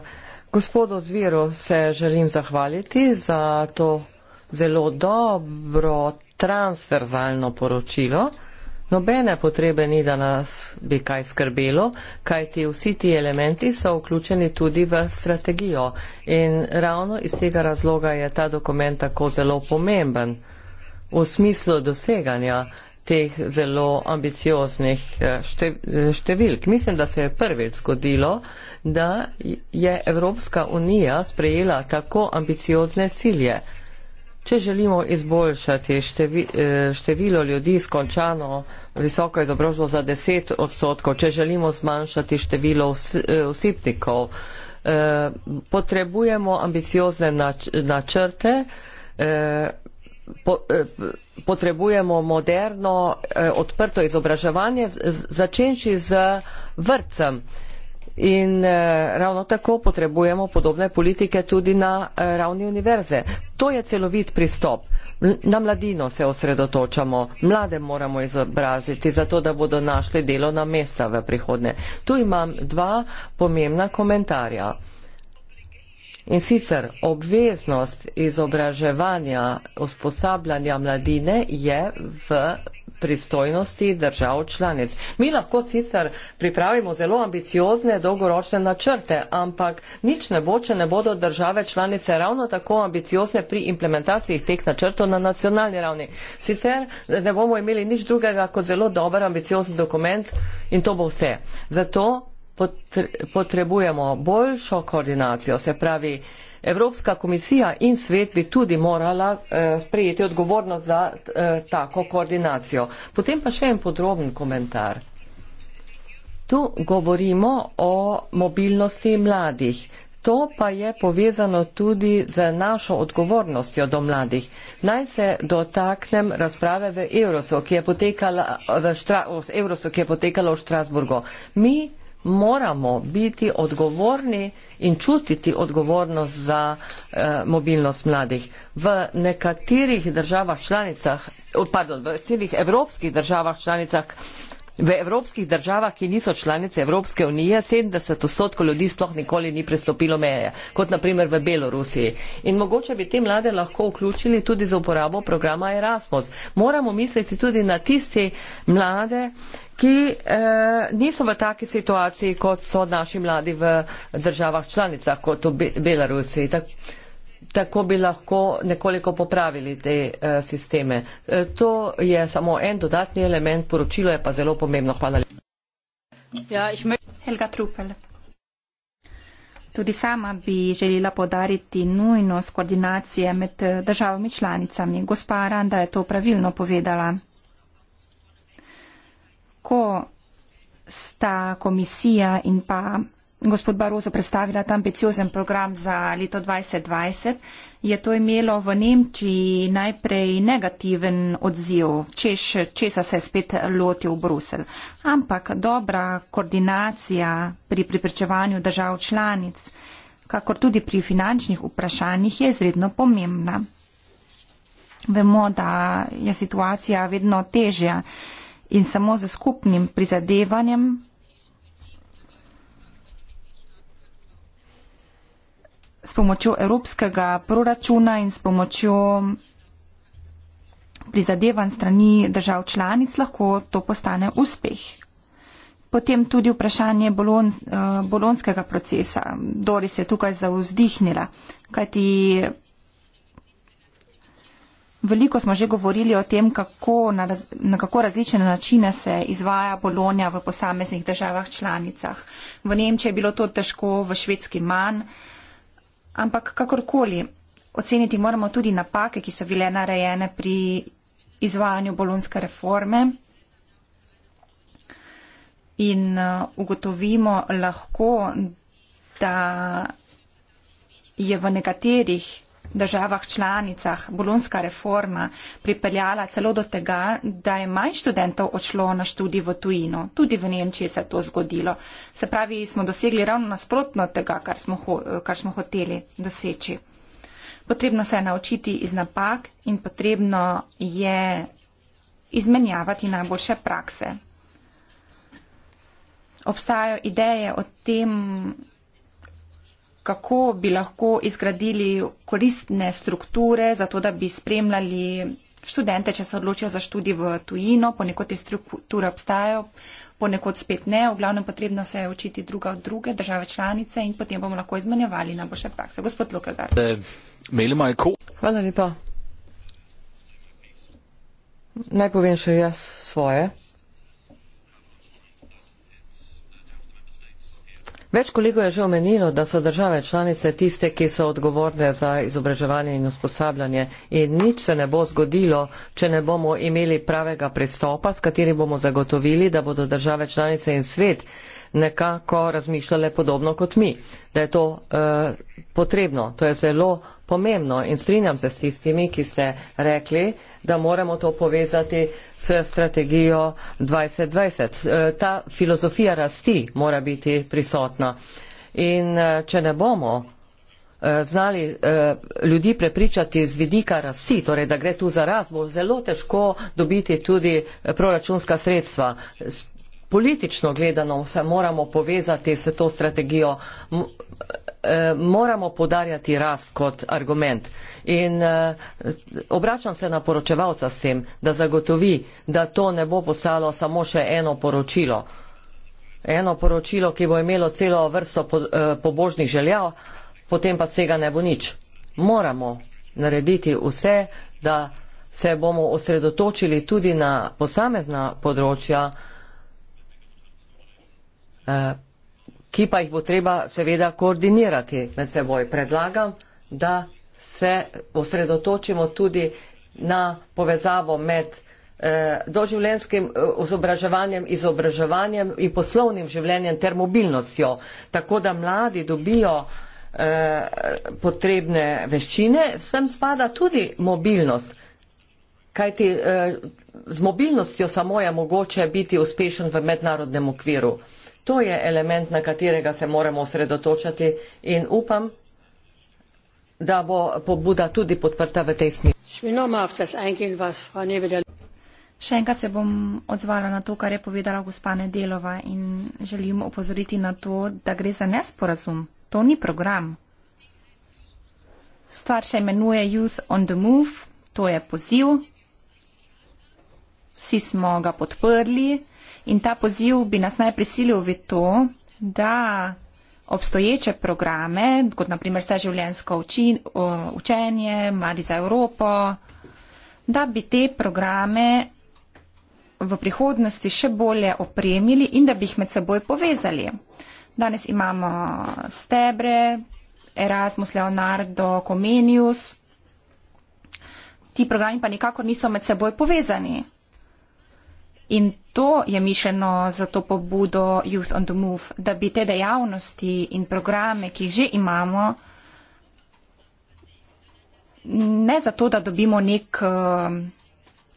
Gospodo Zwiero, se želim zachwaliti za to zelo dobro transferzalno poročilo. Nobene potrebe ni, da nas bi kaj skrbelo, kajti vsi ti elementi so vključeni tudi v strategijo. In ravno iz tega razloga je ta dokument tako zelo pomemben v smislu doseganja teh zelo ambicioznih eh, eh, številk. Mislim, da se je prvič zgodilo, da je Evropska unija sprejela tako ambiciozne cilje. Če želimo izboljšati števi, eh, število ljudi s končano visoko izobrazbo za 10 odstotkov, če želimo zmanjšati število usipnikov, eh, eh, potrebujemo ambiciozne načrte, potrebujemo moderno, odprto izobraževanje, začenši z vrtcem. In eh, ravno tako potrebujemo podobne politike tudi na eh, ravni univerze. To je celovit pristop. Na mladino se osredotočamo, mlade moramo izobražiti, zato da bodo našli delo na mesta v prihodnje. Tu imam dva pomembna komentarja. In sicer obveznost izobraževanja, usposabljanja mladine je v pristojnosti držav članic. Mi lahko sicer pripravimo zelo ambiciozne dolgoročne načrte, ampak nič ne bo, če ne bodo države članice ravno tako ambiciozne pri implementacijih teh načrtov na nacionalni ravni. Sicer ne bomo imeli nič drugega kot zelo dober ambiciozen dokument in to bo vse. Zato potrebujemo boljšo koordinacijo, se pravi, Evropska komisija in svet bi tudi morala eh, sprejeti odgovornost za eh, tako koordinacijo. Potem pa še en podroben komentar. Tu govorimo o mobilnosti mladih. To pa je povezano tudi z našo odgovornostjo do mladih. Naj se dotaknem razprave v Eurosu, ki je potekala v, Stra v, Eurosu, ki je potekala v Štrasburgu. Mi moramo biti odgovorni in čutiti odgovornost za eh, mobilnost mladih. V nekaterih državah članicah, pardon, v celih evropskih državah članicah, v evropskih državah, ki niso članice Evropske unije, 70 odstotkov ljudi sploh nikoli ni prestopilo meje, kot naprimer v Belorusiji. In mogoče bi te mlade lahko vključili tudi za uporabo programa Erasmus. Moramo misliti tudi na tiste mlade, ki eh, niso v taki situaciji, kot so naši mladi v državah članicah, kot v Be Belarusi. Tak, tako bi lahko nekoliko popravili te eh, sisteme. E, to je samo en dodatni element, poročilo je pa zelo pomembno. Hvala lepa. Ja, Helga Trupel. Tudi sama bi želela podariti nujnost koordinacije med eh, državami članicami. Gospa Aranda je to pravilno povedala kako sta komisija in pa gospod Barozo predstavila ta ambiciozen program za leto 2020, je to imelo v Nemčiji najprej negativen odziv, češ, česa se je spet lotil Brusel. Ampak dobra koordinacija pri priprečevanju držav članic, kakor tudi pri finančnih vprašanjih, je izredno pomembna. Vemo, da je situacija vedno težja in samo z skupnim prizadevanjem s pomočjo evropskega proračuna in s pomočjo prizadevanj strani držav članic lahko to postane uspeh. Potem tudi vprašanje bolon, eh, bolonskega procesa. Doris je tukaj zauzdihnila, kajti Veliko smo že govorili o tem, kako na, raz, na kako različne načine se izvaja bolonja v posameznih državah članicah. V Nemčiji je bilo to težko, v švedski manj, ampak kakorkoli oceniti moramo tudi napake, ki so bile narejene pri izvajanju bolonske reforme in uh, ugotovimo lahko, da je v nekaterih državah članicah bolonska reforma pripeljala celo do tega, da je manj študentov odšlo na študij v tujino. Tudi v Nemčiji se je to zgodilo. Se pravi, smo dosegli ravno nasprotno tega, kar smo, kar smo hoteli doseči. Potrebno se je naučiti iz napak in potrebno je izmenjavati najboljše prakse. Obstajajo ideje o tem, kako bi lahko izgradili koristne strukture, zato da bi spremljali študente, če se odločijo za študij v tujino, ponekod te strukture obstajajo, ponekod spet ne, v glavnem potrebno se je učiti druga od druge države članice in potem bomo lahko izmenjevali na boljše prakse. Gospod Lukagar. Eh, Hvala lepa. Naj povem še jaz svoje. Več kolego je že omenilo, da so države članice tiste, ki so odgovorne za izobraževanje in usposabljanje in nič se ne bo zgodilo, če ne bomo imeli pravega pristopa, s katerim bomo zagotovili, da bodo države članice in svet nekako razmišljale podobno kot mi, da je to eh, potrebno, to je zelo pomembno in strinjam se s tistimi, ki ste rekli, da moramo to povezati s strategijo 2020. Eh, ta filozofija rasti mora biti prisotna in eh, če ne bomo eh, znali eh, ljudi prepričati z vidika rasti, torej da gre tu za rast, bo zelo težko dobiti tudi eh, proračunska sredstva politično gledano se moramo povezati s to strategijo, eh, moramo podarjati rast kot argument. In eh, obračam se na poročevalca s tem, da zagotovi, da to ne bo postalo samo še eno poročilo. Eno poročilo, ki bo imelo celo vrsto eh, pobožnih željav, potem pa z tega ne bo nič. Moramo narediti vse, da se bomo osredotočili tudi na posamezna področja, ki pa jih bo treba seveda koordinirati med seboj. Predlagam, da se osredotočimo tudi na povezavo med eh, doživljenskim eh, izobraževanjem, izobraževanjem in poslovnim življenjem ter mobilnostjo, tako da mladi dobijo eh, potrebne veščine, sem spada tudi mobilnost. Kajti z mobilnostjo samo je mogoče biti uspešen v mednarodnem okviru. To je element, na katerega se moramo osredotočati in upam, da bo pobuda tudi podprta v tej smeri. Še enkrat se bom odzvala na to, kar je povedala gospa Nedelova in želim opozoriti na to, da gre za nesporazum. To ni program. Stvar se imenuje Youth on the Move, to je poziv. Vsi smo ga podprli. In ta poziv bi nas naj prisilil v to, da obstoječe programe, kot naprimer vseživljenjsko učenje, Mladi za Evropo, da bi te programe v prihodnosti še bolje opremili in da bi jih med seboj povezali. Danes imamo stebre, Erasmus, Leonardo, Comenius. Ti programi pa nikako niso med seboj povezani. In to je mišljeno za to pobudo Youth on the Move, da bi te dejavnosti in programe, ki jih že imamo, ne zato, da dobimo nek eh,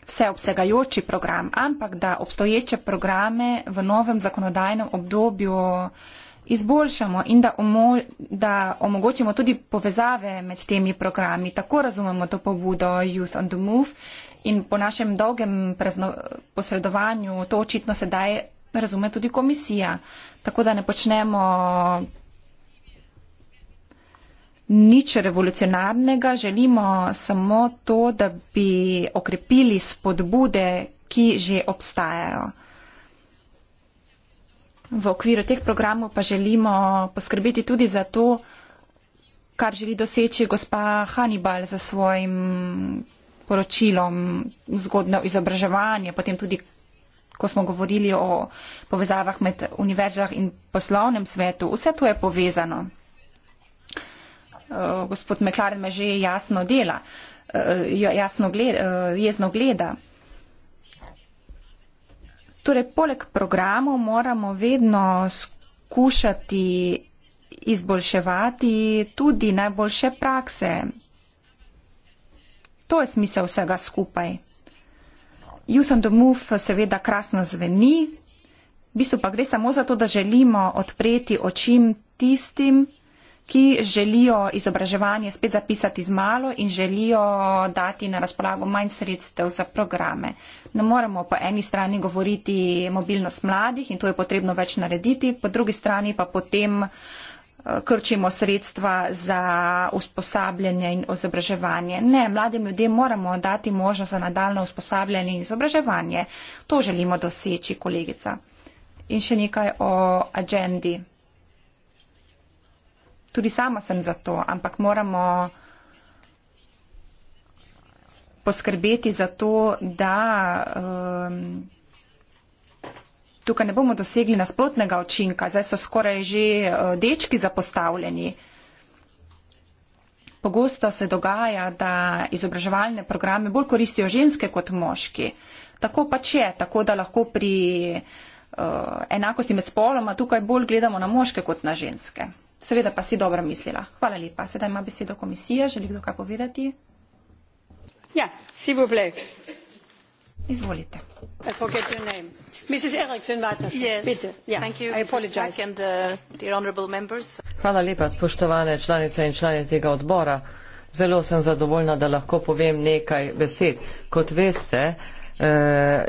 vseobsegajoči program, ampak da obstoječe programe v novem zakonodajnem obdobju izboljšamo in da, omo da omogočimo tudi povezave med temi programi. Tako razumemo to pobudo Youth on the Move, In po našem dolgem prezno, posredovanju to očitno sedaj razume tudi komisija. Tako da ne počnemo nič revolucionarnega, želimo samo to, da bi okrepili spodbude, ki že obstajajo. V okviru teh programov pa želimo poskrbeti tudi za to, kar želi doseči gospa Hannibal za svojim poročilom, zgodno izobraževanje, potem tudi, ko smo govorili o povezavah med univerzah in poslovnem svetu, vse to je povezano. Eh, gospod Meklaren me že jasno dela, eh, ja, jasno gleda, eh, jezno gleda. Torej, poleg programov moramo vedno skušati izboljševati tudi najboljše prakse, To je smisel vsega skupaj. Youth on the Move seveda krasno zveni, v bistvu pa gre samo za to, da želimo odpreti očim tistim, ki želijo izobraževanje spet zapisati z malo in želijo dati na razpolago manj sredstev za programe. Ne moremo po eni strani govoriti mobilnost mladih in to je potrebno več narediti, po drugi strani pa potem uh, krčimo sredstva za usposabljanje in ozobraževanje. Ne, mladim ljudem moramo dati možnost za nadaljno usposabljanje in izobraževanje. To želimo doseči, kolegica. In še nekaj o agendi. Tudi sama sem za to, ampak moramo poskrbeti za to, da um, tukaj ne bomo dosegli nasprotnega učinka, zdaj so skoraj že eh, dečki zapostavljeni. Pogosto se dogaja, da izobraževalne programe bolj koristijo ženske kot moški. Tako pač je, tako da lahko pri uh, enakosti med spoloma tukaj bolj gledamo na moške kot na ženske. Seveda pa si dobro mislila. Hvala lepa. Sedaj ima besedo komisija. Želi kdo kaj povedati? Ja, si bo vlek izvolite. I forget your name. Mrs. Eriksson, yes. Ja. thank you. I apologize. And, uh, dear honorable members. Hvala lepa, spoštovane članice in člani tega odbora. Zelo sem zadovoljna, da lahko povem nekaj besed. Kot veste, eh,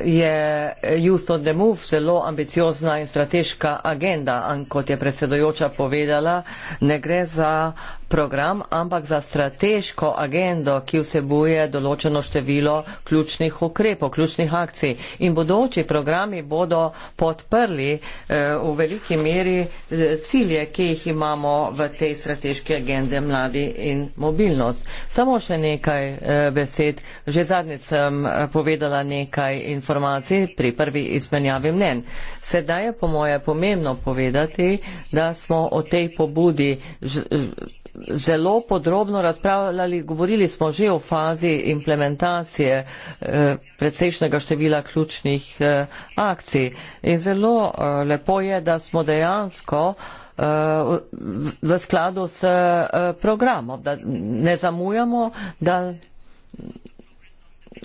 je Youth on the Move zelo ambiciozna in strateška agenda, kot je predsedojoča povedala. Ne gre za program, ampak za strateško agendo, ki vsebuje določeno število ključnih ukrepov, ključnih akcij. In bodoči programi bodo podprli eh, v veliki meri eh, cilje, ki jih imamo v tej strateški agende mladi in mobilnost. Samo še nekaj eh, besed. Že zadnjič sem eh, povedala nekaj informacij pri prvi izmenjavi mnen. Sedaj je po moje pomembno povedati, da smo o tej pobudi zelo podrobno razpravljali, govorili smo že o fazi implementacije eh, precejšnjega števila ključnih eh, akcij. In zelo eh, lepo je, da smo dejansko v skladu s programom, da ne zamujamo, da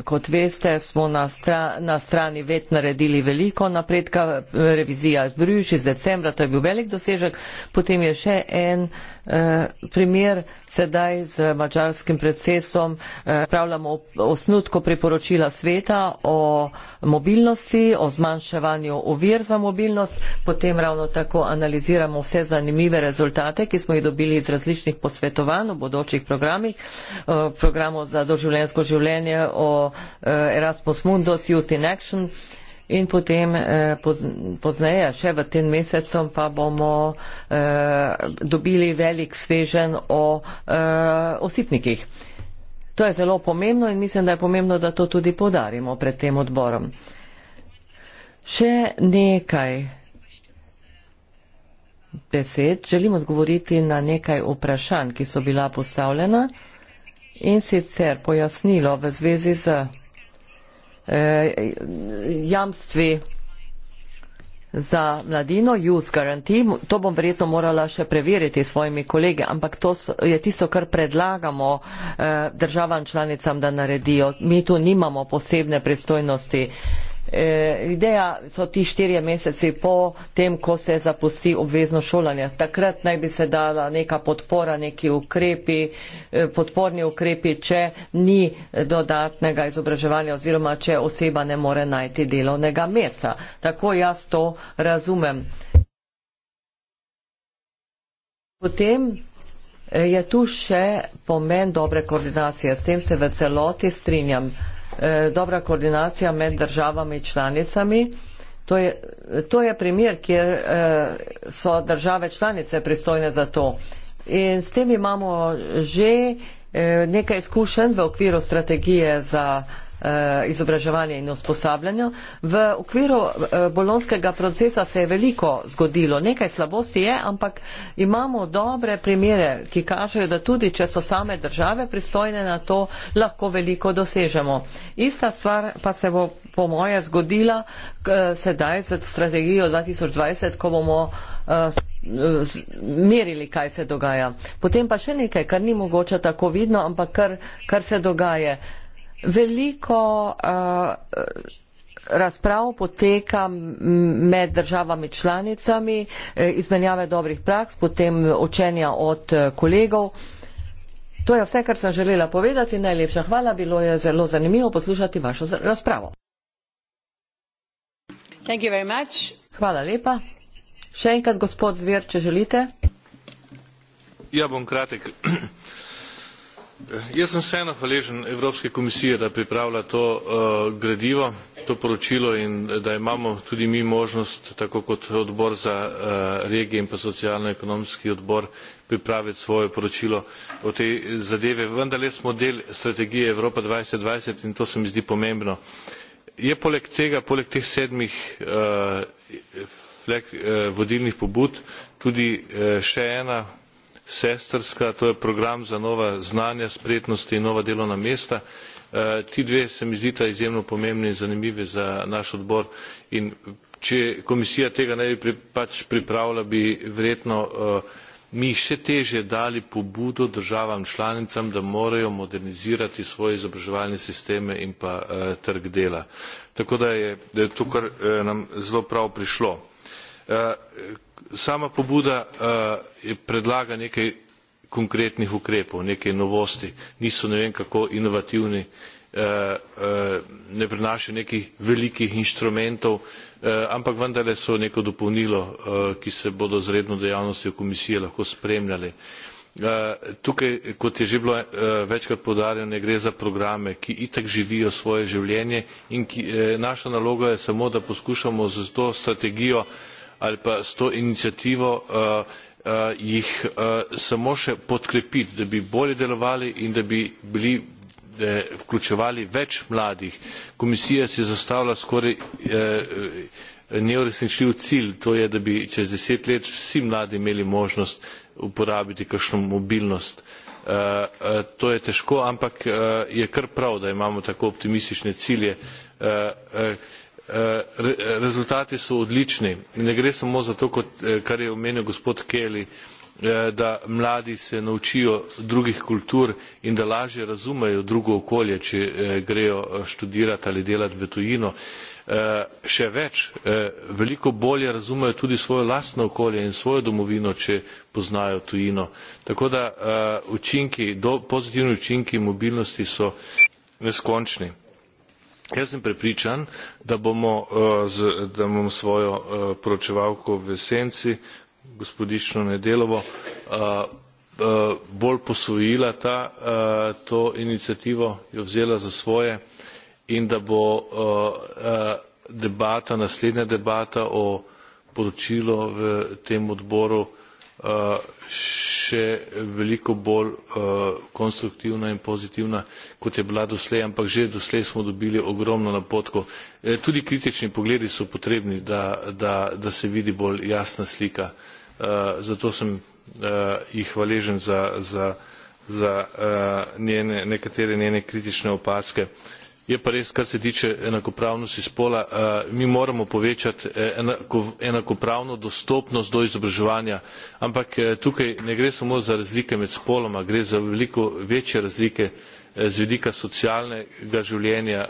Kot veste, smo na, stra, na strani vet naredili veliko napredka, revizija zbrž iz decembra, to je bil velik dosežek. Potem je še en eh, primer sedaj z mačarskim predsedstvom eh, spravljamo osnutko priporočila sveta o mobilnosti, o zmanjševanju ovir za mobilnost, potem ravno tako analiziramo vse zanimive rezultate, ki smo jih dobili iz različnih posvetovanj v bodočih programih, eh, programov za doživljenjsko življenje o eh, Erasmus Mundus Youth in Action in potem eh, poz, pozneje, še v tem mesecu, pa bomo eh, dobili velik svežen o eh, osipnikih. To je zelo pomembno in mislim, da je pomembno, da to tudi podarimo pred tem odborom. Še nekaj besed. Želim odgovoriti na nekaj vprašanj, ki so bila postavljena in sicer pojasnilo v zvezi z eh, jamstvi za mladino, youth guarantee, to bom verjetno morala še preveriti s svojimi kolegi, ampak to je tisto, kar predlagamo eh, državam članicam, da naredijo. Mi tu nimamo posebne pristojnosti. Eh, Eh, ideja so ti štirje meseci po tem, ko se zapusti obvezno šolanje. Takrat naj bi se dala neka podpora, neki ukrepi, eh, podporni ukrepi, če ni dodatnega izobraževanja oziroma če oseba ne more najti delovnega mesta. Tako jaz to razumem. Potem eh, je tu še pomen dobre koordinacije. S tem se v celoti strinjam. Eh, dobra koordinacija med državami članicami. To je, to je primer, kjer eh, so države članice pristojne za to. In s tem imamo že eh, nekaj izkušenj v okviru strategije za Eh, izobraževanje in usposabljanju. V okviru eh, bolonskega procesa se je veliko zgodilo. Nekaj slabosti je, ampak imamo dobre primere, ki kažejo, da tudi če so same države pristojne na to, lahko veliko dosežemo. Ista stvar pa se bo po moje zgodila eh, sedaj z strategijo 2020, ko bomo merili, kaj se dogaja. Potem pa še nekaj, kar ni mogoče tako vidno, ampak kar, kar se dogaja veliko uh, Razprav poteka med državami članicami, eh, izmenjave dobrih praks, potem učenja od eh, kolegov. To je vse, kar sem želela povedati. Najlepša hvala, bilo je zelo zanimivo poslušati vašo razpravo. Hvala lepa. Še enkrat, gospod Zver, če želite. Ja, bom kratek. Eh, jaz sem vseeno hvaležen evropski komisiji da pripravlja to eh, gradivo to poročilo in eh, da imamo tudi mi možnost tako kot odbor za regije in pa socialno ekonomski odbor pripraviti svoje poročilo o tej zadevi vendarle smo del strategije evropa dva tisoč dvajset in to se mi zdi pomembno je poleg tega poleg teh sedmih vodilnih pobud tudi še ena sestrska to je program za nova znanja spretnosti in nova delovna mesta eh, ti dve se mi zdita izjemno pomembni in zanimivi za naš odbor in če komisija tega ne bi pač pripravila bi verjetno eh, mi še teže dali pobudo državam članicam da morajo modernizirati svoje izobraževalne sisteme in pa eh, trg dela tako da je to kar nam zelo prav prišlo Eh, sama pobuda eh, predlaga nekaj konkretnih ukrepov nekaj novosti niso ne vem kako inovativni eh, ne prinaša nekih velikih inštrumentov ampak vendarle so neko dopolnilo ki se bodo z redno dejavnostjo komisije lahko spremljali tukaj kot je že bilo večkrat poudarjeno ne gre za programe ki itak živijo svoje življenje in ki naša naloga je samo da poskušamo z to strategijo ali pa s to inicijativo eh, eh, jih eh, samo še podkrepiti, da bi bolje delovali in da bi bili vključevali več mladih. Komisija si zastavlja skoraj neuresničljiv cilj, to je, da bi čez deset let vsi mladi imeli možnost uporabiti kakšno mobilnost. To je težko, ampak je kar prav, da imamo tako optimistične cilje. Eh, rezultati so odlični ne gre samo za to eh, kar je omenil gospod kelly eh, da mladi se naučijo drugih kultur in da lažje razumejo drugo okolje če grejo študirat ali delat v tujino še več veliko bolje razumejo tudi svoje lastno okolje in svojo domovino če poznajo tujino tako da učinki pozitivni učinki mobilnosti so neskončni jaz sem prepričan da bomo eh, z da bom svojo eh, poročevalko v senci gospodično nedelovo eh, bolj posvojila ta to iniciativo jo vzela za svoje in da bo debata naslednja debata o poročilu v tem odboru Eh, še veliko bolj eh, konstruktivna in pozitivna kot je bila doslej ampak že doslej smo dobili ogromno napotkov. Eh, tudi kritični pogledi so potrebni da, da, da se vidi bolj jasna slika zato sem jih hvaležen za, za, za njene, nekatere njene kritične opaske je pa res kar se tiče enakopravnosti spola eh, mi moramo povečati eh, enakopravno dostopnost do izobraževanja ampak eh, tukaj ne gre samo za razlike med spoloma gre za veliko večje razlike z vidika socialnega življenja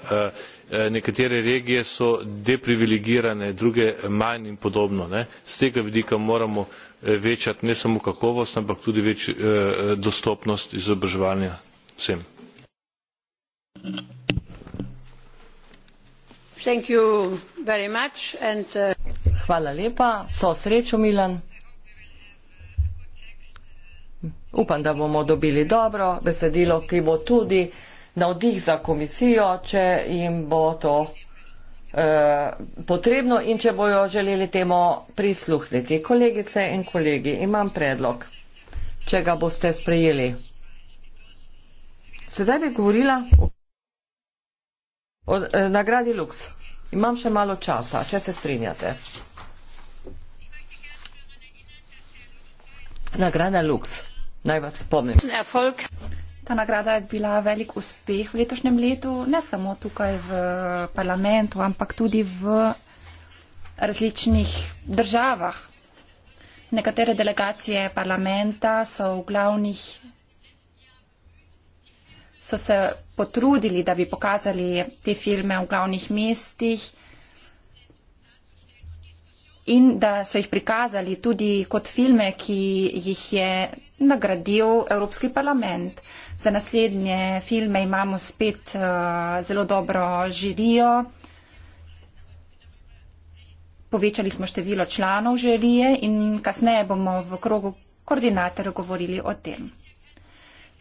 nekatere regije so deprivilegirane druge manj in podobno ne s tega vidika moramo večati ne samo kakovost ampak tudi večjo dostopnost izobraževanja vsem Uh, Hvala lepa, so srečo Milan. Upam, da bomo dobili dobro besedilo, ki bo tudi navdih za komisijo, če jim bo to eh, potrebno in če bojo želeli temu prisluhniti. Kolegice in kolegi, imam predlog, če ga boste sprejeli. Sedaj bi govorila. Od, eh, nagradi Lux. Imam še malo časa, če se strinjate. Nagrada Lux. Naj vas spomnim. Erfolg. Ta nagrada je bila velik uspeh v letošnjem letu, ne samo tukaj v parlamentu, ampak tudi v različnih državah. Nekatere delegacije parlamenta so v glavnih so se potrudili, da bi pokazali te filme v glavnih mestih in da so jih prikazali tudi kot filme, ki jih je nagradil Evropski parlament. Za naslednje filme imamo spet uh, zelo dobro žirijo. Povečali smo število članov žirije in kasneje bomo v krogu koordinatorjev govorili o tem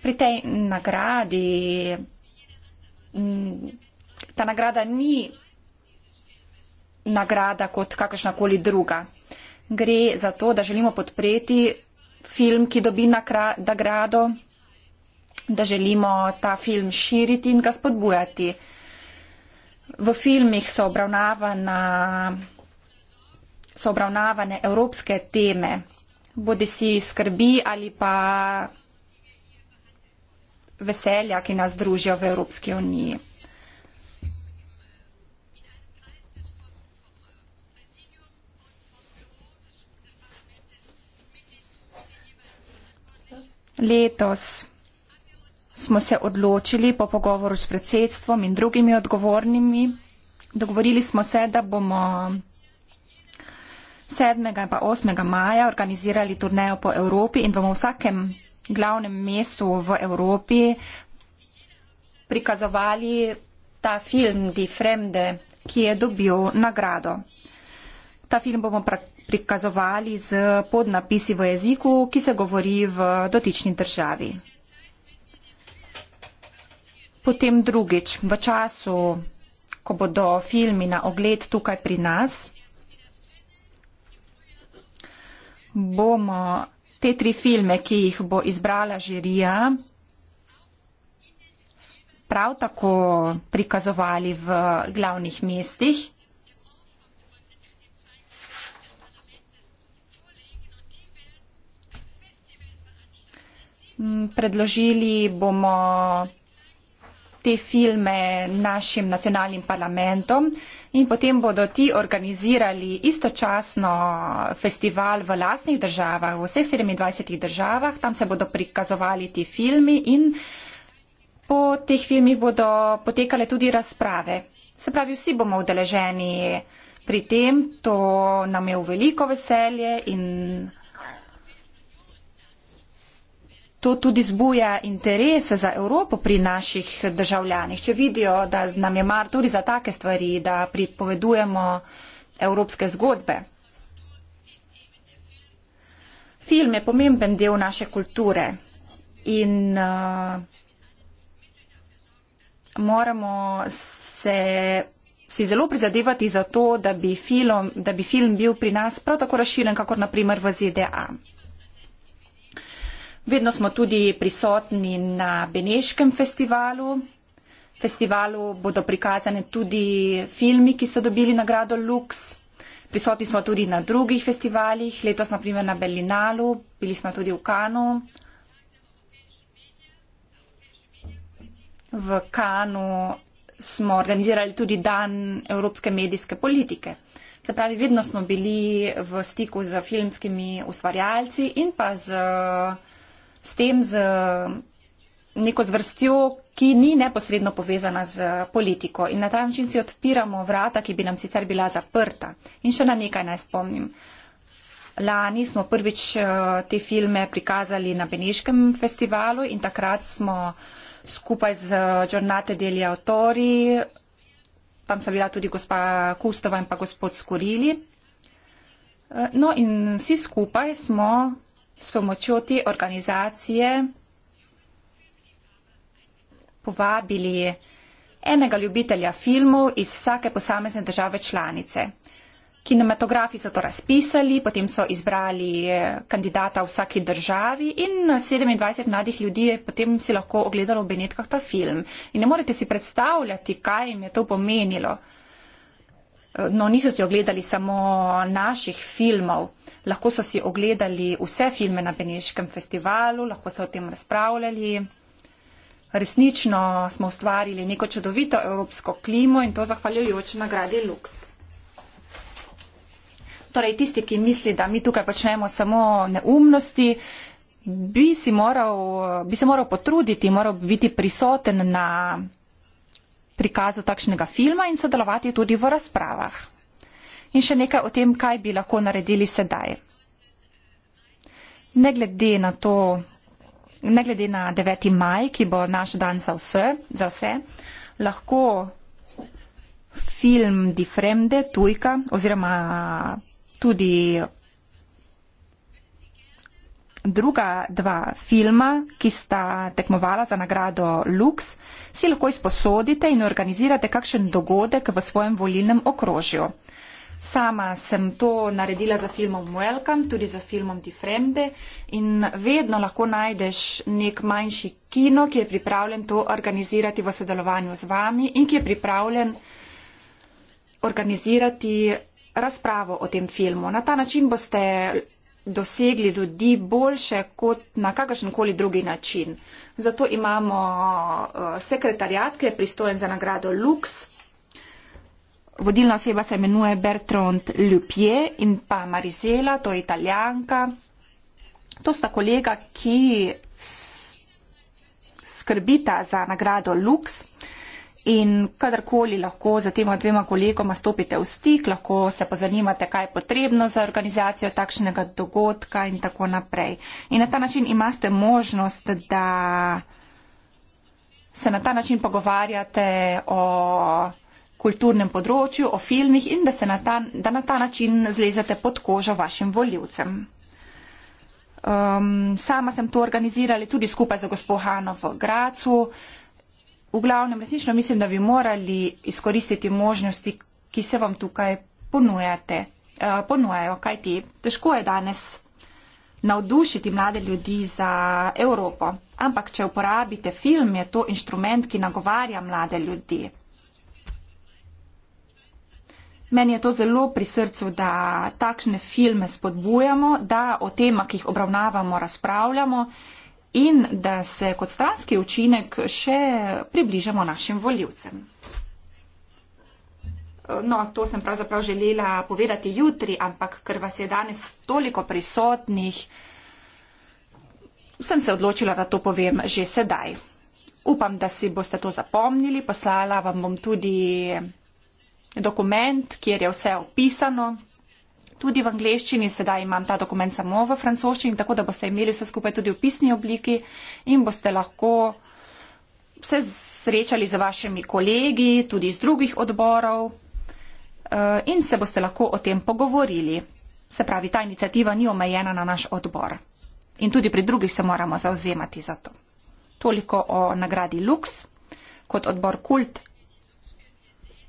pri tej nagradi mm, ta nagrada ni nagrada kot kakršnakoli druga. Gre za to, da želimo podpreti film, ki dobi nagrado, da želimo ta film širiti in ga spodbujati. V filmih so, obravnavana, so obravnavane evropske teme, bodi si skrbi ali pa veselja, ki nas družijo v Evropski uniji. Letos smo se odločili po pogovoru s predsedstvom in drugimi odgovornimi. Dogovorili smo se, da bomo 7. in 8. maja organizirali turnejo po Evropi in bomo vsakem glavnem mestu v Evropi prikazovali ta film Di Fremde, ki je dobil nagrado. Ta film bomo prikazovali z podnapisi v jeziku, ki se govori v dotični državi. Potem drugič, v času, ko bodo filmi na ogled tukaj pri nas, bomo te tri filme, ki jih bo izbrala žirija, prav tako prikazovali v glavnih mestih. Predložili bomo te filme našim nacionalnim parlamentom in potem bodo ti organizirali istočasno festival v lastnih državah, v vseh 27 državah, tam se bodo prikazovali ti filmi in po teh filmih bodo potekale tudi razprave. Se pravi, vsi bomo udeleženi pri tem, to nam je v veliko veselje in to tudi zbuja interes za Evropo pri naših državljanih, če vidijo, da nam je mar tudi za take stvari, da pripovedujemo evropske zgodbe. Film je pomemben del naše kulture in uh, moramo se si zelo prizadevati za to, da bi, film, da bi film bil pri nas prav tako razširen, kakor naprimer v ZDA. Vedno smo tudi prisotni na Beneškem festivalu. V festivalu bodo prikazane tudi filmi, ki so dobili nagrado Lux. Prisotni smo tudi na drugih festivalih, letos naprimer na Berlinalu, bili smo tudi v Kanu. V Kanu smo organizirali tudi dan evropske medijske politike. Se pravi, vedno smo bili v stiku z filmskimi ustvarjalci in pa z uh, s tem, z neko zvrstjo, ki ni neposredno povezana z politiko. In na ta način si odpiramo vrata, ki bi nam sicer bila zaprta. In še na nekaj naj spomnim. Lani smo prvič eh, te filme prikazali na Beneškem festivalu in takrat smo skupaj z Džornate deli avtori, tam so bila tudi gospa Kustova in pa gospod Skorili. Eh, no in vsi skupaj smo s pomočjo te organizacije povabili enega ljubitelja filmov iz vsake posamezne države članice. Kinematografi so to razpisali, potem so izbrali eh, kandidata v vsaki državi in 27 mladih ljudi je potem si lahko ogledalo v Benetkah ta film. In ne morete si predstavljati, kaj jim je to pomenilo. No, niso si ogledali samo naših filmov, lahko so si ogledali vse filme na Beneškem festivalu, lahko so o tem razpravljali. Resnično smo ustvarili neko čudovito evropsko klimo in to zahvaljujoč nagradi Lux. Torej, tisti, ki misli, da mi tukaj počnemo samo neumnosti, bi, si moral, bi se moral potruditi, moral bi biti prisoten na prikazu takšnega filma in sodelovati tudi v razpravah. In še nekaj o tem, kaj bi lahko naredili sedaj. Ne glede na to, ne glede na 9. maj, ki bo naš dan za vse, za vse lahko film Di Fremde, Tujka oziroma tudi druga dva filma, ki sta tekmovala za nagrado Lux, si lahko izposodite in organizirate kakšen dogodek v svojem volilnem okrožju. Sama sem to naredila za filmom Welcome, tudi za filmom Di Fremde in vedno lahko najdeš nek manjši kino, ki je pripravljen to organizirati v sodelovanju z vami in ki je pripravljen organizirati razpravo o tem filmu. Na ta način boste dosegli ljudi boljše kot na kakršenkoli drugi način. Zato imamo eh, sekretarjat, ki je pristojen za nagrado Lux. Vodilna oseba se imenuje Bertrand Lupier in pa Marizela, to je italijanka. To sta kolega, ki skrbita za nagrado Lux in kadarkoli lahko za tema dvema kolegoma stopite v stik, lahko se pozanimate, kaj je potrebno za organizacijo takšnega dogodka in tako naprej. In na ta način imate možnost, da se na ta način pogovarjate o kulturnem področju, o filmih in da, se na, ta, da na ta način zlezete pod kožo vašim voljivcem. Um, sama sem to organizirali tudi skupaj z gospod Hanov v Gracu. Uh, V glavnem, resnično mislim, da bi morali izkoristiti možnosti, ki se vam tukaj ponujate, eh, ponujajo, kajti težko je danes navdušiti mlade ljudi za Evropo. Ampak, če uporabite film, je to inštrument, ki nagovarja mlade ljudi. Meni je to zelo pri srcu, da takšne filme spodbujamo, da o temah, ki jih obravnavamo, razpravljamo. Uh, in da se kot stranski učinek še približamo našim voljivcem. No, to sem pravzaprav želela povedati jutri, ampak ker vas je danes toliko prisotnih, sem se odločila, da to povem že sedaj. Upam, da si boste to zapomnili, poslala vam bom tudi dokument, kjer je vse opisano tudi v angleščini, sedaj imam ta dokument samo v francoščini, tako da boste imeli vse skupaj tudi v pisni obliki in boste lahko se srečali z vašimi kolegi, tudi iz drugih odborov eh, in se boste lahko o tem pogovorili. Se pravi, ta inicijativa ni omejena na naš odbor in tudi pri drugih se moramo zauzemati za to. Toliko o nagradi Lux kot odbor Kult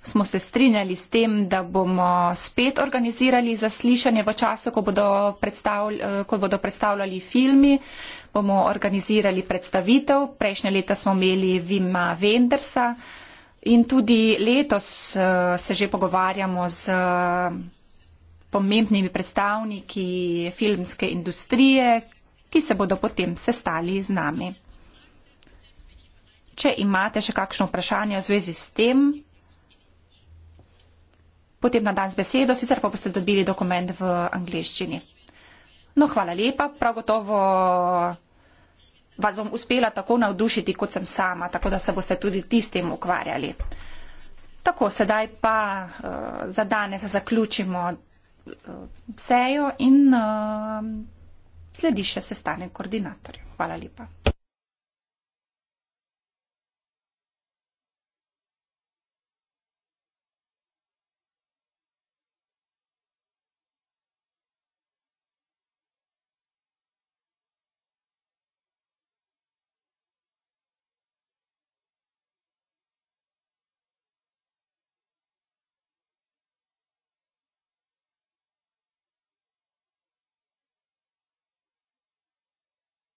smo se strinjali s tem, da bomo spet organizirali zaslišanje v času, ko bodo, predstavl eh, ko bodo predstavljali filmi, bomo organizirali predstavitev. Prejšnje leta smo imeli Vima Vendersa in tudi letos eh, se že pogovarjamo z eh, pomembnimi predstavniki filmske industrije, ki se bodo potem sestali z nami. Če imate še kakšno vprašanje v zvezi s tem, potem na dan z besedo, sicer pa boste dobili dokument v angliščini. No, hvala lepa, prav gotovo vas bom uspela tako navdušiti, kot sem sama, tako da se boste tudi tistim ukvarjali. Tako, sedaj pa uh, za danes zaključimo uh, sejo in uh, sledi še sestanek koordinatorjev. Hvala lepa.